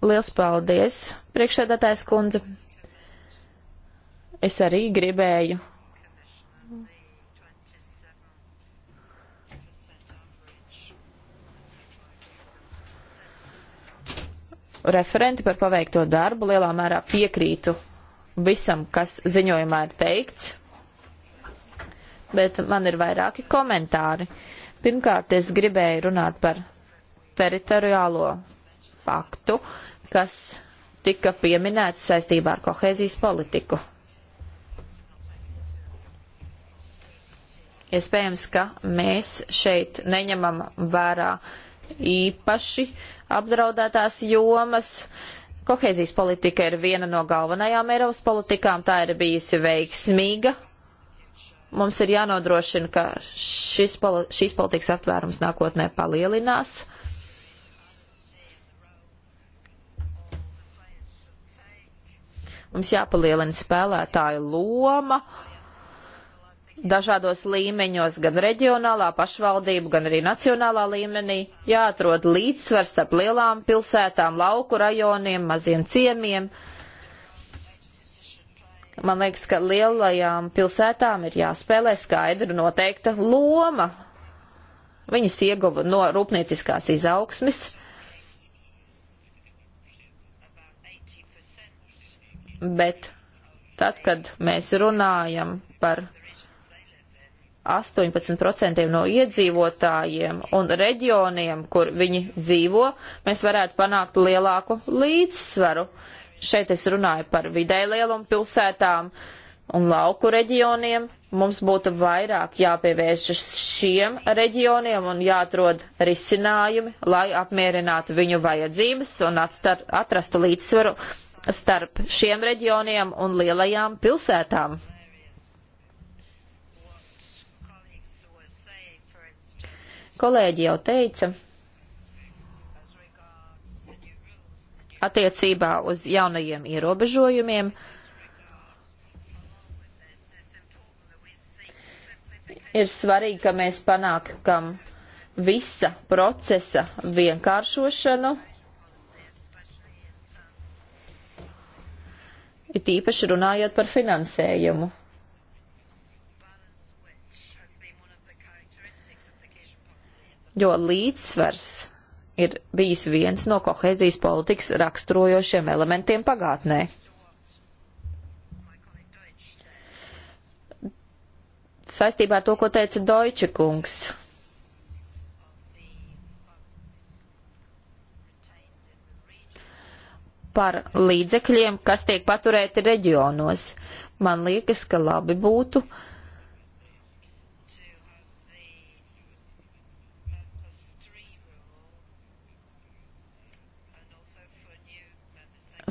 Liels paldies, priekšsēdētājs kundze. Es arī gribēju referenti par paveikto darbu lielā mērā piekrītu visam, kas ziņojumā ir teikts, bet man ir vairāki komentāri. Pirmkārt, es gribēju runāt par teritoriālo paktu, kas tika pieminēts saistībā ar kohēzijas politiku. Iespējams, ka mēs šeit neņemam vērā īpaši apdraudētās jomas. Kohēzijas politika ir viena no galvenajām Eiropas politikām, tā ir bijusi veiksmīga. Mums ir jānodrošina, ka šis, šīs politikas aptvērums nākotnē palielinās. Mums jāpalielina spēlētāju loma dažādos līmeņos, gan reģionālā pašvaldību, gan arī nacionālā līmenī. Jāatrod līdzsvars starp lielām pilsētām, lauku rajoniem, maziem ciemiem. Man liekas, ka lielajām pilsētām ir jāspēlē skaidra noteikta loma. Viņas ieguva no rūpnieciskās izaugsmes, bet tad, kad mēs runājam par 18% no iedzīvotājiem un reģioniem, kur viņi dzīvo, mēs varētu panākt lielāku līdzsvaru. Šeit es runāju par vidēju lielumu pilsētām un lauku reģioniem. Mums būtu vairāk jāpievēršas šiem reģioniem un jāatrod risinājumi, lai apmierinātu viņu vajadzības un atstar, atrastu līdzsvaru starp šiem reģioniem un lielajām pilsētām. Kolēģi jau teica, attiecībā uz jaunajiem ierobežojumiem, ir svarīgi, ka mēs panākam visa procesa vienkāršošanu it īpaši runājot par finansējumu. Jo līdzsvars ir bijis viens no kohēzijas politikas raksturojošiem elementiem pagātnē. Saistībā ar to, ko teica Deutsche kungs. par līdzekļiem, kas tiek paturēti reģionos. Man liekas, ka labi būtu.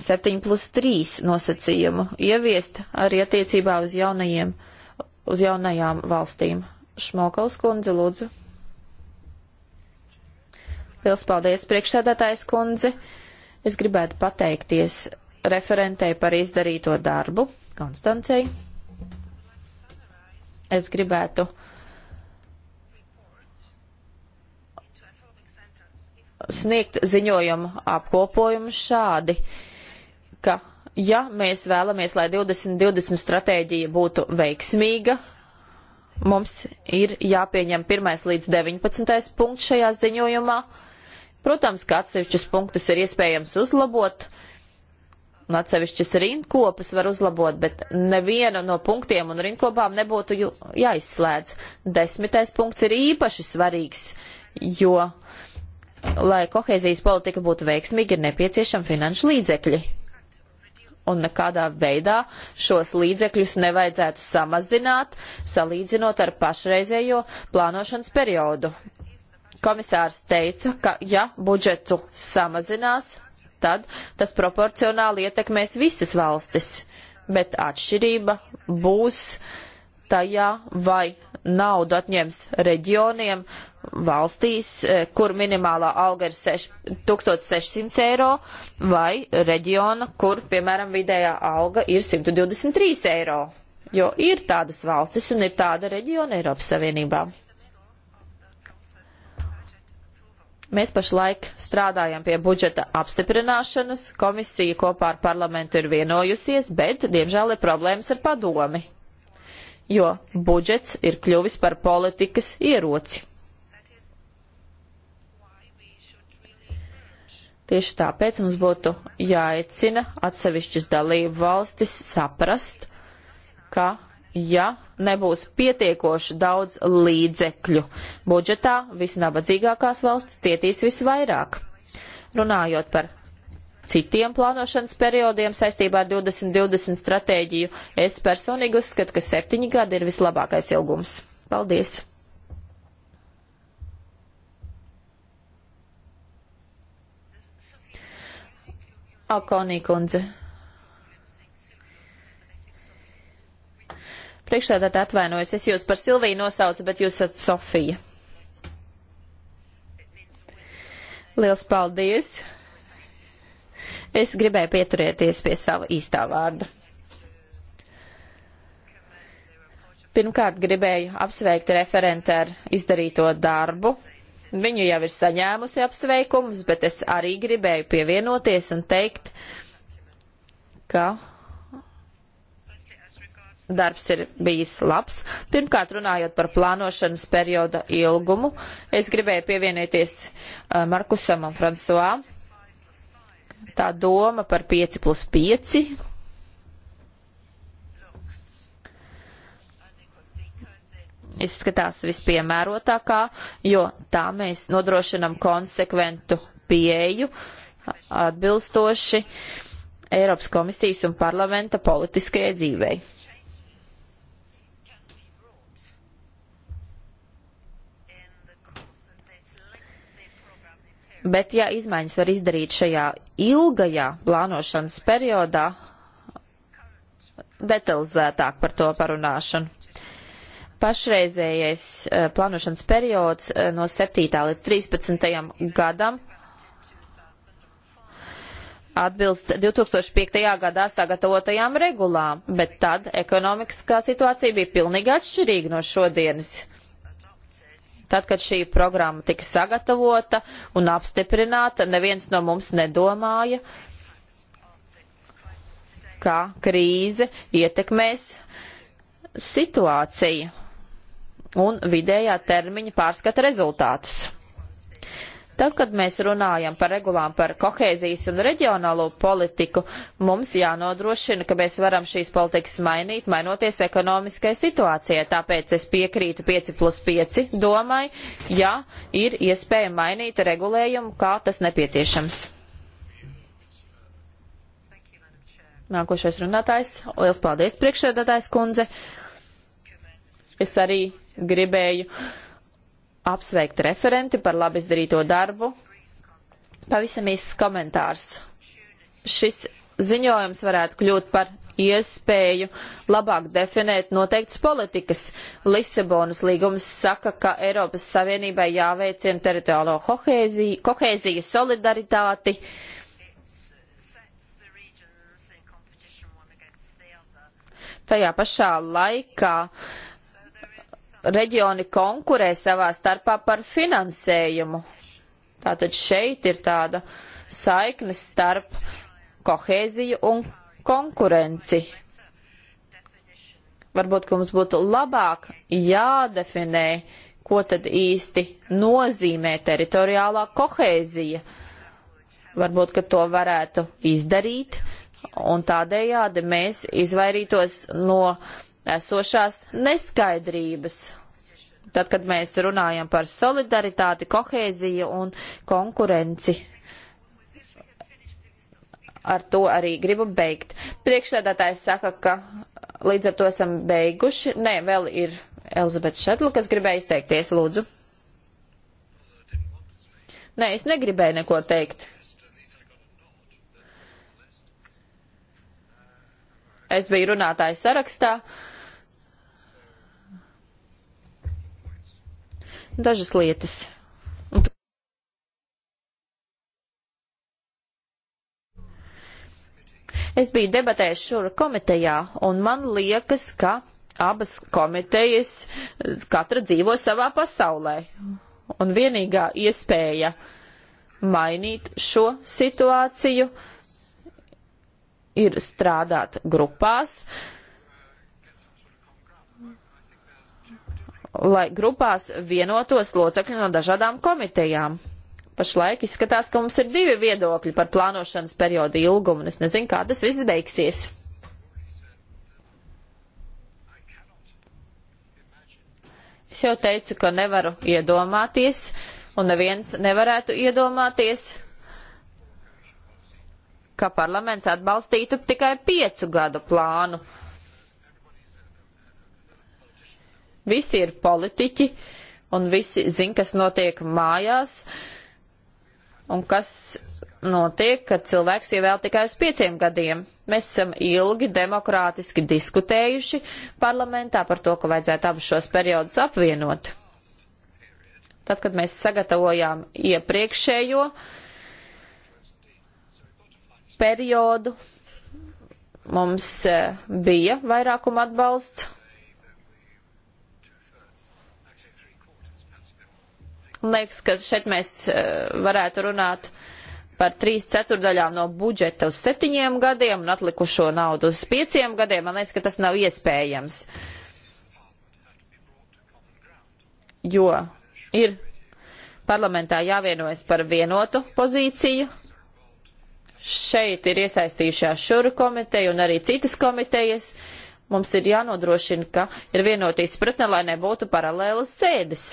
Septiņi plus trīs nosacījumu ieviest arī attiecībā uz jaunajiem, uz jaunajām valstīm. Šmokaus kundze, lūdzu. Pils paldies priekšsēdētājs kundze. Uh, Es gribētu pateikties referentei par izdarīto darbu, Konstancei. Es gribētu sniegt ziņojumu apkopojumu šādi, ka ja mēs vēlamies, lai 2020 stratēģija būtu veiksmīga, mums ir jāpieņem 1 līdz 19 punkts šajā ziņojumā. Protams, ka atsevišķus punktus ir iespējams uzlabot, un atsevišķas rindkopas var uzlabot, bet nevienu no punktiem un rindkopām nebūtu jāizslēdz. Desmitais punkts ir īpaši svarīgs, jo, lai kohēzijas politika būtu veiksmīga, ir nepieciešama finanšu līdzekļi. Un nekādā veidā šos līdzekļus nevajadzētu samazināt, salīdzinot ar pašreizējo plānošanas periodu. Komisārs teica, ka ja budžetu samazinās, tad tas proporcionāli ietekmēs visas valstis, bet atšķirība būs tajā, vai naudu atņems reģioniem valstīs, e, kur minimālā alga ir 1600 eiro, vai reģiona, kur, piemēram, vidējā alga ir 123 eiro. Jo ir tādas valstis un ir tāda reģiona Eiropas Savienībā. Mēs pašlaik strādājam pie budžeta apstiprināšanas, komisija kopā ar parlamentu ir vienojusies, bet, diemžēl, ir problēmas ar padomi, jo budžets ir kļuvis par politikas ieroci. Tieši tāpēc mums būtu jāicina atsevišķas dalību valstis saprast, ka ja nebūs pietiekoši daudz līdzekļu. Budžetā visnabadzīgākās valsts cietīs visvairāk. Runājot par citiem plānošanas periodiem saistībā ar 2020 stratēģiju, es personīgi uzskatu, ka septiņi gadi ir vislabākais ilgums. Paldies! Akonī kundze. Priekšsēdētāji atvainojas, es jūs par Silviju nosaucu, bet jūs esat Sofija. Liels paldies! Es gribēju pieturēties pie sava īstā vārda. Pirmkārt, gribēju apsveikt referenti ar izdarīto darbu. Viņu jau ir saņēmusi apsveikums, bet es arī gribēju pievienoties un teikt, ka darbs ir bijis labs. Pirmkārt, runājot par plānošanas perioda ilgumu, es gribēju pievienoties eh, Markusam un Fransuā. Tā doma par 5 plus 5. Izskatās vispiemērotākā, jo tā mēs nodrošinam konsekventu pieeju atbilstoši Eiropas komisijas un parlamenta politiskajai dzīvei. Bet, ja izmaiņas var izdarīt šajā ilgajā plānošanas periodā, detalizētāk par to parunāšanu. Pašreizējais eh, plānošanas periods eh, no 7. līdz 13. gadam atbilst 2005. gadā sagatavotajām regulām, bet tad ekonomiskā situācija bija pilnīgi atšķirīga no šodienas. Tad, kad šī programma tika sagatavota un apstiprināta, neviens no mums nedomāja, kā krīze ietekmēs situāciju un vidējā termiņa pārskata rezultātus. Tad, kad mēs runājam par regulām par kohēzijas un reģionālo politiku, mums jānodrošina, ka mēs varam šīs politikas mainīt, mainoties ekonomiskai situācijai. Tāpēc es piekrītu 5 plus 5 domai, ja ir iespēja mainīt regulējumu, kā tas nepieciešams. Nākošais runātājs. Liels paldies, priekšsēdētājs kundze. Es arī gribēju uh, apsveikt referenti par labi izdarīto darbu. Pavisam īsts komentārs. Šis ziņojums varētu kļūt par iespēju labāk definēt noteiktas politikas. Lisabonas līgums saka, ka Eiropas Savienībai jāveicina teritoriālo kohēziju, kohēziju solidaritāti. Tajā pašā laikā uh, reģioni konkurē savā starpā par finansējumu. Tātad šeit ir tāda saikne starp kohēziju un konkurenci. Varbūt, ka mums būtu labāk jādefinē, ko tad īsti nozīmē teritoriālā kohēzija. Varbūt, ka to varētu izdarīt, un tādējādi mēs izvairītos no esošās neskaidrības tad, kad mēs runājam par solidaritāti, kohēziju un konkurenci. Ar to arī gribu beigt. Priekšstādātājs saka, ka līdz ar to esam beiguši. Nē, vēl ir Elizabete Šedla, kas gribēja izteikties, lūdzu. Nē, es negribēju neko teikt. Es biju runātāju sarakstā. Uh, dažas lietas. Un... Es biju debatējis šura komitejā, un man liekas, ka abas komitejas eh, katra dzīvo savā pasaulē. Un vienīgā iespēja mainīt šo situāciju ir strādāt grupās, uh, lai grupās vienotos locekļi no dažādām komitejām. Pašlaik izskatās, ka mums ir divi viedokļi par plānošanas periodu ilgumu, un es nezinu, kā tas viss beigsies. Es jau teicu, ka nevaru iedomāties, un neviens nevarētu iedomāties, ka parlaments atbalstītu tikai piecu gadu plānu Visi ir politiķi un visi zin, kas notiek mājās un kas notiek, kad cilvēks ievēl tikai uz pieciem gadiem. Mēs esam ilgi demokrātiski diskutējuši parlamentā par to, ka vajadzētu abus šos periodus apvienot. Tad, kad mēs sagatavojām iepriekšējo periodu, mums eh, bija vairākuma atbalsts, Liekas, ka šeit mēs eh, varētu runāt par trīs ceturdaļām no budžeta uz septiņiem gadiem un atlikušo naudu uz pieciem gadiem. Man liekas, ka tas nav iespējams. Jo ir parlamentā jāvienojas par vienotu pozīciju. Šeit ir iesaistījušās šuru komiteja un arī citas komitejas. Mums ir jānodrošina, ka ir vienotīs pratne, lai nebūtu paralēlas sēdes.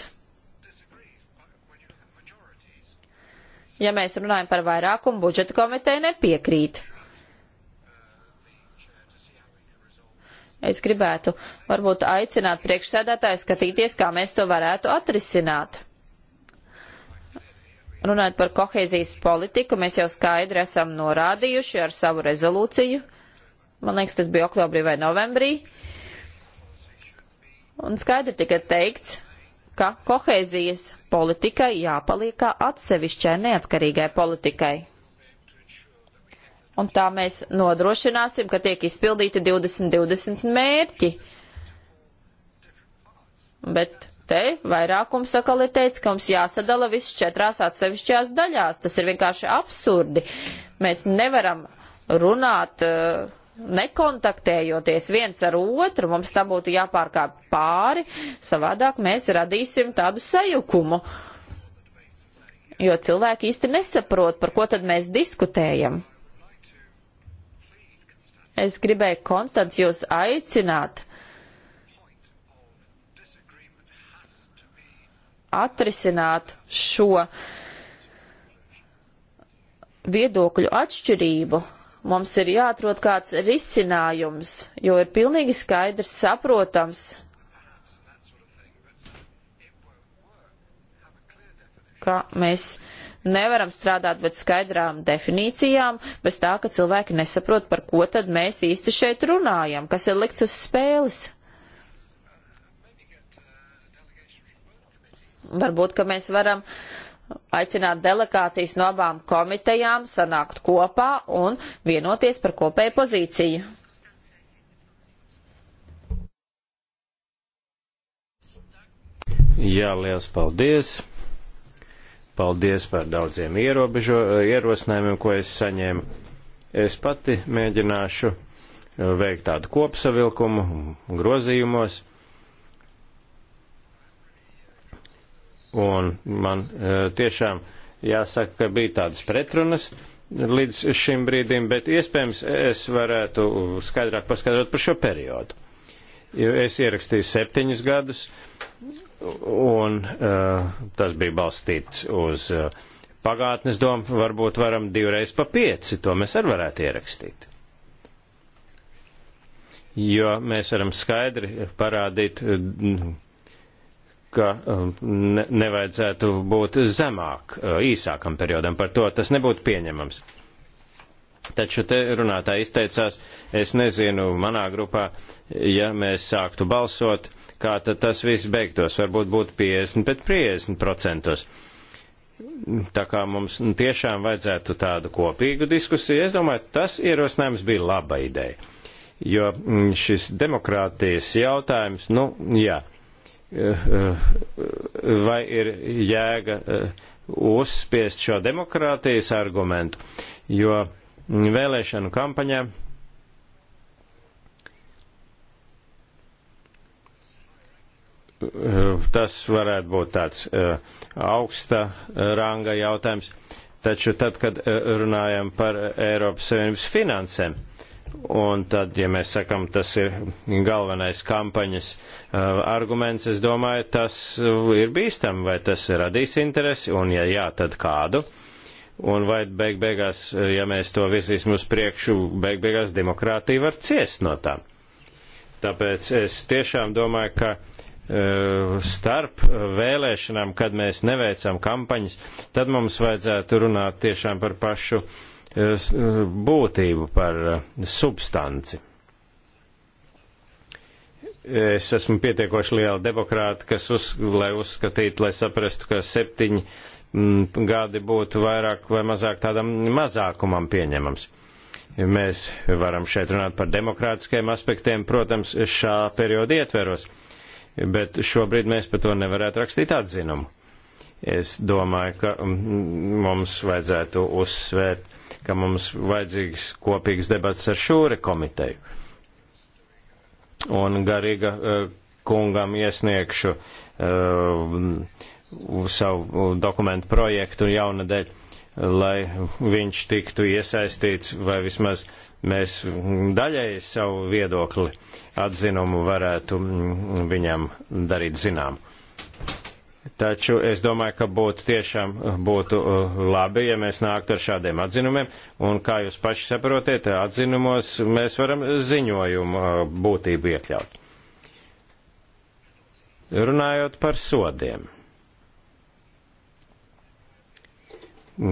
ja mēs runājam par vairākumu, budžeta komiteja nepiekrīt. Es gribētu varbūt aicināt priekšsēdētāju skatīties, kā mēs to varētu atrisināt. Runājot par kohēzijas politiku, mēs jau skaidri esam norādījuši ar savu rezolūciju. Man liekas, tas bija oktobrī vai novembrī. Un skaidri tika teikts, ka kohēzijas politikai jāpaliek kā atsevišķai neatkarīgai politikai. Un tā mēs nodrošināsim, ka tiek izpildīti 2020 mērķi. Bet te vairākums atkal ir teicis, ka mums jāsadala viss četrās atsevišķās daļās. Tas ir vienkārši absurdi. Mēs nevaram runāt. Uh, nekontaktējoties viens ar otru, mums tam būtu jāpārkāp pāri, savādāk mēs radīsim tādu sajukumu. Jo cilvēki īsti nesaprot, par ko tad mēs diskutējam. Es gribēju, Konstants, jūs aicināt atrisināt šo viedokļu atšķirību Mums ir jāatrod kāds risinājums, jo ir pilnīgi skaidrs, saprotams, ka mēs nevaram strādāt bez skaidrām definīcijām, bez tā, ka cilvēki nesaprot, par ko tad mēs īsti šeit runājam, kas ir likts uz spēles. Varbūt, ka mēs varam aicināt delegācijas no abām komitejām sanākt kopā un vienoties par kopēju pozīciju. Jā, liels paldies! Paldies par daudziem ierobežo, ierosinājumiem, ko es saņēmu. Es pati mēģināšu veikt tādu kopsavilkumu grozījumos Un man e, tiešām jāsaka, ka bija tādas pretrunas līdz šim brīdim, bet iespējams es varētu skaidrāk paskaidrot par šo periodu. Jo es ierakstīju septiņus gadus, un uh, tas bija balstīts uz uh, pagātnes domu, varbūt varam divreiz pa pieci, to mēs arī varētu ierakstīt. Jo mēs varam skaidri parādīt ka um, ne, nevajadzētu būt zemāk, uh, īsākam periodam. Par to tas nebūtu pieņemams. Taču te runātā izteicās, es nezinu, manā grupā, ja mēs sāktu balsot, kā tad tas viss beigtos, varbūt būtu 50 pret 50 procentos. Tā kā mums tiešām vajadzētu tādu kopīgu diskusiju, es domāju, tas ierosinājums bija laba ideja. Jo mm, šis demokrātijas jautājums, nu, jā. Ja, Eh, eh, vai ir jēga eh, uzspiest šo demokrātijas argumentu, jo vēlēšanu kampaņā tas varētu būt tāds augsta ranga jautājums, taču tad, kad runājam par Eiropas Savienības finansēm, uh, Un tad, ja mēs sakam, tas ir galvenais kampaņas uh, arguments, es domāju, tas ir bīstam, vai tas radīs interesi, un ja jā, tad kādu. Un vai beig beigās, ja mēs to virzīsim uz priekšu, beig beigās demokrātija var ciest no tā. Tāpēc es tiešām domāju, ka uh, starp vēlēšanām, kad mēs neveicam kampaņas, tad mums vajadzētu runāt tiešām par pašu uh, E, būtību, par e, substanci. Es esmu pietiekoši liela demokrāta, kas uz, lai uzskatītu, lai saprastu, ka septiņi gadi būtu vairāk vai mazāk tādam mazākumam pieņemams. Mēs varam šeit runāt par demokrātiskiem aspektiem, protams, šā perioda ietveros, bet šobrīd mēs par to nevarētu rakstīt atzinumu. Es domāju, ka mm, mums vajadzētu uzsvērt, ka mums vajadzīgs kopīgs debats ar šūre komiteju. Un garīga eh, kungam iesniegšu uh, savu dokumentu projektu jaunadēļ, lai viņš tiktu iesaistīts vai vismaz mēs daļai savu viedokli atzinumu varētu mm, viņam darīt zinām. Taču es domāju, ka būtu tiešām eh, būtu eh, labi, ja mēs nāktu ar šādiem atzinumiem, un kā jūs paši saprotiet, atzinumos mēs varam ziņojumu eh, būtību iekļaut. Runājot par sodiem.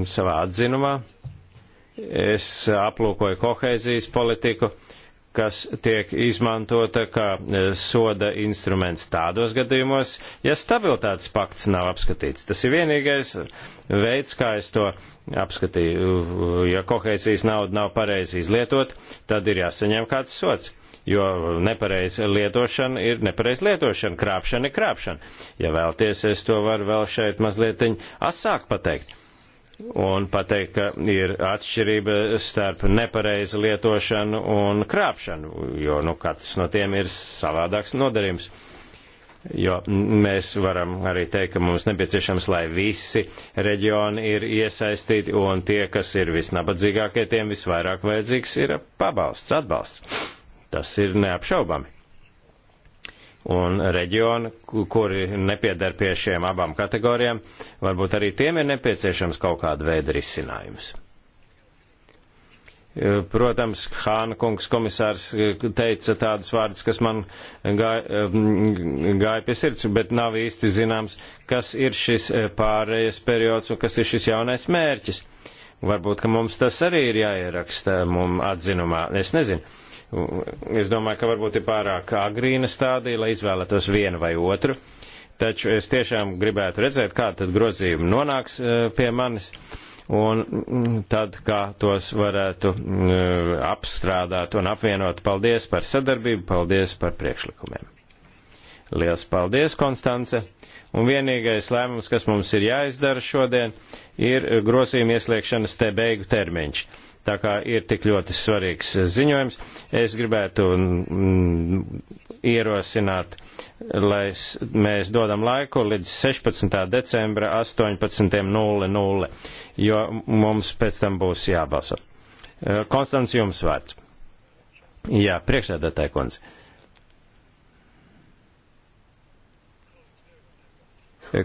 Savā atzinumā es aplūkoju kohēzijas politiku, uh, kas tiek izmantota kā e, soda instruments tādos gadījumos, ja stabilitātes pakts nav apskatīts. Tas ir vienīgais veids, kā es to apskatīju. Ja kohēzijas nauda nav pareizi izlietot, tad ir jāsaņem kāds sots. Jo nepareiz lietošana ir nepareiz lietošana, krāpšana ir krāpšana. Ja vēlties, es to varu vēl šeit mazliet asāk pateikt un pateikt, ka ir atšķirība starp nepareizu lietošanu un krāpšanu, jo nu, katrs no tiem ir savādāks nodarījums. Jo mēs varam arī teikt, ka mums nepieciešams, lai visi reģioni ir iesaistīti, un tie, kas ir visnabadzīgākie, tiem visvairāk vajadzīgs ir pabalsts, atbalsts. Tas ir neapšaubami un reģioni, kuri nepiedar pie šiem abām kategorijām, varbūt arī tiem ir nepieciešams kaut kāda veida risinājums. E, protams, Hāna kungs komisārs e, teica tādas vārdas, kas man gāja, e, gāja pie sirds, bet nav īsti zināms, kas ir šis pārējais periods un kas ir šis jaunais mērķis. Varbūt, ka mums tas arī ir jāieraksta mums atzinumā. Es nezinu Es domāju, ka varbūt ir pārāk agrīna stādija, lai izvēlētos vienu vai otru. Taču es tiešām gribētu redzēt, kā tad grozījumi nonāks e, pie manis un mm, tad, kā tos varētu e, apstrādāt un apvienot. Paldies par sadarbību, paldies par priekšlikumiem. Liels paldies, Konstance! Un vienīgais lēmums, kas mums ir jāizdara šodien, ir grozījuma ieslēgšanas te beigu termiņš. Tā kā ir tik ļoti svarīgs ziņojums, es gribētu mm, ierosināt, lai mēs dodam laiku līdz 16. decembra 18.00, jo mums pēc tam būs jābalso. Konstants jums vārds. Jā, priekšsēdētāji kundze.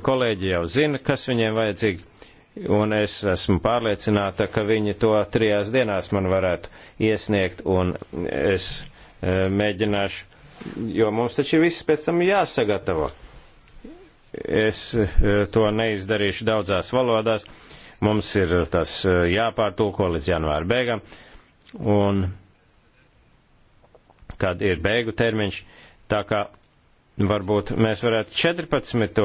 Kolēģi jau zina, kas viņiem vajadzīgi un es esmu pārliecināta, ka viņi to trijās dienās man varētu iesniegt, un es e, mēģināšu, jo mums taču viss pēc tam jāsagatavo. Es e, to neizdarīšu daudzās valodās, mums ir tas e, jāpārtulko līdz janvāra beigām, un kad ir beigu termiņš, tā kā Varbūt mēs varētu 14.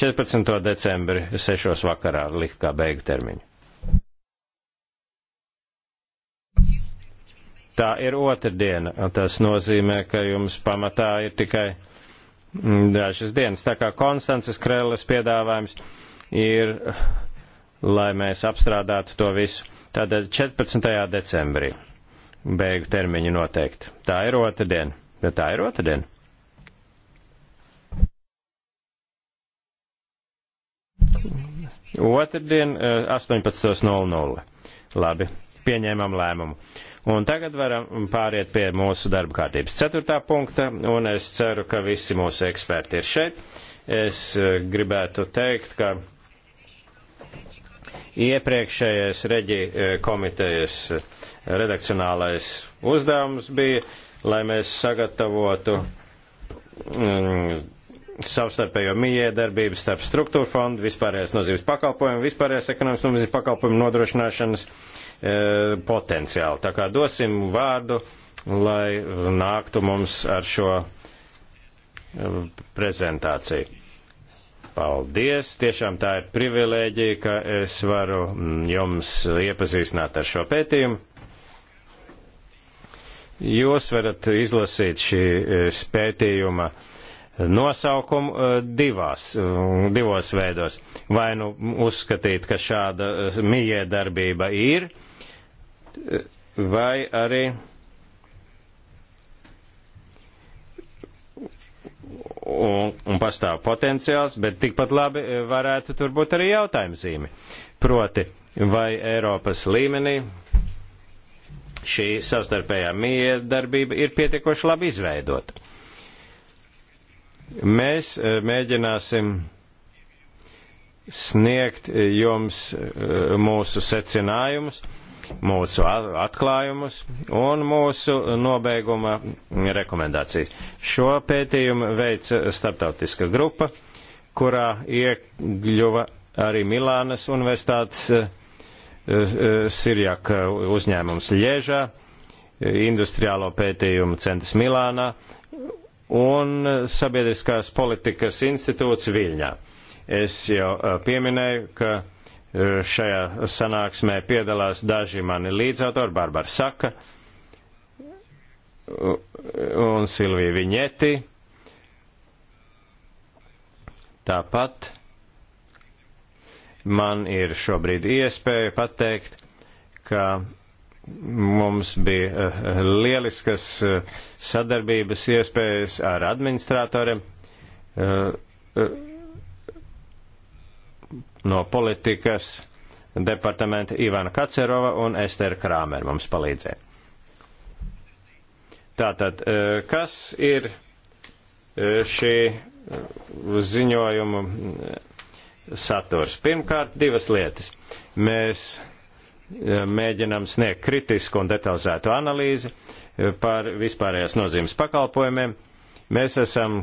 14. Eh, decembri 6. vakarā likt kā beigu termiņu. Tā ir otrdiena, un tas nozīmē, ka jums pamatā ir tikai mm, dažas dienas. Tā kā Konstances Krelles piedāvājums ir, lai mēs apstrādātu to visu. Tātad 14. decembrī beigu termiņu noteikti. Tā ir otrdiena, bet tā ir otrdiena. Otradien 18.00. Eh, Labi, pieņēmām lēmumu. Un tagad varam pāriet pie mūsu darba kārtības ceturtā punkta, un es ceru, ka visi mūsu eksperti ir šeit. Es eh, gribētu teikt, ka iepriekšējais reģi eh, komitejas redakcionālais uzdevums bija, lai mēs sagatavotu mm, savstarpējo mijiedarbību starp struktūra fondu, vispārējais nozīmes pakalpojumu, vispārējais ekonomikas nozīmes pakalpojumu nodrošināšanas e, potenciālu. Tā kā dosim vārdu, lai nāktu mums ar šo e, prezentāciju. Paldies! Tiešām tā ir privilēģija, ka es varu jums iepazīstināt ar šo pētījumu. Jūs varat izlasīt šī e, pētījuma uh, nosaukumu eh, divās, mm, divos veidos. Vai nu uzskatīt, ka šāda eh, mijiedarbība ir, eh, vai arī un, un pastāv potenciāls, bet tikpat labi varētu tur būt arī jautājumzīme. Proti, vai Eiropas līmenī šī savstarpējā miedarbība ir pietiekoši labi izveidota? Mēs e, mēģināsim sniegt e, jums e, mūsu secinājumus, mūsu atklājumus un mūsu nobeiguma rekomendācijas. Šo pētījumu veica starptautiska grupa, kurā iekļuva arī Milānas universitātes Sirjak uzņēmums Ļiežā, industriālo pētījumu centrs Milānā, un e, Sabiedriskās politikas institūts Viļņā. Es jau e, pieminēju, ka e, šajā sanāksmē piedalās daži mani līdzautori, Barbara Saka un Silvija Viņeti. Tāpat man ir šobrīd iespēja pateikt, ka Mums bija eh, lieliskas eh, sadarbības iespējas ar administratoriem eh, no politikas departamenta Ivana Kacerova un Estera Krāmer mums palīdzēja. Tātad, kas ir šī ziņojuma saturs? Pirmkārt, divas lietas. Mēs Eh, mēģinam sniegt kritisku un detalizētu analīzi eh, par vispārējās nozīmes pakalpojumiem. Mēs esam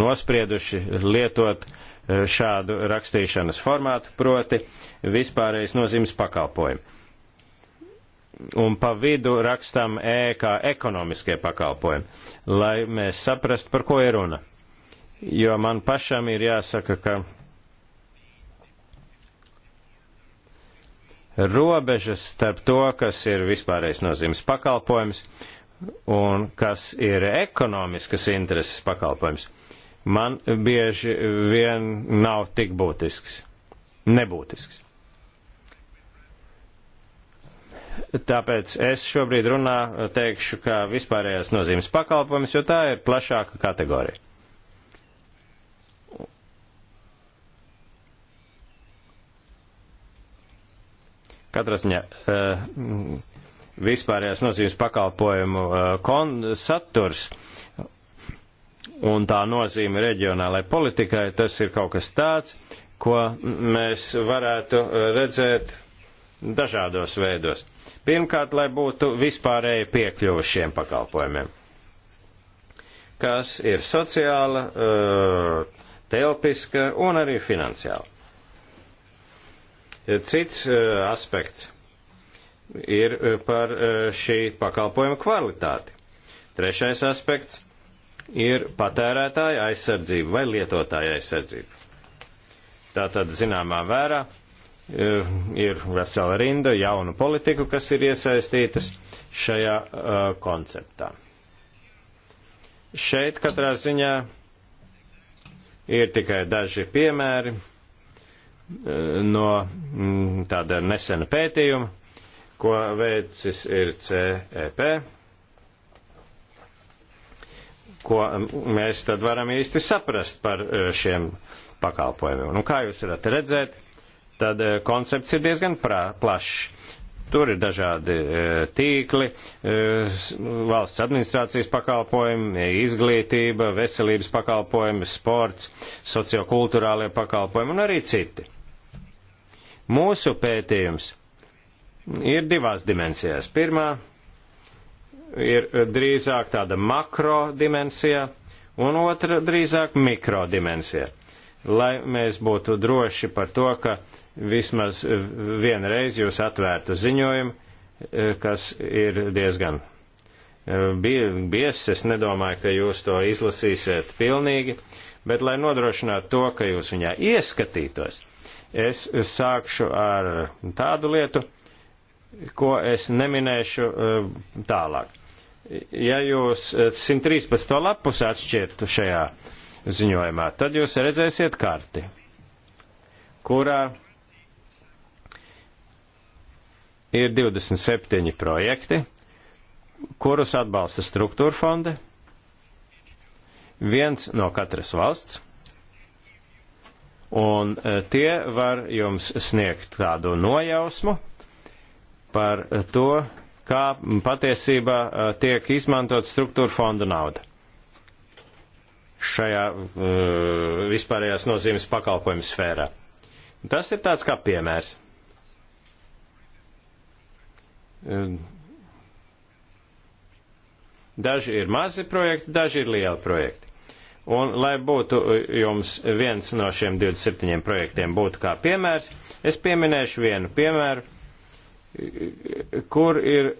nosprieduši lietot eh, šādu rakstīšanas formātu, proti vispārējais nozīmes pakalpojumi. Un pa vidu rakstam E kā ekonomiskie pakalpojumi, lai mēs saprast, par ko ir runa. Jo man pašam ir jāsaka, ka robežas starp to, kas ir vispārējais nozīmes pakalpojums un kas ir ekonomiskas intereses pakalpojums, man bieži vien nav tik būtisks, nebūtisks. Tāpēc es šobrīd runā, teikšu, kā vispārējās nozīmes pakalpojums, jo tā ir plašāka kategorija. Katrā ziņā eh, vispārējās nozīmes pakalpojumu eh, kon, saturs un tā nozīme reģionālai politikai, tas ir kaut kas tāds, ko mēs varētu eh, redzēt dažādos veidos. Pirmkārt, lai būtu vispārēji piekļuvi šiem pakalpojumiem, kas ir sociāla, telpiska un arī finansiāla. Cits eh, aspekts ir eh, par eh, šī pakalpojuma kvalitāti. Trešais aspekts ir patērētāja aizsardzība vai lietotāja aizsardzība. Tā tad zināmā vērā ir vesela rinda jaunu politiku, kas ir iesaistītas šajā uh, konceptā. Šeit katrā ziņā ir tikai daži piemēri no mm, tāda nesena pētījuma, ko veicis ir CEP, ko mm, mēs tad varam īsti saprast par e, šiem pakalpojumiem. Un kā jūs varat redzēt, tad e, koncepts ir diezgan prā, plašs. Tur ir dažādi e, tīkli, e, valsts administrācijas pakalpojumi, izglītība, veselības pakalpojumi, sports, sociokulturālie pakalpojumi un arī citi. Mūsu pētījums ir divās dimensijās. Pirmā ir drīzāk tāda makro dimensija, un otra drīzāk mikro dimensija lai mēs būtu droši par to, ka vismaz vienreiz jūs atvērtu ziņojumu, e, kas ir diezgan e, biezs. Es nedomāju, ka jūs to izlasīsiet pilnīgi, bet lai nodrošinātu to, ka jūs viņā ieskatītos, es sākšu ar tādu lietu, ko es neminēšu e, tālāk. Ja jūs 113. lapus atšķirtu šajā ziņojumā, tad jūs redzēsiet karti, kurā ir 27 projekti, kurus atbalsta struktūra fonde, viens no katras valsts, un e, tie var jums sniegt tādu nojausmu par to, kā patiesībā e, tiek izmantot struktūra fonda nauda šajā uh, vispārējās nozīmes pakalpojumu sfērā. Tas ir tāds kā piemērs. Eh, daži ir mazi projekti, daži ir lieli projekti. Un, lai būtu eh, jums viens no šiem 27 projektiem būtu kā piemērs, es pieminēšu vienu piemēru, kur ir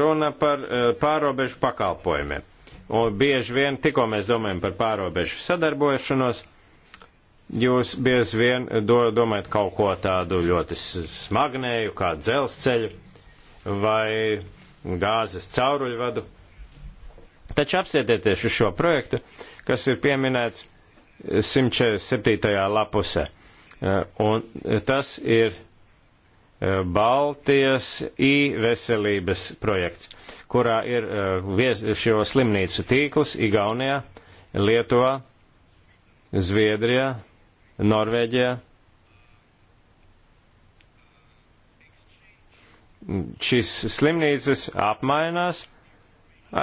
runa par pārobežu pakalpojumiem un bieži vien tikko mēs domājam par pārobežu sadarbošanos, jūs bieži vien do, domājat kaut ko tādu ļoti smagnēju, kā dzelzceļu vai gāzes cauruļvadu. Taču apsietieties uz šo projektu, kas ir pieminēts 147. lapusē. Un tas ir Eh, Baltijas e-veselības projekts, kurā ir eh, šo slimnīcu tīkls Igaunijā, Lietuvā, Zviedrijā, Norvēģijā. Šis slimnīcas apmainās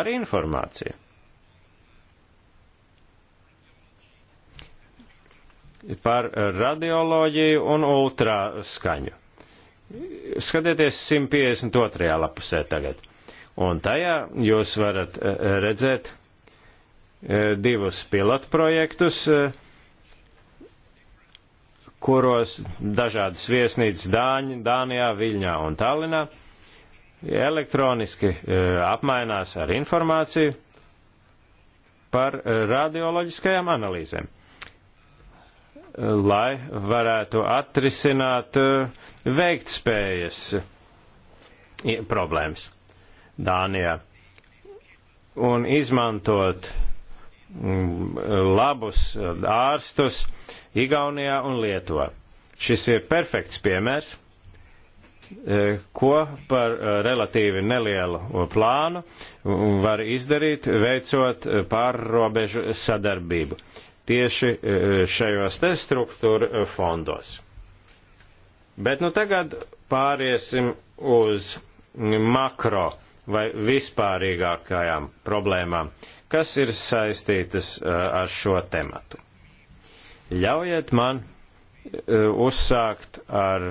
ar informāciju. par radioloģiju un ultraskaņu. Skatieties 152. lapusē tagad. Un tajā jūs varat eh, redzēt eh, divus pilotu projektus, eh, kuros dažādas viesnīcas Dāņi, Dānijā, Viļņā un Tallinā elektroniski apmainās ar informāciju par radioloģiskajām analīzēm lai varētu atrisināt eh, veiktspējas problēmas Dānijā un izmantot mm, labus eh, ārstus Igaunijā un Lietuvā. Šis ir perfekts piemērs, eh, ko par relatīvi nelielu plānu mm, var izdarīt, veicot pārrobežu sadarbību tieši e, šajos te struktūra e, fondos. Bet nu tagad pāriesim uz makro vai vispārīgākajām problēmām, kas ir saistītas e, ar šo tematu. Ļaujiet man uzsākt ar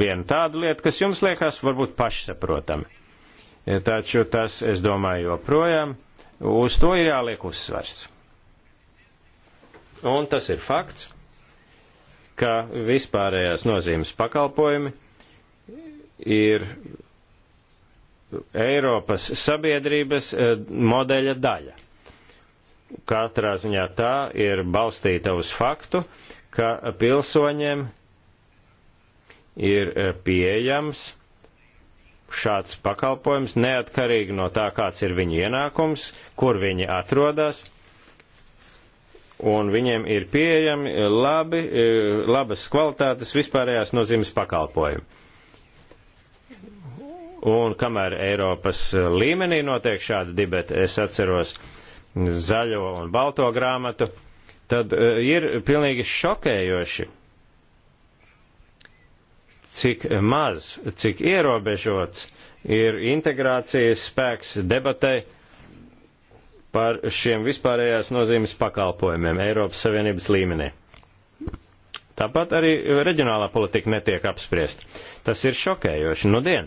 vienu tādu lietu, kas jums liekas varbūt pašsaprotami. Taču tas, es domāju, joprojām Uz to ir jāliek uzsvers. Un tas ir fakts, ka vispārējās nozīmes pakalpojumi ir Eiropas sabiedrības e, modeļa daļa. Katrā ziņā tā ir balstīta uz faktu, ka pilsoņiem ir e, pieejams šāds pakalpojums neatkarīgi no tā, kāds ir viņu ienākums, kur viņi atrodas, un viņiem ir pieejami eh, labi, eh, labas kvalitātes vispārējās nozīmes pakalpojumi. Un kamēr Eiropas eh, līmenī notiek šāda dibeta, es atceros zaļo un balto grāmatu, tad ir pilnīgi šokējoši cik maz, cik ierobežots ir integrācijas spēks debatei par šiem vispārējās nozīmes pakalpojumiem Eiropas Savienības līmenī. Tāpat arī reģionālā politika netiek apspriest. Tas ir šokējoši nudien,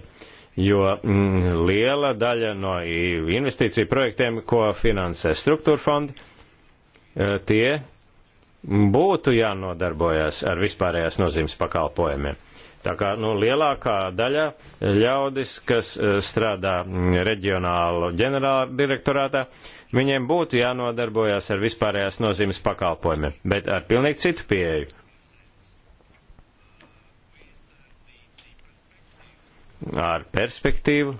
jo mm, liela daļa no investīciju projektiem, ko finansē struktūra fondi, e, tie būtu jānodarbojas ar vispārējās nozīmes pakalpojumiem. Tā kā nu, lielākā daļa ļaudis, kas eh, strādā mm, reģionālu ģenerāla direktorātā, viņiem būtu jānodarbojas ar vispārējās nozīmes pakalpojumiem, bet ar pilnīgi citu pieeju. Ar perspektīvu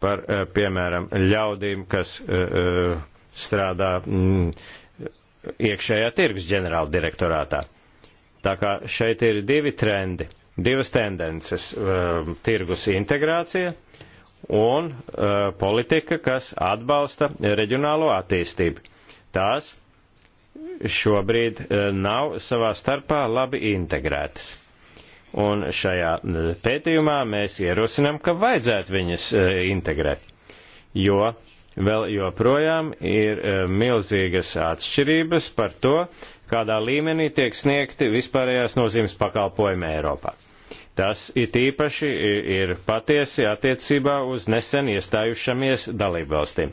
par, eh, piemēram, ļaudīm, kas eh, strādā mm, iekšējā tirgus ģenerāla direktorātā. Tā kā šeit ir divi trendi divas tendences uh, - tirgus integrācija un uh, politika, kas atbalsta reģionālo attīstību. Tās šobrīd uh, nav savā starpā labi integrētas. Un šajā uh, pētījumā mēs ierosinām, ka vajadzētu viņas uh, integrēt, jo vēl joprojām ir uh, milzīgas atšķirības par to, kādā līmenī tiek sniegti vispārējās nozīmes pakalpojumi Eiropā. Tas it īpaši ir patiesi attiecībā uz nesen iestājušamies dalībvalstīm.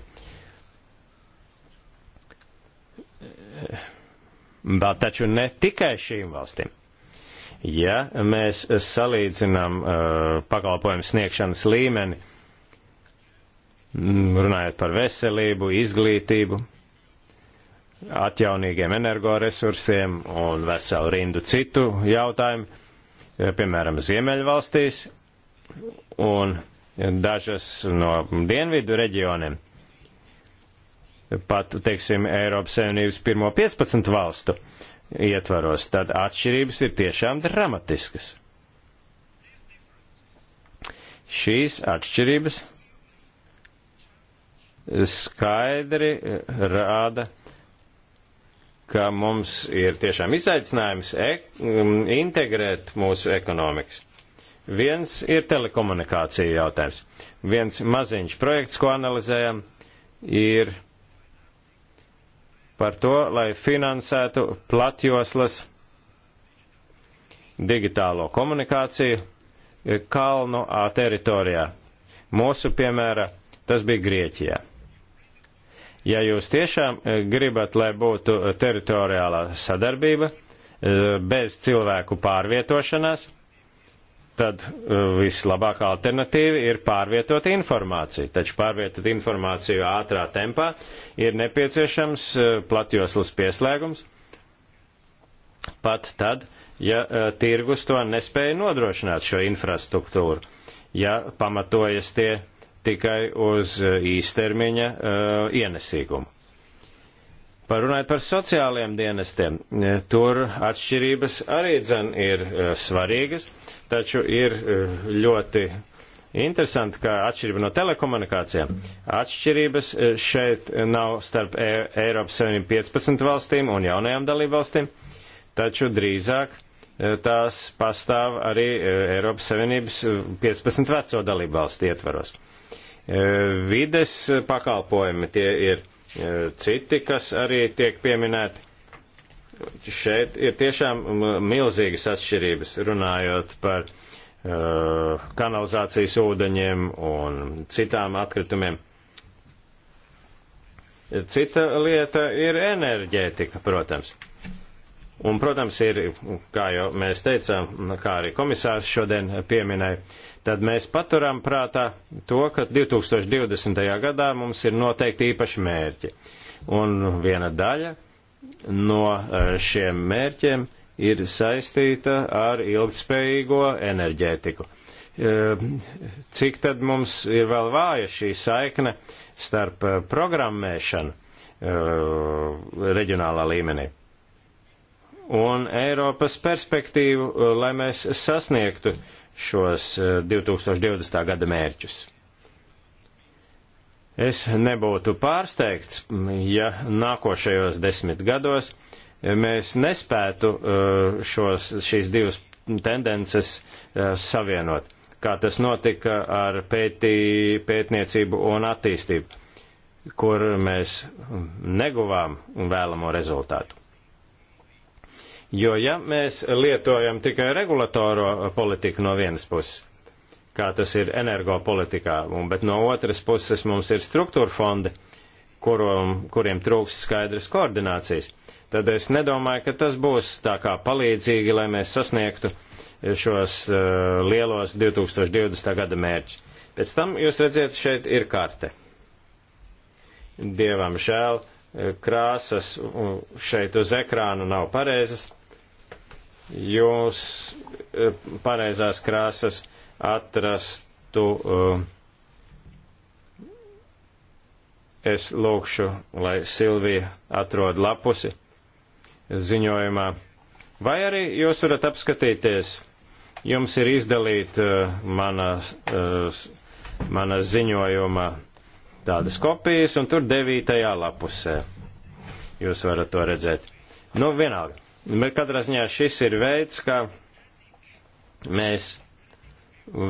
Bet taču ne tikai šīm valstīm. Ja mēs salīdzinām uh, pakalpojumu sniegšanas līmeni, runājot par veselību, izglītību, atjaunīgiem energoresursiem un veselu rindu citu jautājumu, eh, piemēram, Ziemeļvalstīs un dažas no dienvidu reģioniem. Pat, teiksim, Eiropas Savienības pirmo 15 valstu ietvaros, tad atšķirības ir tiešām dramatiskas. Šīs atšķirības skaidri rāda, uh, ka mums ir tiešām izaicinājums e integrēt mūsu ekonomikas. Viens ir telekomunikācija jautājums. Viens maziņš projekts, ko analizējam, ir par to, lai finansētu platjoslas digitālo komunikāciju e, kalnu A teritorijā. Mūsu piemēra tas bija Grieķijā. Ja jūs tiešām e, gribat, lai būtu e, teritoriālā sadarbība e, bez cilvēku pārvietošanās, tad vislabākā alternatīva ir pārvietot informāciju. Taču pārvietot informāciju ātrā tempā ir nepieciešams platjoslas pieslēgums pat tad, ja tirgus to nespēja nodrošināt šo infrastruktūru, ja pamatojas tie tikai uz eh, īstermiņa eh, ienesīgumu. Parunājot par sociālajiem dienestiem, eh, tur atšķirības arī dzen ir svarīgas, taču ir ļoti interesanti, ka atšķirība no telekomunikācijām, atšķirības šeit nav starp e, Eiropas Savienību 15 valstīm un jaunajām dalībvalstīm, taču drīzāk tās pastāv arī e, Eiropas Savienības 15 e, veco dalību valstu ietvaros. E, vides pakalpojumi tie ir citi, kas arī tiek pieminēti. Šeit ir tiešām milzīgas atšķirības runājot par kanalizācijas ūdeņiem un citām atkritumiem. Cita lieta ir enerģētika, protams. Un, protams, ir, kā jau mēs teicām, kā arī komisārs šodien pieminēja, tad mēs paturam prātā to, ka 2020. gadā mums ir noteikti īpaši mērķi. Un viena daļa no e, šiem mērķiem ir saistīta ar ilgspējīgo enerģētiku. E, cik tad mums ir vēl vāja šī saikne starp e, programmēšanu reģionālā līmenī? un Eiropas perspektīvu, eh, lai mēs sasniegtu šos 2020. Eh, gada mērķus. Es nebūtu pārsteigts, ja nākošajos desmit gados eh, mēs nespētu šos, šīs divas tendences savienot, kā tas notika ar pētī, pētniecību un attīstību, kur mēs neguvām vēlamo rezultātu. Jo ja mēs lietojam tikai regulatoro politiku no vienas puses, kā tas ir energopolitikā, un, bet no otras puses mums ir struktūra fondi, kurum, kuriem trūks skaidras koordinācijas, tad es nedomāju, ka tas būs tā kā palīdzīgi, lai mēs sasniegtu šos uh, lielos 2020. gada mērķus. Pēc tam jūs redziet, šeit ir karte. Dievam žēl, eh, krāsas šeit uz ekrāna nav pareizas jūs e, pareizās krāsas atrastu. E, es lūkšu, lai Silvija atrod lapusi ziņojumā. Vai arī jūs varat apskatīties, jums ir izdalīt e, manas, manas ziņojuma tādas kopijas, un tur devītajā lapusē jūs varat to redzēt. Nu, vienalga. Bet katrā ziņā šis ir veids, kā mēs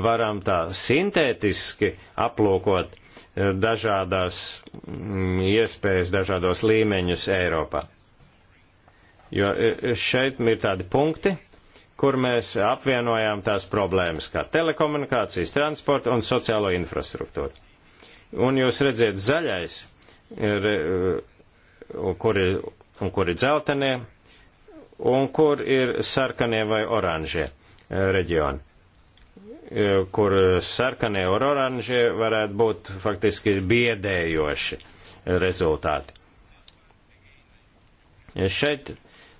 varam tā sintētiski aplūkot eh, dažādās mm, iespējas, dažādos līmeņus Eiropā. Jo eh, eh, šeit ir tādi punkti, kur mēs apvienojām tās problēmas kā telekomunikācijas, transporta un sociālo infrastruktūru. Un jūs redziet, zaļais, ir, kur ir, un kur ir dzeltenie, un kur ir sarkanie vai oranžie eh, reģioni eh, kur sarkanie un oranžie varētu būt faktiski biedējoši rezultāti. Eh, šeit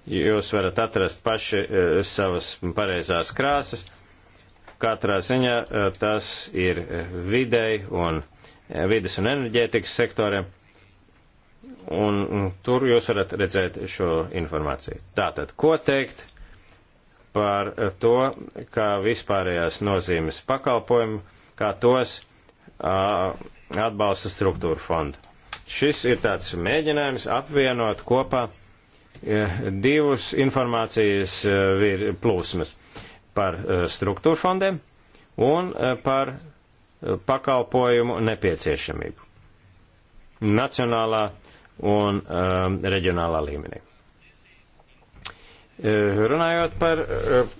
jūs varat atrast paši savas pareizās krāsas. Katrā ziņā tas ir videi un vides un enerģētikas sektoriem un, un tur jūs varat redzēt šo informāciju. Tātad, ko teikt par to, kā vispārējās nozīmes pakalpojumu, kā tos a, atbalsta struktūra fonda. Šis ir tāds mēģinājums apvienot kopā divus informācijas plūsmas par struktūra fondiem un par pakalpojumu nepieciešamību. Nacionālā un um, reģionālā līmenī. Uh, runājot par uh,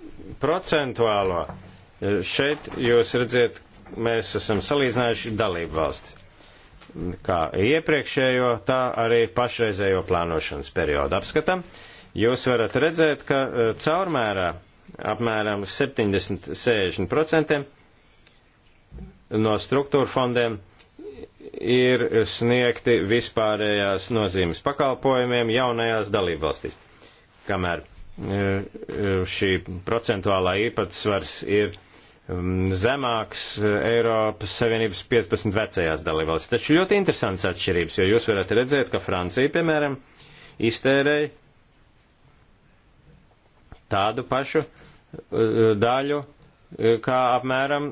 procentuālo, uh, šeit jūs redziet, mēs esam salīdzinājuši dalību valstis. Kā iepriekšējo, tā arī pašreizējo plānošanas periodu apskatam. Jūs varat redzēt, ka caurmērā apmēram 70-60% no struktūra fondiem uh, ir sniegti vispārējās nozīmes pakalpojumiem jaunajās dalībvalstīs, kamēr e, e, šī procentuālā īpatsvars ir zemāks e, Eiropas Savienības 15 vecajās dalībvalstīs. Taču ļoti interesants atšķirības, jo jūs varat redzēt, ka Francija, piemēram, iztērēja tādu pašu daļu, kā apmēram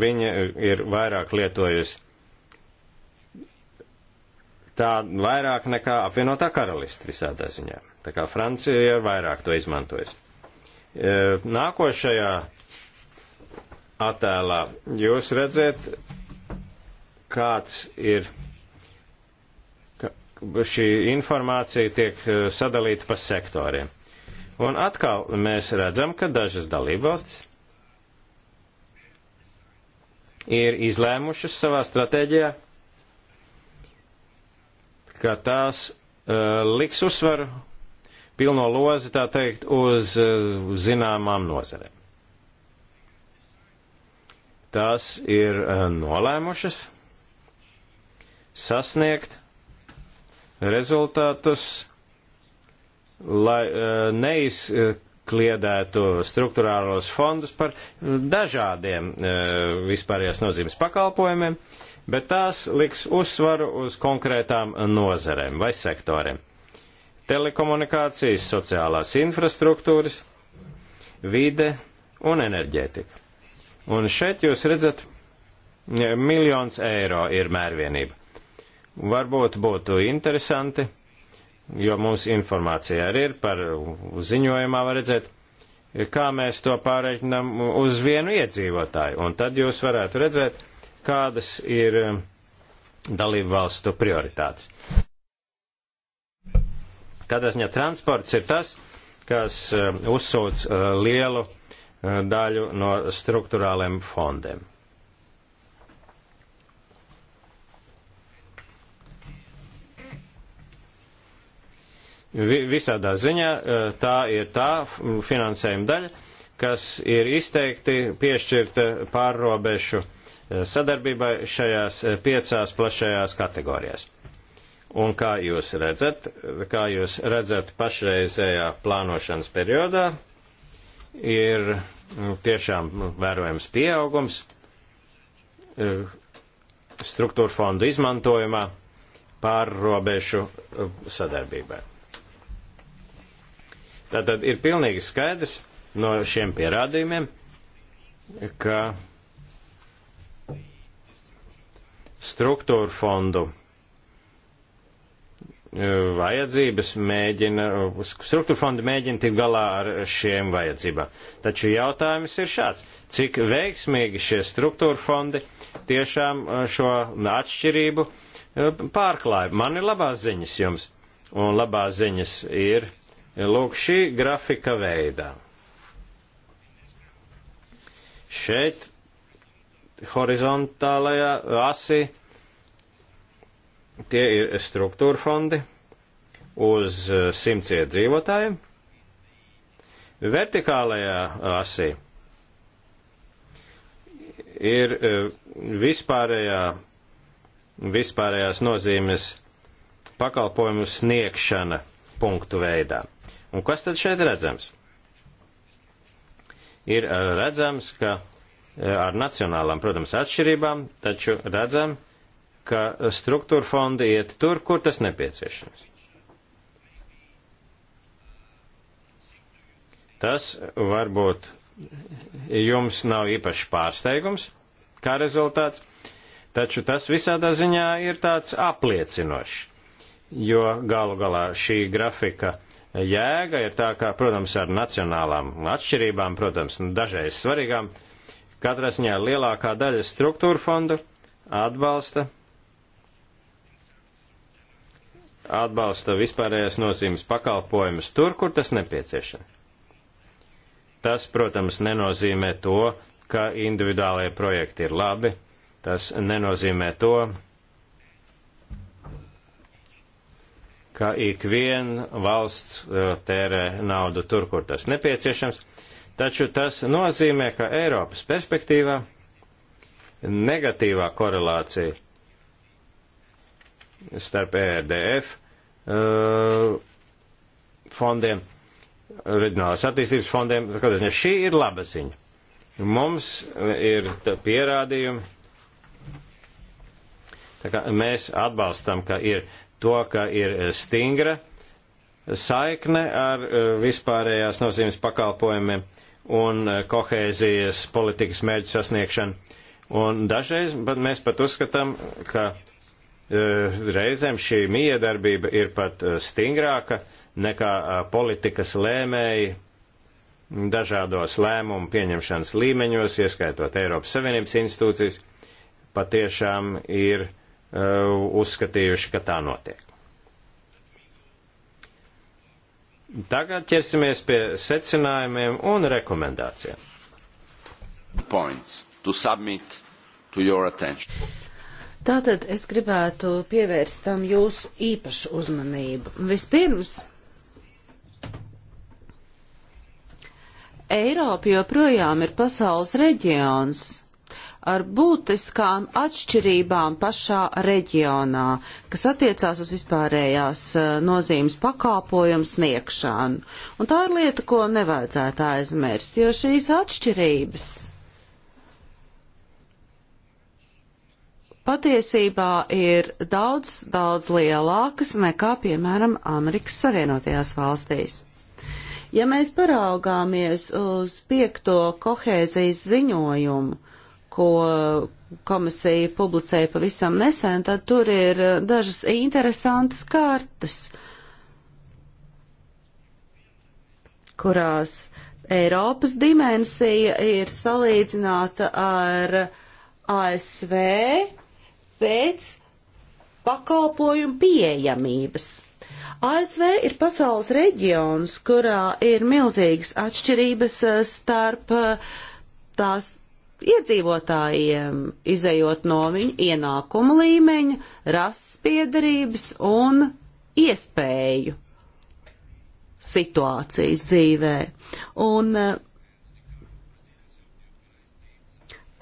viņa ir vairāk lietojusi. Tā vairāk nekā apvienotā karalista visādā ziņā. Tā kā Francija ir vairāk to izmantojusi. E, nākošajā attēlā jūs redzat, kāds ir šī informācija tiek e, sadalīta pa sektoriem. Un atkal mēs redzam, ka dažas dalībvalstis ir izlēmušas savā stratēģijā, ka tās uh, liks uzsvaru pilno lozi, tā teikt, uz uh, zināmām nozarēm. Tās ir uh, nolēmušas sasniegt rezultātus, lai uh, neiz. Uh, kliedētu struktūrālos fondus par dažādiem e, vispārējās nozīmes pakalpojumiem, bet tās liks uzsvaru uz konkrētām nozarēm vai sektoriem. Telekomunikācijas, sociālās infrastruktūras, vide un enerģētika. Un šeit jūs redzat, e, miljons eiro ir mērvienība. Varbūt būtu interesanti jo mums informācija arī ir par ziņojumā, var redzēt, kā mēs to pārreikinām uz vienu iedzīvotāju. Un tad jūs varētu redzēt, kādas ir um, dalību valstu prioritātes. Kādā ziņā transports ir tas, kas um, uzsūc uh, lielu uh, daļu no struktūrāliem fondiem. Visādā ziņā eh, tā ir tā finansējuma daļa, kas ir izteikti piešķirta pārrobežu eh, sadarbībai šajās eh, piecās plašajās kategorijās. Un kā jūs redzat, kā jūs redzat pašreizējā plānošanas periodā, ir tiešām vērojams pieaugums struktūra fondu izmantojumā pārrobežu sadarbībai. Tātad ir pilnīgi skaidrs no šiem pierādījumiem, ka struktūra fondu e, vajadzības mēģina, struktūra fonda mēģina tikt galā ar šiem vajadzībām. Taču jautājums ir šāds, cik veiksmīgi šie struktūra fondi tiešām e, šo atšķirību e, pārklāja. Man ir labās ziņas jums, un labās ziņas ir Lūk, šī grafika veidā. Šeit horizontālajā asi tie ir struktūra fondi uz simts iedzīvotājiem. Vertikālajā asī ir e, vispārējā, vispārējās nozīmes pakalpojumu sniegšana punktu veidā. Un kas tad šeit redzams? Ir eh, redzams, ka eh, ar nacionālām, protams, atšķirībām, taču redzam, ka struktūra fondi iet tur, kur tas nepieciešams. Tas varbūt jums nav īpašs pārsteigums kā rezultāts, taču tas visādā ziņā ir tāds apliecinošs jo galu galā šī grafika jēga ir tā, kā, protams, ar nacionālām atšķirībām, protams, dažreiz svarīgām, katrā ziņā lielākā daļa struktūra fondu atbalsta atbalsta vispārējās nozīmes pakalpojumus tur, kur tas nepieciešams. Tas, protams, nenozīmē to, ka individuālie projekti ir labi, tas nenozīmē to, ka ik viena valsts e, tērē naudu tur, kur tas nepieciešams, taču tas nozīmē, ka Eiropas perspektīvā negatīvā korelācija starp ERDF e, fondiem, reģionālās attīstības fondiem, šī ir laba ziņa. Mums ir pierādījumi, Tā kā mēs atbalstam, ka ir to, ka ir eh, stingra saikne ar eh, vispārējās nozīmes pakalpojumiem un eh, kohēzijas politikas mērķu sasniegšanu. Un dažreiz bet mēs pat uzskatām, ka reizēm šī miedarbība ir pat stingrāka nekā politikas lēmēji dažādos lēmumu pieņemšanas līmeņos, ieskaitot Eiropas Savienības institūcijas, patiešām ir uh, Uh, uzskatījuši, ka tā notiek. Tagad ķersimies pie secinājumiem un rekomendācijām. Points to submit to your attention. Tātad es gribētu pievērst tam jūsu īpašu uzmanību. Vispirms, Eiropa joprojām ir pasaules reģions, ar būtiskām atšķirībām pašā reģionā, kas attiecās uz vispārējās eh, nozīmes pakāpojumu sniegšanu. Un tā ir lieta, ko nevajadzētu aizmirst, jo šīs atšķirības patiesībā ir daudz, daudz lielākas nekā, piemēram, Amerikas Savienotajās valstīs. Ja mēs paraugāmies uz piekto kohēzijas ziņojumu, ko komisija publicēja pavisam nesen, tad tur ir eh, dažas interesantas kartas, kurās Eiropas dimensija ir salīdzināta ar ASV pēc pakalpojumu pieejamības. ASV ir pasaules reģions, kurā ir milzīgas atšķirības eh, starp eh, tās iedzīvotājiem, izējot no viņu ienākumu līmeņa, rases piedarības un iespēju situācijas dzīvē. Un eh,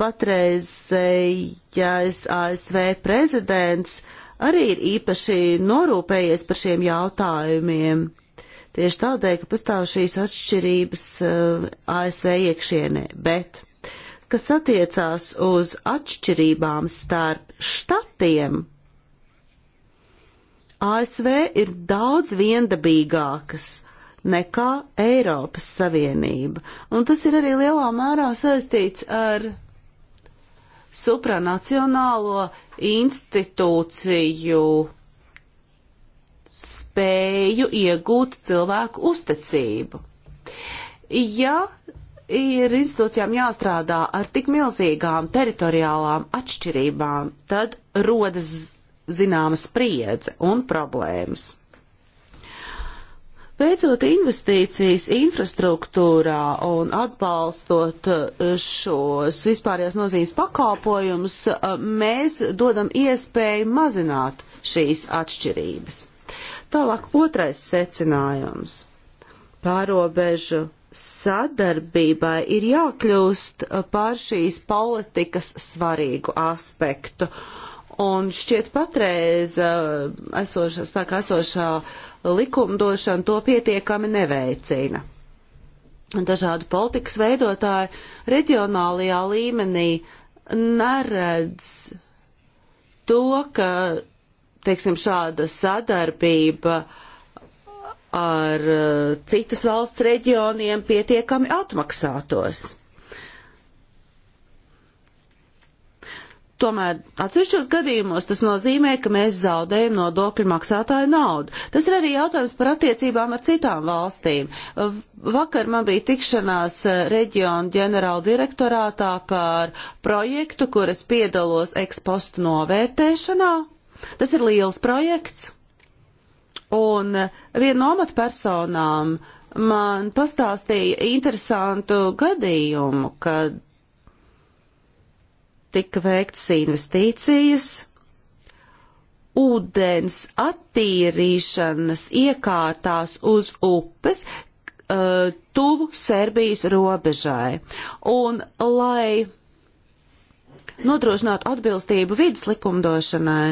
patreizējais ASV prezidents arī ir īpaši norūpējies par šiem jautājumiem. Tieši tādēļ, ka pastāv šīs atšķirības uh, eh, ASV iekšienē, bet kas attiecās uz atšķirībām starp štatiem, ASV ir daudz viendabīgākas nekā Eiropas Savienība, un tas ir arī lielā mērā saistīts ar supranacionālo institūciju spēju iegūt cilvēku uzticību. Ja ir institūcijām jāstrādā ar tik milzīgām teritoriālām atšķirībām, tad rodas zināma spriedze un problēmas. Veicot investīcijas infrastruktūrā un atbalstot eh, šos vispārējās nozīmes pakalpojumus, eh, mēs dodam iespēju mazināt šīs atšķirības. Tālāk otrais secinājums - pārobežu sadarbībai ir jākļūst uh, par šīs politikas svarīgu aspektu. Un šķiet patreiz uh, esošā, spēkā esošā likumdošana to pietiekami neveicina. Dažādu politikas veidotāju reģionālajā līmenī neredz to, ka, teiksim, šāda sadarbība uh, ar eh, citas valsts reģioniem pietiekami atmaksātos. Tomēr atsevišķos gadījumos tas nozīmē, ka mēs zaudējam nodokļu maksātāju naudu. Tas ir arī jautājums par attiecībām ar citām valstīm. Vakar man bija tikšanās eh, reģionu ģenerāla direktorātā par projektu, kuras piedalos ekspostu novērtēšanā. Tas ir liels projekts. Un viena no amatpersonām man pastāstīja interesantu gadījumu, kad tika veiktas investīcijas, ūdens attīrīšanas iekārtās uz upes uh, tuvu Serbijas robežai. Un, lai nodrošinātu atbilstību vidas likumdošanai,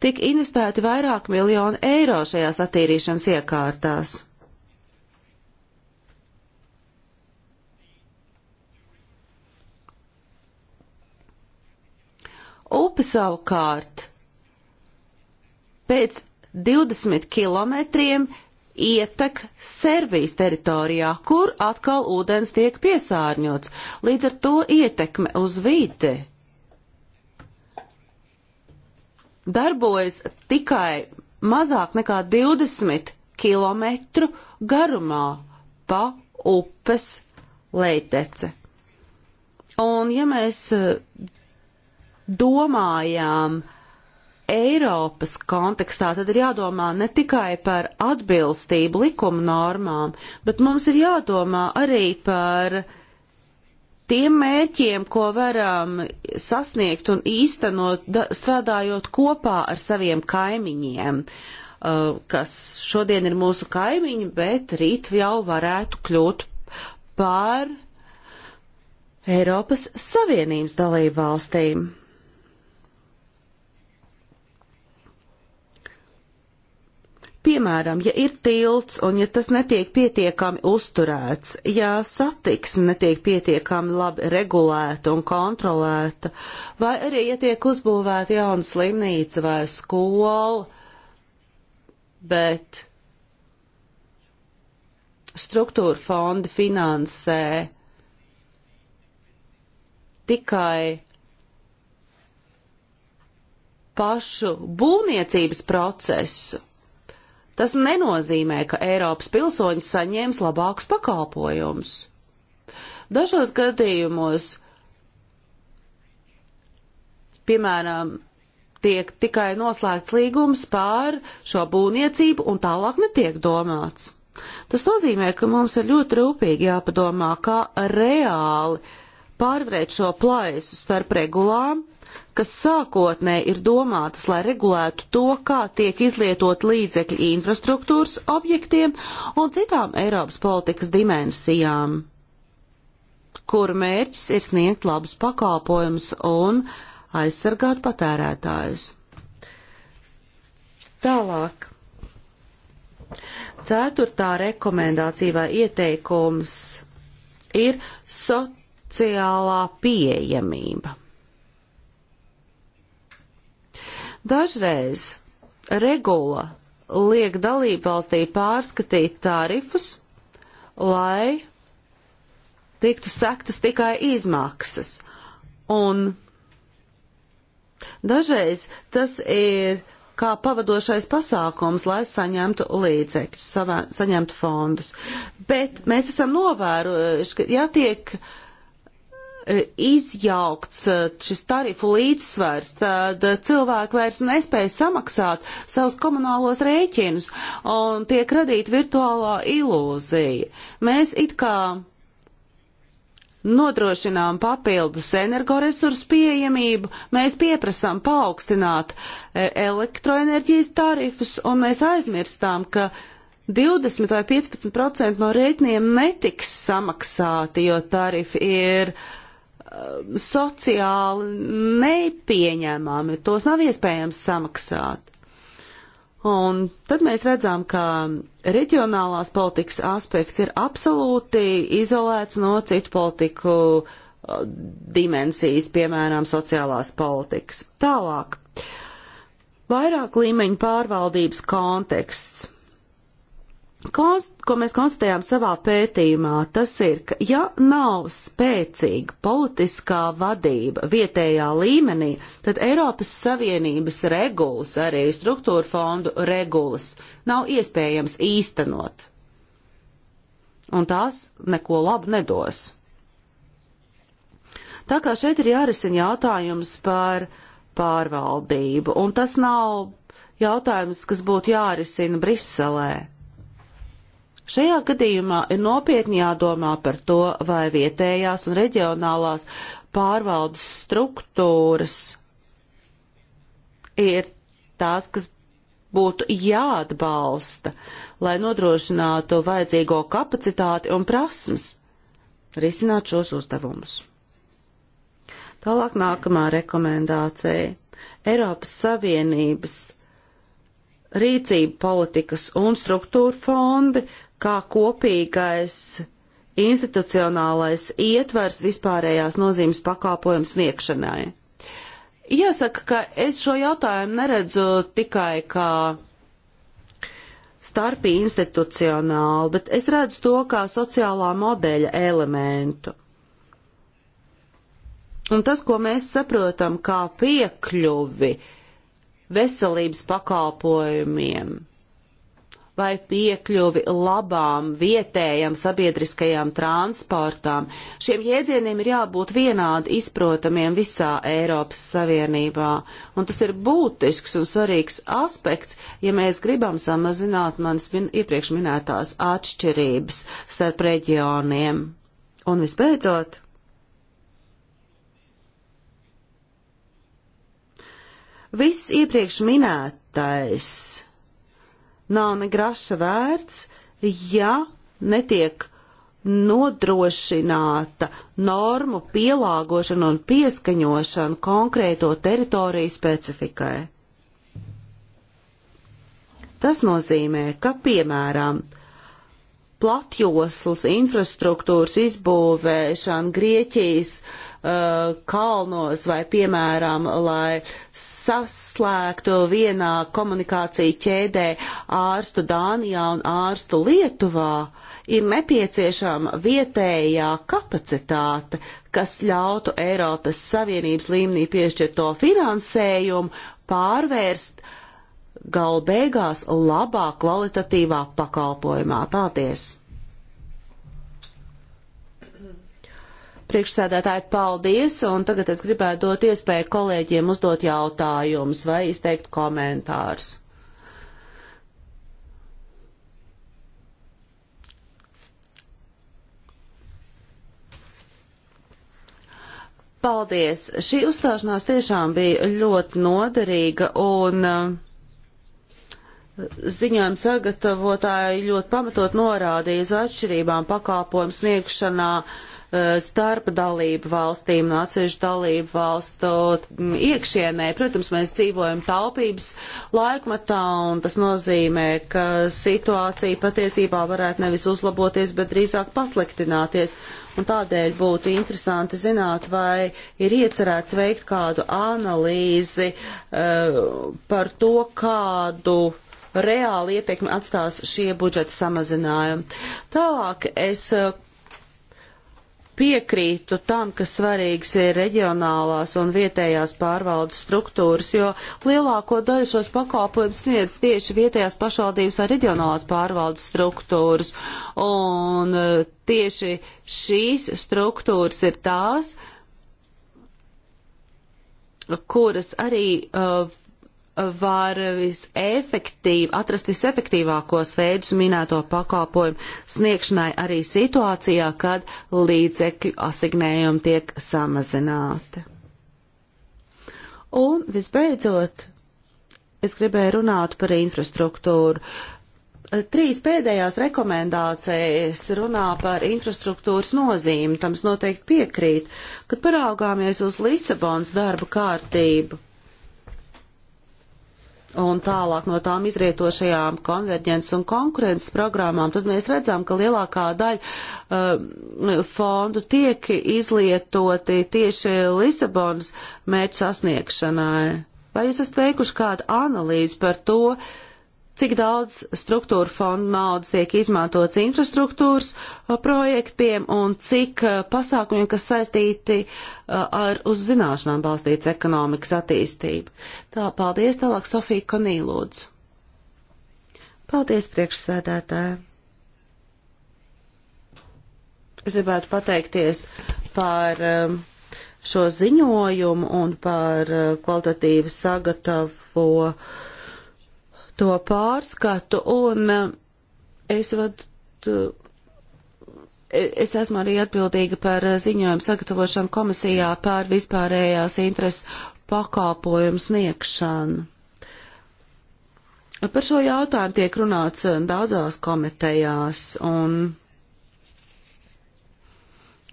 Tik investēti vairāk miljonu eiro šajās attīrīšanas iekārtās. Upe savukārt pēc 20 kilometriem ietek Serbijas teritorijā, kur atkal ūdens tiek piesārņots, līdz ar to ietekme uz vide darbojas tikai mazāk nekā 20 km garumā pa upes leitece. Un ja mēs eh, domājām Eiropas kontekstā, tad ir jādomā ne tikai par atbilstību likuma normām, bet mums ir jādomā arī par uh, tiem mērķiem, ko varam sasniegt un īstenot, da, strādājot kopā ar saviem kaimiņiem, uh, kas šodien ir mūsu kaimiņi, bet rīt jau varētu kļūt par Eiropas Savienības dalību valstīm. Piemēram, ja ir tilts un ja tas netiek pietiekami uzturēts, ja satiksme netiek pietiekami labi regulēta un kontrolēta, vai arī, ja tiek uzbūvēta jauna slimnīca vai skola, bet struktūra fondi finansē tikai pašu būvniecības procesu, Tas nenozīmē, ka Eiropas pilsoņi saņēmis labākus pakalpojumus. Dažos gadījumos, piemēram, tiek tikai noslēgts līgums pār šo būvniecību un tālāk netiek domāts. Tas nozīmē, ka mums ir ļoti rūpīgi jāpadomā, kā reāli pārvarēt šo plaisu starp regulām kas sākotnē ir domātas, lai regulētu to, kā tiek izlietot līdzekļi infrastruktūras objektiem un citām Eiropas politikas dimensijām, kur mērķis ir sniegt labus pakalpojumus un aizsargāt patērētājus. Tālāk. Ceturtā rekomendācija vai ieteikums ir sociālā pieejamība. Dažreiz regula liek dalībvalstī pārskatīt tarifus, lai tiktu sektas tikai izmaksas. Un dažreiz tas ir kā pavadošais pasākums, lai saņemtu līdzekļus, saņemtu fondus. Bet mēs esam novērojuši, ka jātiek ja E, izjaukts e, šis tarifu līdzsvars, tad e, cilvēki vairs nespēja samaksāt savus komunālos rēķinus un tiek radīta virtuālā ilūzija. Mēs it kā nodrošinām papildus energoresursu pieejamību, mēs pieprasām paaugstināt elektroenerģijas tarifus un mēs aizmirstām, ka 20 vai 15% no rēķiniem netiks samaksāti, jo tarifi ir uh, Um, sociāli nepieņēmami, tos nav iespējams samaksāt. Un tad mēs redzam, ka reģionālās politikas aspekts ir absolūti izolēts no citu politiku uh, dimensijas, piemēram, sociālās politikas. Tālāk. Vairāk līmeņu pārvaldības konteksts. Konst, ko mēs konstatējām savā pētījumā, tas ir, ka ja nav spēcīga politiskā vadība vietējā līmenī, tad Eiropas Savienības regulas, arī struktūra fondu regulas nav iespējams īstenot. Un tās neko labu nedos. Tā kā šeit ir jārisina jautājums par pārvaldību, un tas nav jautājums, kas būtu jārisina Briselē Šajā gadījumā ir nopietni jādomā par to, vai vietējās un reģionālās pārvaldes struktūras ir tās, kas būtu jāatbalsta, lai nodrošinātu vajadzīgo kapacitāti un prasmes risināt šos uzdevumus. Tālāk nākamā rekomendācija - Eiropas Savienības rīcība politikas un struktūra fondi kā kopīgais institucionālais ietvers vispārējās nozīmes pakāpojumu sniegšanai. Jāsaka, ka es šo jautājumu neredzu tikai kā starp institucionāli, bet es redzu to kā sociālā modeļa elementu. Un tas, ko mēs saprotam kā piekļuvi veselības pakalpojumiem, vai piekļuvi labām vietējām sabiedriskajām transportām. Šiem jēdzieniem ir jābūt vienādi izprotamiem visā Eiropas Savienībā, un tas ir būtisks un svarīgs aspekts, ja mēs gribam samazināt manas min iepriekš minētās atšķirības starp reģioniem. Un visbeidzot. Viss iepriekš minētais nav ne graša vērts, ja netiek nodrošināta normu pielāgošana un pieskaņošana konkrēto teritoriju specifikai. Tas nozīmē, ka, piemēram, platjoslas infrastruktūras izbūvēšana Grieķijas uh, Uh, kalnos vai, piemēram, lai saslēgtu vienā komunikāciju ķēdē ārstu Dānijā un ārstu Lietuvā, ir nepieciešama vietējā kapacitāte, kas ļautu Eiropas Savienības līmenī piešķirto finansējumu pārvērst galbeigās labā kvalitatīvā pakalpojumā. Paldies! Priekšsēdētāji, paldies, un tagad es gribētu dot iespēju kolēģiem uzdot jautājumus vai izteikt komentārus. Paldies! Šī uzstāšanās tiešām bija ļoti noderīga un uh, ziņojuma sagatavotāji ļoti pamatot norādīja uz atšķirībām pakalpojumu sniegšanā uh, starp dalību valstīm un atsevišķu dalību valstu iekšienē. Protams, mēs dzīvojam taupības laikmatā, un tas nozīmē, ka situācija patiesībā varētu nevis uzlaboties, bet drīzāk pasliktināties. Un tādēļ būtu interesanti zināt, vai ir iecerēts veikt kādu analīzi uh, par to, kādu reāli ietekmi atstās šie budžeta samazinājumi. Tālāk es eh, piekrītu tam, ka svarīgs ir reģionālās un vietējās pārvaldes struktūras, jo lielāko daļu šos pakalpojumus sniedz tieši vietējās pašvaldības ar reģionālās pārvaldes struktūras. Un eh, tieši šīs struktūras ir tās, kuras arī uh, var visefektīvi, atrast visefektīvākos veidus minēto pakalpojumu sniegšanai arī situācijā, kad līdzekļu asignējumi tiek samazināti. Un visbeidzot, es gribēju runāt par infrastruktūru. Trīs pēdējās rekomendācijas runā par infrastruktūras nozīmi, tam es noteikti piekrītu, kad paraugāmies uz Lisabonas darba kārtību un tālāk no tām izrietošajām konverģences un konkurences programmām, tad mēs redzam, ka lielākā daļa uh, fondu tiek izlietoti tieši Lisabonas mērķu sasniegšanai. Vai jūs esat veikuši kādu analīzi par to, uh, cik daudz struktūra fondu naudas tiek izmantots infrastruktūras uh, projektiem un cik uh, pasākumiem, kas saistīti uh, ar uz zināšanām balstīts ekonomikas attīstību. Tā, paldies tālāk Sofija Konīlūdzu. Paldies priekšsēdētāji. Es gribētu pateikties par um, šo ziņojumu un par kvalitatīvi sagatavo uh, to pārskatu, un eh, es vadu. Eh, es esmu arī atbildīga par eh, ziņojumu sagatavošanu komisijā par vispārējās intereses pakalpojumu sniegšanu. Par šo jautājumu tiek runāts daudzās komitejās, un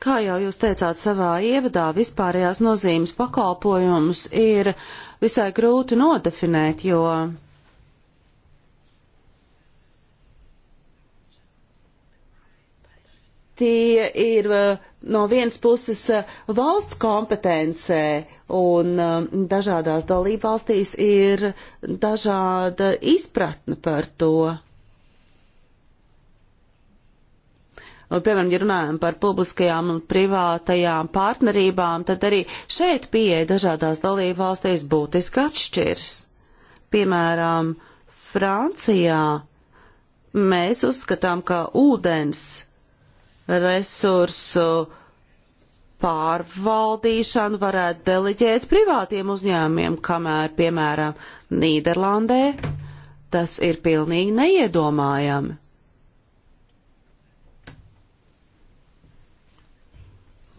Kā jau jūs teicāt savā ievadā, vispārējās nozīmes pakalpojums ir visai grūti nodefinēt, jo tie ir uh, no vienas puses uh, valsts kompetencē, un um, dažādās dalība valstīs ir dažāda izpratne par to. Un, piemēram, ja runājam par publiskajām un privātajām partnerībām, tad arī šeit pieeja dažādās dalība valstīs būtiski atšķirs. Piemēram, Francijā mēs uzskatām, ka ūdens resursu pārvaldīšanu varētu deleģēt privātiem uzņēmumiem, kamēr, piemēram, Nīderlandē tas ir pilnīgi neiedomājami.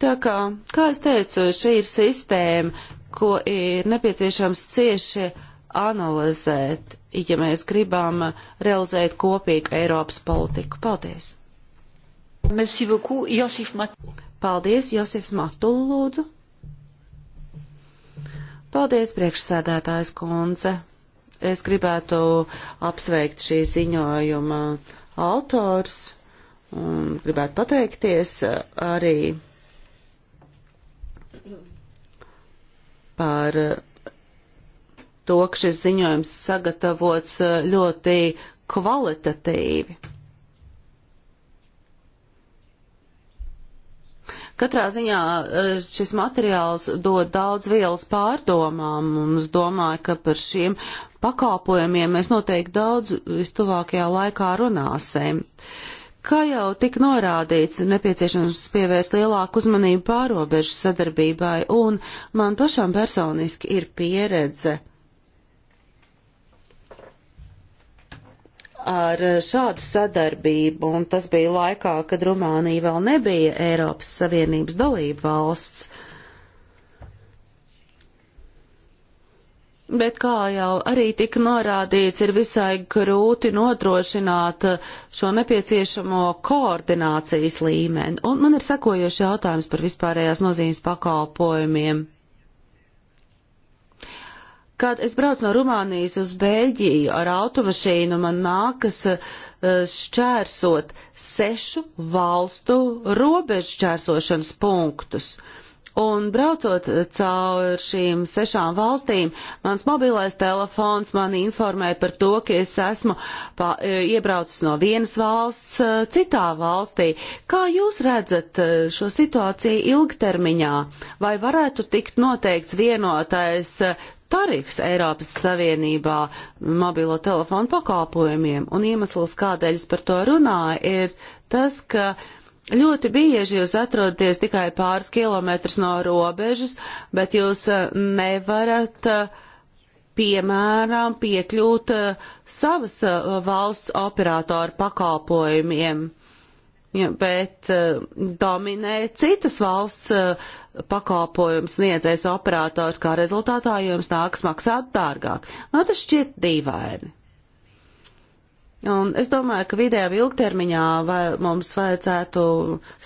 Tā kā, kā es teicu, šī ir sistēma, ko ir nepieciešams cieši analizēt, ja mēs gribam realizēt kopīgu Eiropas politiku. Paldies! Merci beaucoup, Josif Matula. Paldies, Josifs Matula, lūdzu. Paldies, priekšsēdētājs kundze. Es gribētu apsveikt šī ziņojuma autors un gribētu pateikties arī par to, ka šis ziņojums sagatavots ļoti kvalitatīvi. Katrā ziņā e, šis materiāls dod daudz vielas pārdomām, un es domāju, ka par šiem pakalpojumiem mēs noteikti daudz vistuvākajā laikā runāsim. Kā jau tika norādīts, nepieciešams pievērst lielāku uzmanību pārobežu sadarbībai, un man pašam personiski ir pieredze ar eh, šādu sadarbību, un tas bija laikā, kad Rumānija vēl nebija Eiropas Savienības dalība valsts. Bet kā jau arī tika norādīts, ir visai grūti nodrošināt eh, šo nepieciešamo koordinācijas līmeni. Un man ir sekojoši jautājums par vispārējās nozīmes pakalpojumiem. Kad es braucu no Rumānijas uz Beļģiju ar automašīnu, man nākas eh, šķērsot sešu valstu robežu šķērsošanas punktus. Un braucot eh, cauri šīm sešām valstīm, mans mobilais telefons man informēja par to, ka es esmu pa, eh, iebraucis no vienas valsts citā valstī. Kā jūs redzat šo situāciju ilgtermiņā? Vai varētu tikt noteikts vienotais tarifs Eiropas Savienībā mobilo telefonu pakalpojumiem, un iemesls, kādēļ es par to runāju, ir tas, ka Ļoti bieži jūs atrodaties tikai pāris kilometrus no robežas, bet jūs eh, nevarat, eh, piemēram, piekļūt eh, savas valsts operātoru pakalpojumiem ja, bet uh, dominē citas valsts uh, pakalpojums sniedzējs operators, kā rezultātā jums nāks maksāt dārgāk. Man tas šķiet dīvaini. Un es domāju, ka vidējā ilgtermiņā vai mums vajadzētu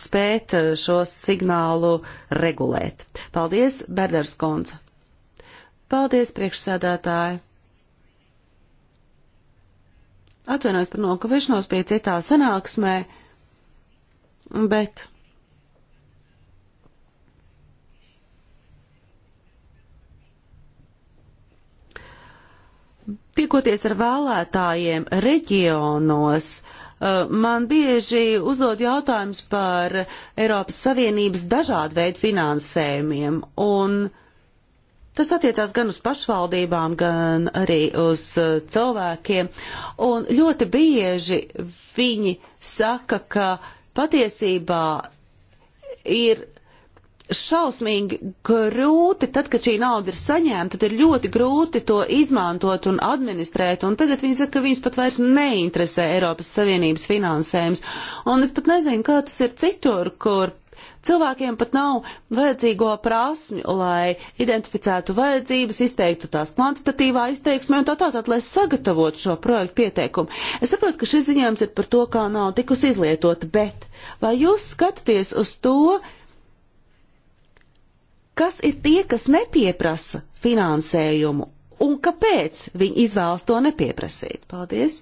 spēt eh, šo signālu regulēt. Paldies, Berders Konca. Paldies, priekšsēdētāji. Atvainojos par nokavēšanos pie citā sanāksmē bet tiekoties ar vēlētājiem reģionos, uh, man bieži uzdod jautājums par Eiropas Savienības dažādu veidu finansējumiem, un tas attiecās gan uz pašvaldībām, gan arī uz uh, cilvēkiem, un ļoti bieži viņi saka, ka patiesībā ir šausmīgi grūti, tad, kad šī nauda ir saņemta, tad ir ļoti grūti to izmantot un administrēt, un tagad viņi saka, ka viņus pat vairs neinteresē Eiropas Savienības finansējums. Un es pat nezinu, kā tas ir citur, kur Cilvēkiem pat nav vajadzīgo prasmi, lai identificētu vajadzības, izteiktu tās kvantitatīvā izteiksmē un tā tātad, lai sagatavotu šo projektu pieteikumu. Es saprotu, ka šis ziņojums ir par to, kā nav tikus izlietota, bet vai jūs skatāties uz to, kas ir tie, kas nepieprasa finansējumu un kāpēc viņi izvēlas to nepieprasīt? Paldies!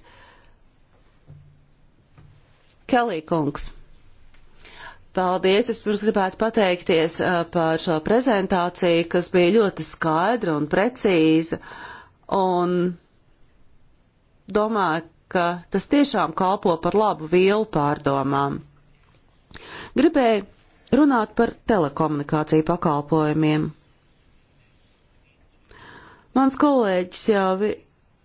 Kelī kungs. Paldies! Es pirms gribētu pateikties par šo prezentāciju, kas bija ļoti skaidra un precīza. Un domāju, ka tas tiešām kalpo par labu vielu pārdomām. Gribēju runāt par telekomunikāciju pakalpojumiem. Mans kolēģis jau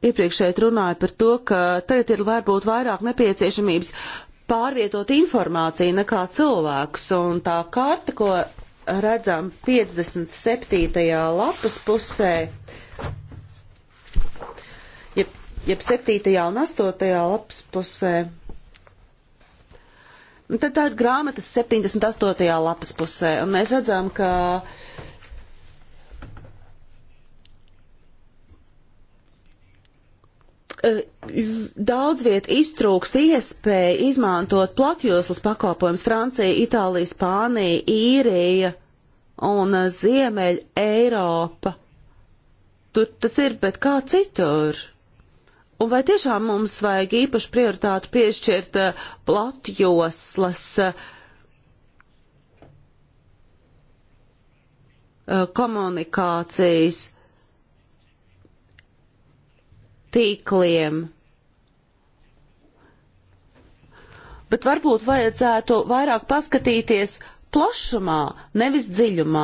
iepriekšēji runāja par to, ka tagad ir varbūt vairāk nepieciešamības pārvietot informāciju nekā cilvēkus, un tā karta, ko redzam 57. lapas pusē, jeb, jeb 7. un 8. lapas pusē, un tad tā ir grāmatas 78. lapas pusē, un mēs redzam, ka uh, Eh, daudz viet iztrūkst iespēja izmantot platjoslas pakalpojums Francija, Itālija, Spānija, Īrija un eh, Ziemeļ Eiropa. Tur tas ir, bet kā citur? Un vai tiešām mums vajag īpašu prioritātu piešķirt eh, platjoslas komunikācijas tīkliem. Bet varbūt vajadzētu vairāk paskatīties plašumā, nevis dziļumā,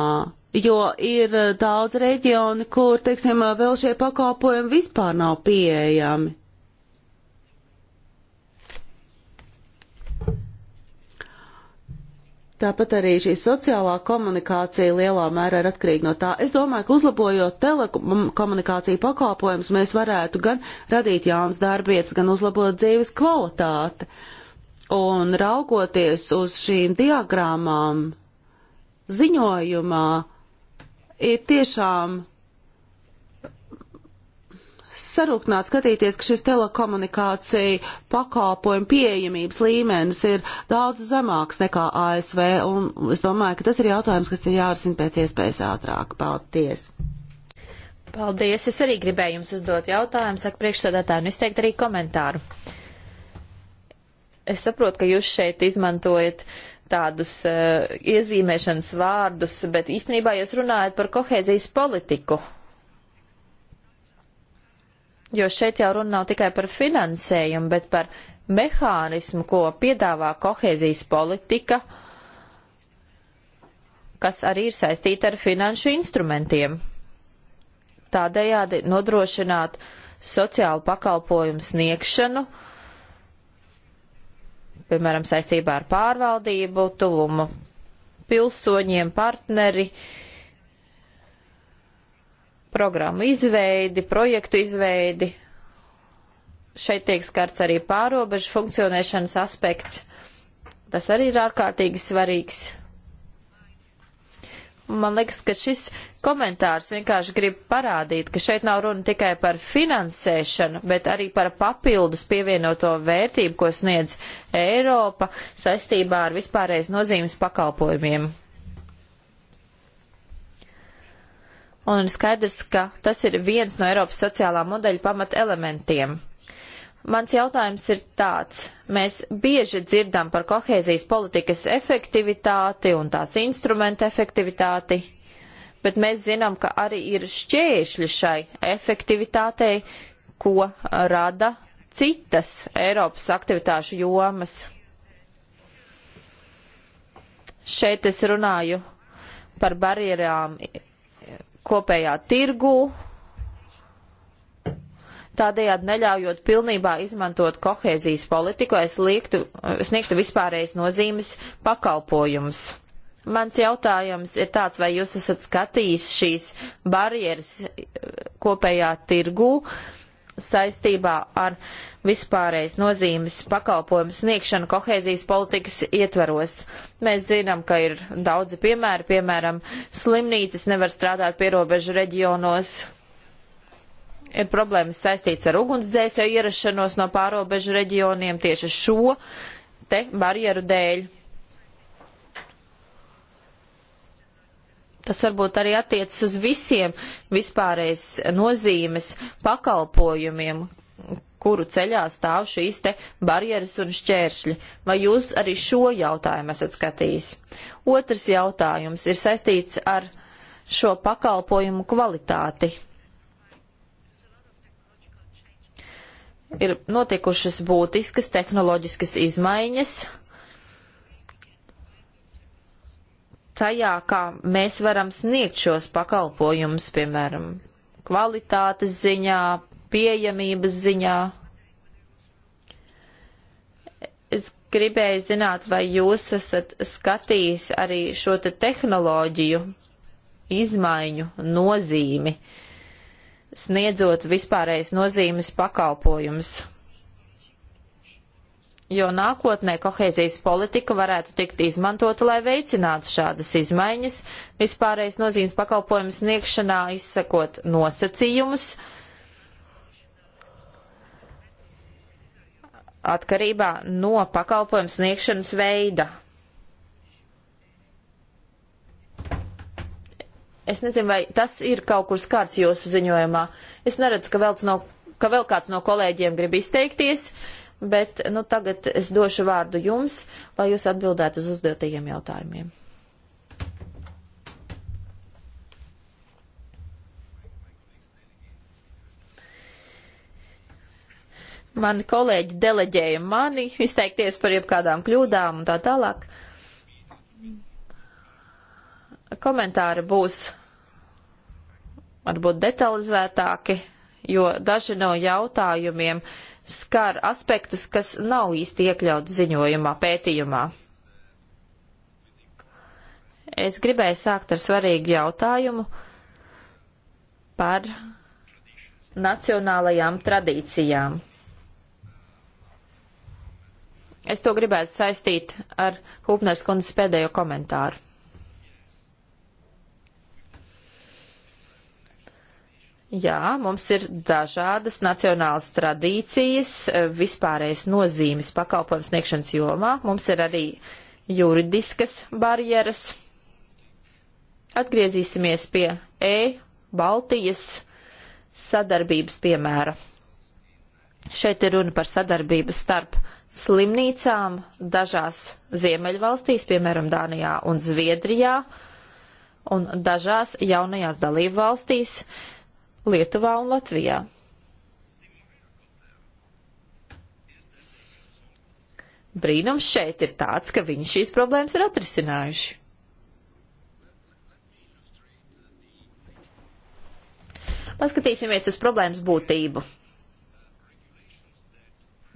jo ir eh, daudz reģioni, kur, teiksim, eh, vēl šie pakalpojumi vispār nav pieejami. Tāpat arī šī sociālā komunikācija lielā mērā ir atkarīga no tā. Es domāju, ka uzlabojot telekomunikāciju pakalpojumus, mēs varētu gan radīt jaunas darbietas, gan uzlabot dzīves kvalitāti. Un raugoties uz šīm diagrāmām, ziņojumā ir tiešām sarūknāt skatīties, ka šis telekomunikācija pakalpojumu pieejamības līmenis ir daudz zemāks nekā ASV, un es domāju, ka tas ir jautājums, kas ir jārisina pēc iespējas ātrāk. Paldies! Paldies! Es arī gribēju jums uzdot jautājumu, saka priekšsēdētāju, un izteikt arī komentāru. Es saprotu, ka jūs šeit izmantojat tādus uh, iezīmēšanas vārdus, bet īstenībā jūs runājat par kohēzijas politiku jo šeit jau runa nav tikai par finansējumu, bet par mehānismu, ko piedāvā kohēzijas politika, kas arī ir saistīta ar finanšu instrumentiem. Tādējādi nodrošināt sociālu pakalpojumu sniegšanu, piemēram, saistībā ar pārvaldību, tuvumu pilsoņiem, partneri, uh, programmu izveidi, projektu izveidi. Šeit tiek skarts arī pārobežu funkcionēšanas aspekts. Tas arī ir ārkārtīgi svarīgs. Man liekas, ka šis komentārs vienkārši grib parādīt, ka šeit nav runa tikai par finansēšanu, bet arī par papildus pievienoto vērtību, ko sniedz Eiropa saistībā ar vispārreiz nozīmes pakalpojumiem. un ir skaidrs, ka tas ir viens no Eiropas sociālā modeļa pamat elementiem. Mans jautājums ir tāds. Mēs bieži dzirdam par kohēzijas politikas efektivitāti un tās instrumenta efektivitāti, bet mēs zinām, ka arī ir šķēršļi šai efektivitātei, ko rada citas Eiropas aktivitāšu jomas. Šeit es runāju par barjerām kopējā tirgu, tādējādi neļaujot pilnībā izmantot kohēzijas politiku, es liektu, sniegtu vispārējais nozīmes pakalpojums. Mans jautājums ir tāds, vai jūs esat skatījis šīs barjeras kopējā tirgū saistībā ar uh, vispārreiz nozīmes pakalpojumu sniegšanu kohēzijas politikas ietvaros. Mēs zinām, ka ir daudzi piemēri, piemēram, slimnīcas nevar strādāt pierobežu reģionos, ir problēmas saistīts ar ugunsdzēsēju ierašanos no pārobežu reģioniem tieši šo te barjeru dēļ. Tas varbūt arī attiecas uz visiem vispārreiz nozīmes pakalpojumiem, kuru ceļā stāv šīs te barjeras un šķēršļi. Vai jūs arī šo jautājumu esat skatījis? Otrs jautājums ir saistīts ar šo pakalpojumu kvalitāti. Ir notikušas būtiskas tehnoloģiskas izmaiņas tajā, kā mēs varam sniegt šos pakalpojumus, piemēram, kvalitātes ziņā, pieejamības ziņā. Es gribēju zināt, vai jūs esat skatījis arī šo te tehnoloģiju izmaiņu nozīmi, sniedzot vispārējais nozīmes pakalpojums jo nākotnē kohēzijas politika varētu tikt izmantota, lai veicinātu šādas izmaiņas, vispārējais nozīmes pakalpojumu sniegšanā izsakot nosacījumus, atkarībā no pakalpojumu sniegšanas veida. Es nezinu, vai tas ir kaut kur skārts jūsu ziņojumā. Es neredzu, ka vēl, no, ka vēl kāds no kolēģiem grib izteikties, bet nu, tagad es došu vārdu jums, lai jūs atbildētu uz uzdotajiem jautājumiem. mani kolēģi deleģēja mani izteikties par jebkādām kļūdām un tā tālāk. Komentāri būs varbūt detalizētāki, jo daži no jautājumiem skar aspektus, kas nav īsti iekļauts ziņojumā, pētījumā. Es gribēju sākt ar svarīgu jautājumu par nacionālajām tradīcijām. Es to gribētu saistīt ar Hūpners kundzes pēdējo komentāru. Jā, mums ir dažādas nacionālas tradīcijas, eh, vispārējais nozīmes pakalpojums sniegšanas jomā. Mums ir arī juridiskas barjeras. Atgriezīsimies pie E. Baltijas sadarbības piemēra. Šeit ir runa par sadarbību starp slimnīcām dažās ziemeļvalstīs, piemēram, Dānijā un Zviedrijā, un dažās jaunajās dalību valstīs Lietuvā un Latvijā. Brīnums šeit ir tāds, ka viņi šīs problēmas ir atrisinājuši. Paskatīsimies uz problēmas būtību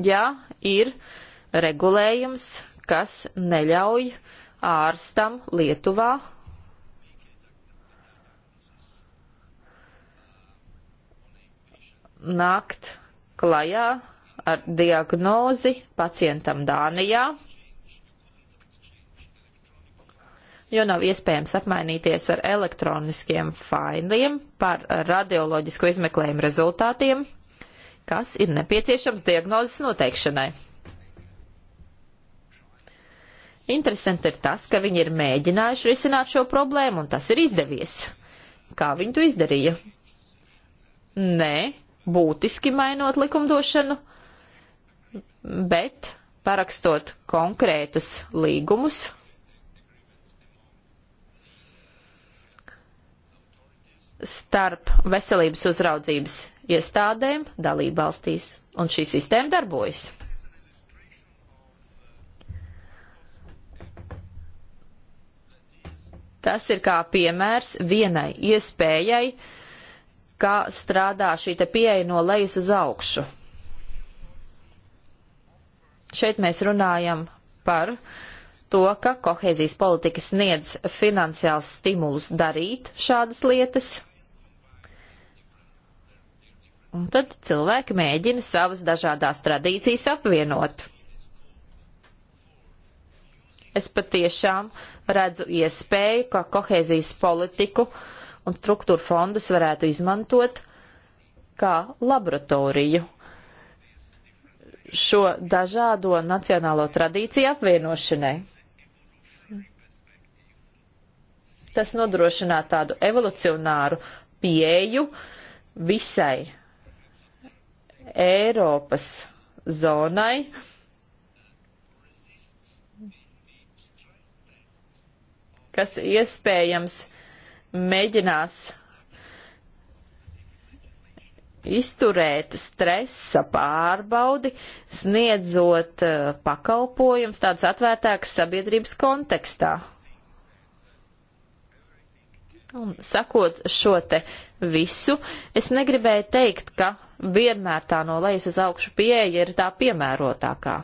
ja ir regulējums, kas neļauj ārstam Lietuvā nākt klajā ar diagnozi pacientam Dānijā, jo nav iespējams apmainīties ar elektroniskiem failiem par radioloģisko izmeklējumu rezultātiem kas ir nepieciešams diagnozes noteikšanai. Interesanti ir tas, ka viņi ir mēģinājuši risināt šo problēmu, un tas ir izdevies. Kā viņi to izdarīja? Nē, būtiski mainot likumdošanu, bet parakstot konkrētus līgumus. starp veselības uzraudzības iestādēm dalībvalstīs, un šī sistēma darbojas. Tas ir kā piemērs vienai iespējai, kā strādā šī te pieeja no lejas uz augšu. Šeit mēs runājam par to, ka kohēzijas politika sniedz finansiāls stimulus darīt šādas lietas, Un tad cilvēki mēģina savas dažādās tradīcijas apvienot. Es patiešām redzu iespēju, ka kohēzijas politiku un struktūra fondus varētu izmantot kā laboratoriju šo dažādo nacionālo tradīciju apvienošanai. Tas nodrošinā tādu evolucionāru pieeju visai Eiropas zonai. kas iespējams mēģinās izturēt stresa pārbaudi, sniedzot eh, pakalpojums tāds atvērtāks sabiedrības kontekstā. Un sakot šo te visu, es negribēju teikt, ka vienmēr tā no lejas uz augšu pieeja ir tā piemērotākā.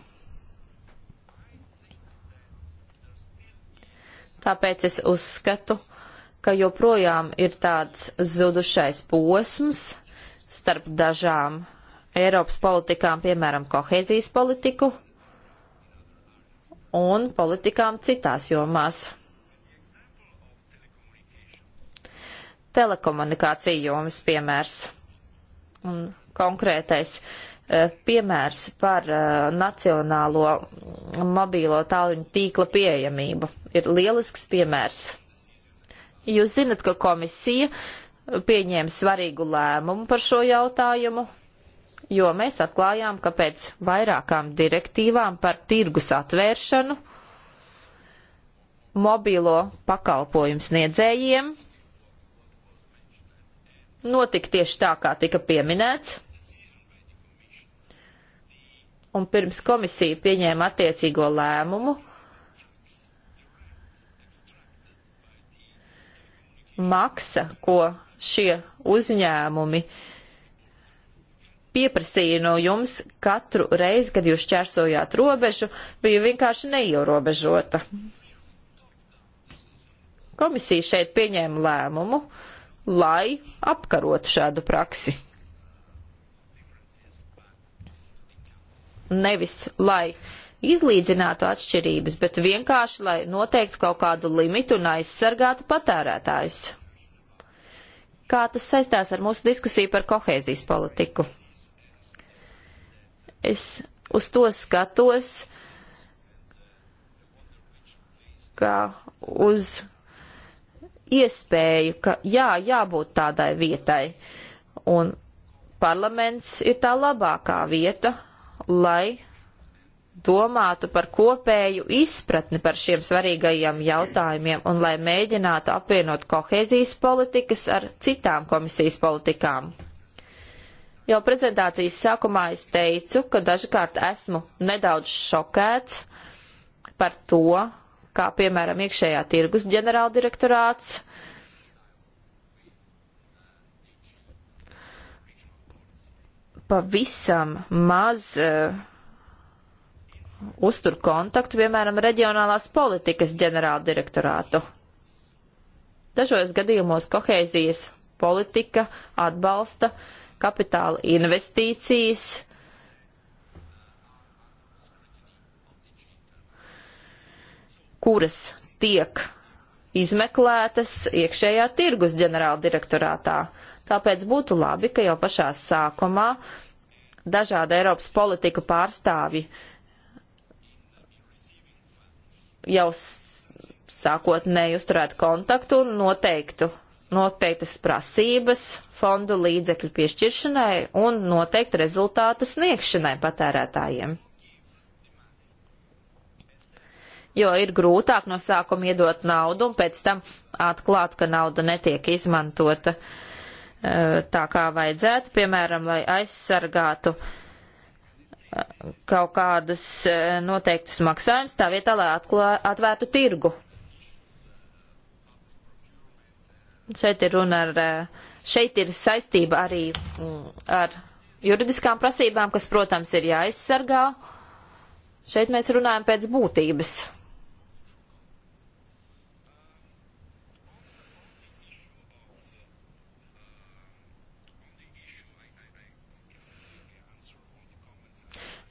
Tāpēc es uzskatu, ka joprojām ir tāds zudušais posms starp dažām Eiropas politikām, piemēram, kohēzijas politiku un politikām citās jomās. Telekomunikācija jomas piemērs. Un konkrētais e, piemērs par e, nacionālo mobīlo tāluņu tīkla pieejamību. Ir lielisks piemērs. Jūs zinat, ka komisija pieņēma svarīgu lēmumu par šo jautājumu, jo mēs atklājām, ka pēc vairākām direktīvām par tirgus atvēršanu mobīlo pakalpojumu sniedzējiem notika tieši tā, kā tika pieminēts. Un pirms komisija pieņēma attiecīgo lēmumu, maksa, ko šie uzņēmumi pieprasīja no jums katru reizi, kad jūs čērsojāt robežu, bija vienkārši neierobežota. Komisija šeit pieņēma lēmumu, uh, lai apkarotu šādu praksi. Nevis, lai izlīdzinātu atšķirības, bet vienkārši, lai noteiktu kaut kādu limitu un aizsargātu patērētājus. Kā tas saistās ar mūsu diskusiju par kohēzijas politiku? Es uz to skatos, kā uz iespēju, ka jā, jābūt tādai vietai. Un parlaments ir tā labākā vieta, lai domātu par kopēju izpratni par šiem svarīgajiem jautājumiem un lai mēģinātu apvienot kohēzijas politikas ar citām komisijas politikām. Jau prezentācijas sākumā es teicu, ka dažkārt esmu nedaudz šokēts par to, kā piemēram iekšējā tirgus ģenerāldirektorāts. Pavisam maz uh, uztur kontaktu, piemēram, reģionālās politikas ģenerāldirektorātu. Dažos gadījumos kohēzijas politika atbalsta kapitāla investīcijas, kuras tiek izmeklētas iekšējā tirgus ģenerāldirektorātā. Tāpēc būtu labi, ka jau pašā sākumā dažāda Eiropas politika pārstāvi jau sākotnēji uzturētu kontaktu un noteiktu noteiktas prasības fondu līdzekļu piešķiršanai un noteikti rezultāta sniegšanai patērētājiem jo ir grūtāk no sākuma iedot naudu un pēc tam atklāt, ka nauda netiek izmantota eh, tā kā vajadzētu, piemēram, lai aizsargātu eh, kaut kādus eh, noteiktus maksājumus, tā vietā, lai atklā, atvērtu tirgu. Šeit ir runa ar, šeit ir saistība arī mm, ar juridiskām prasībām, kas, protams, ir jāaizsargā. Šeit mēs runājam pēc būtības.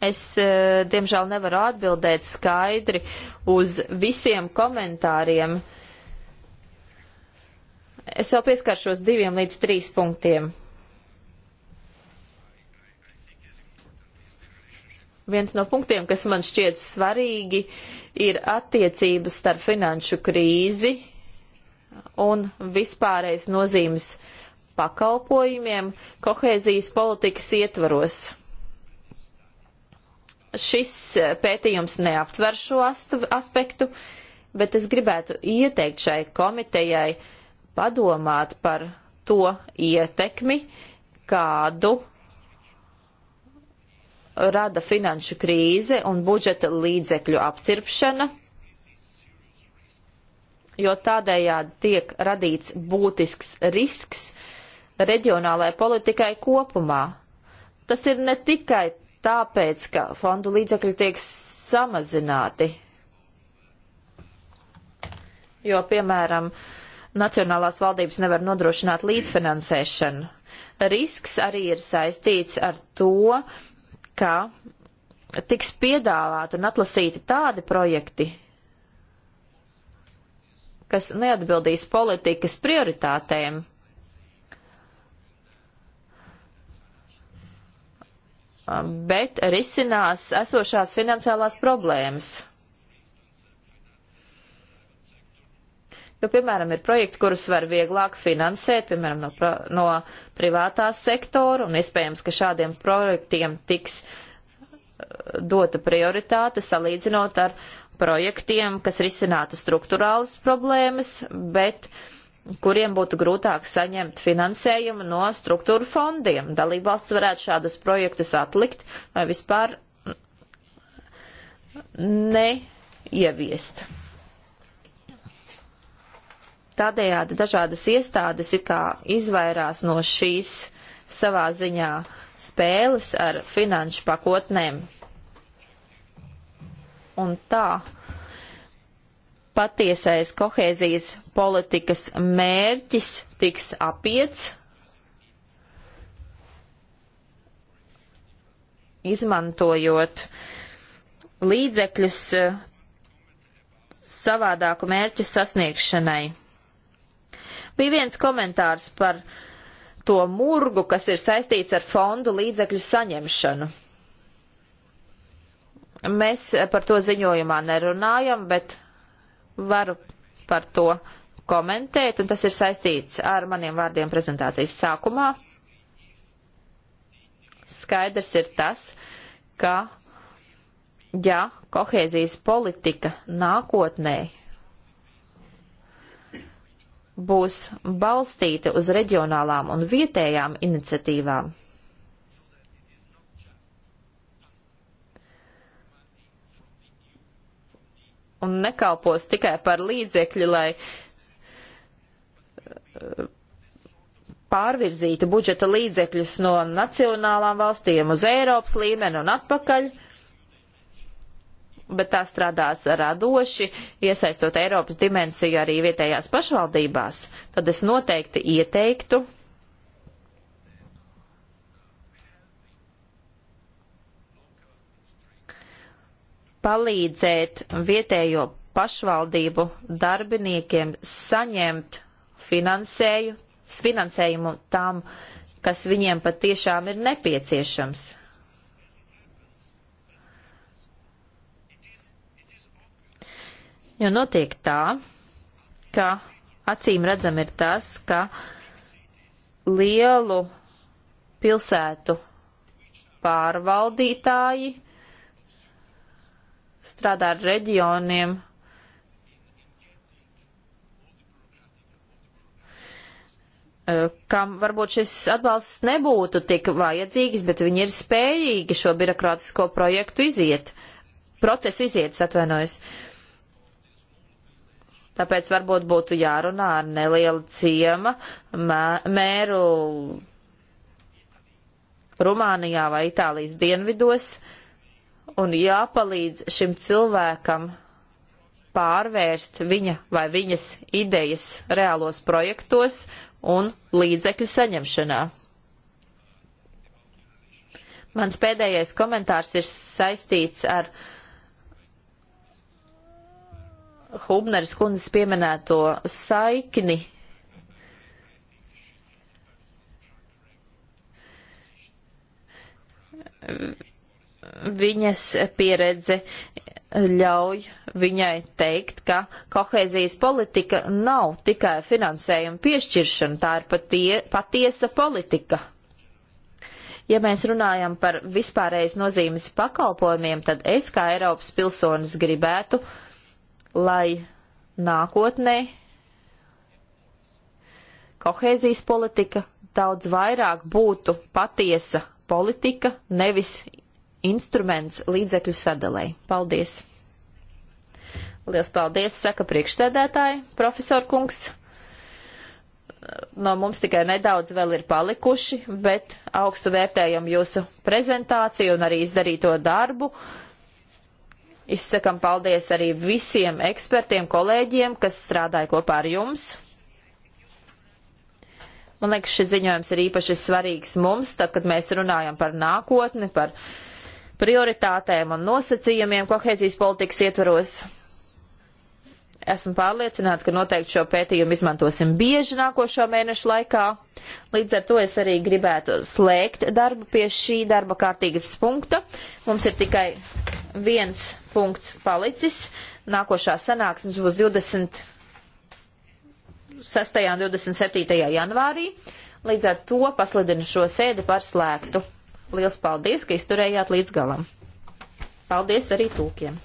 Es, e, diemžēl, nevaru atbildēt skaidri uz visiem komentāriem. Es vēl pieskaršos diviem līdz trīs punktiem. Viens no punktiem, kas man šķiet svarīgi, ir attiecības starp finanšu krīzi un vispārreiz nozīmes pakalpojumiem kohēzijas politikas ietvaros šis eh, pētījums neaptver šo aspektu, bet es gribētu ieteikt šai komitejai padomāt par to ietekmi, kādu rada finanšu krīze un budžeta līdzekļu apcirpšana, jo tādējādi tiek radīts būtisks risks reģionālajai politikai kopumā. Tas ir ne tikai tāpēc, ka fondu līdzekļi tiek samazināti. Jo, piemēram, nacionālās valdības nevar nodrošināt līdzfinansēšanu. Risks arī ir saistīts ar to, ka tiks piedāvāti un atlasīti tādi projekti, kas neatbildīs politikas prioritātēm. bet risinās esošās finansiālās problēmas. Jo, piemēram, ir projekti, kurus var vieglāk finansēt, piemēram, no, no privātā sektora, un iespējams, ka šādiem projektiem tiks eh, dota prioritāte salīdzinot ar projektiem, kas risinātu struktūrālas problēmas, bet uh, kuriem būtu grūtāk saņemt finansējumu no struktūra fondiem. Dalībvalsts varētu šādus projektus atlikt vai vispār neieviest. Tādējādi dažādas iestādes it kā izvairās no šīs savā ziņā spēles ar finanšu pakotnēm. Un tā patiesais kohēzijas politikas mērķis tiks apiets, izmantojot līdzekļus eh, savādāku mērķu sasniegšanai. Bija viens komentārs par to murgu, kas ir saistīts ar fondu līdzekļu saņemšanu. Mēs par to ziņojumā nerunājam, bet varu par to komentēt, un tas ir saistīts ar maniem vārdiem prezentācijas sākumā. Skaidrs ir tas, ka, ja kohēzijas politika nākotnē būs balstīta uz reģionālām un vietējām iniciatīvām, un nekalpos tikai par līdzekļu, lai eh, pārvirzītu budžeta līdzekļus no nacionālām valstīm uz Eiropas līmeni un atpakaļ, bet tā strādās radoši, iesaistot Eiropas dimensiju arī vietējās pašvaldībās, tad es noteikti ieteiktu palīdzēt vietējo pašvaldību darbiniekiem saņemt finansēju, finansējumu tam, kas viņiem patiešām ir nepieciešams. Jo notiek tā, ka acīm redzam ir tas, ka lielu pilsētu pārvaldītāji strādā ar reģioniem. kam varbūt šis atbalsts nebūtu tik vajadzīgs, bet viņi ir spējīgi šo birokrātisko projektu iziet, procesu iziet, atvainojas. Tāpēc varbūt būtu jārunā ar nelielu ciema mēru Rumānijā vai Itālijas dienvidos, uh, un jāpalīdz šim cilvēkam pārvērst viņa vai viņas idejas reālos projektos un līdzekļu saņemšanā. Mans pēdējais komentārs ir saistīts ar Hubneris kundzes pieminēto saikni. Mm viņas pieredze ļauj viņai teikt, ka kohēzijas politika nav tikai finansējuma piešķiršana, tā ir patie, patiesa politika. Ja mēs runājam par vispārējais nozīmes pakalpojumiem, tad es kā Eiropas pilsonis gribētu, lai nākotnē kohēzijas politika daudz vairāk būtu patiesa politika, nevis instruments līdzekļu sadalēji. Paldies! Liels paldies, saka priekšsēdētāji, profesor kungs. No mums tikai nedaudz vēl ir palikuši, bet augstu vērtējam jūsu prezentāciju un arī izdarīto darbu. Izsakam paldies arī visiem ekspertiem, kolēģiem, kas strādāja kopā ar jums. Man liekas, šis ziņojums ir īpaši svarīgs mums, tad, kad mēs runājam par nākotni, par nākotni prioritātēm un nosacījumiem kohēzijas politikas ietvaros. Esmu pārliecināta, ka noteikti šo pētījumu izmantosim bieži nākošo mēnešu laikā. Līdz ar to es arī gribētu slēgt darbu pie šī darba kārtīgas punkta. Mums ir tikai viens punkts palicis. Nākošā sanāksmes būs 26. un 27. janvārī. Līdz ar to pasludinu šo sēdi par slēgtu. Liels paldies, ka izturējāt līdz galam. Paldies arī tūkiem!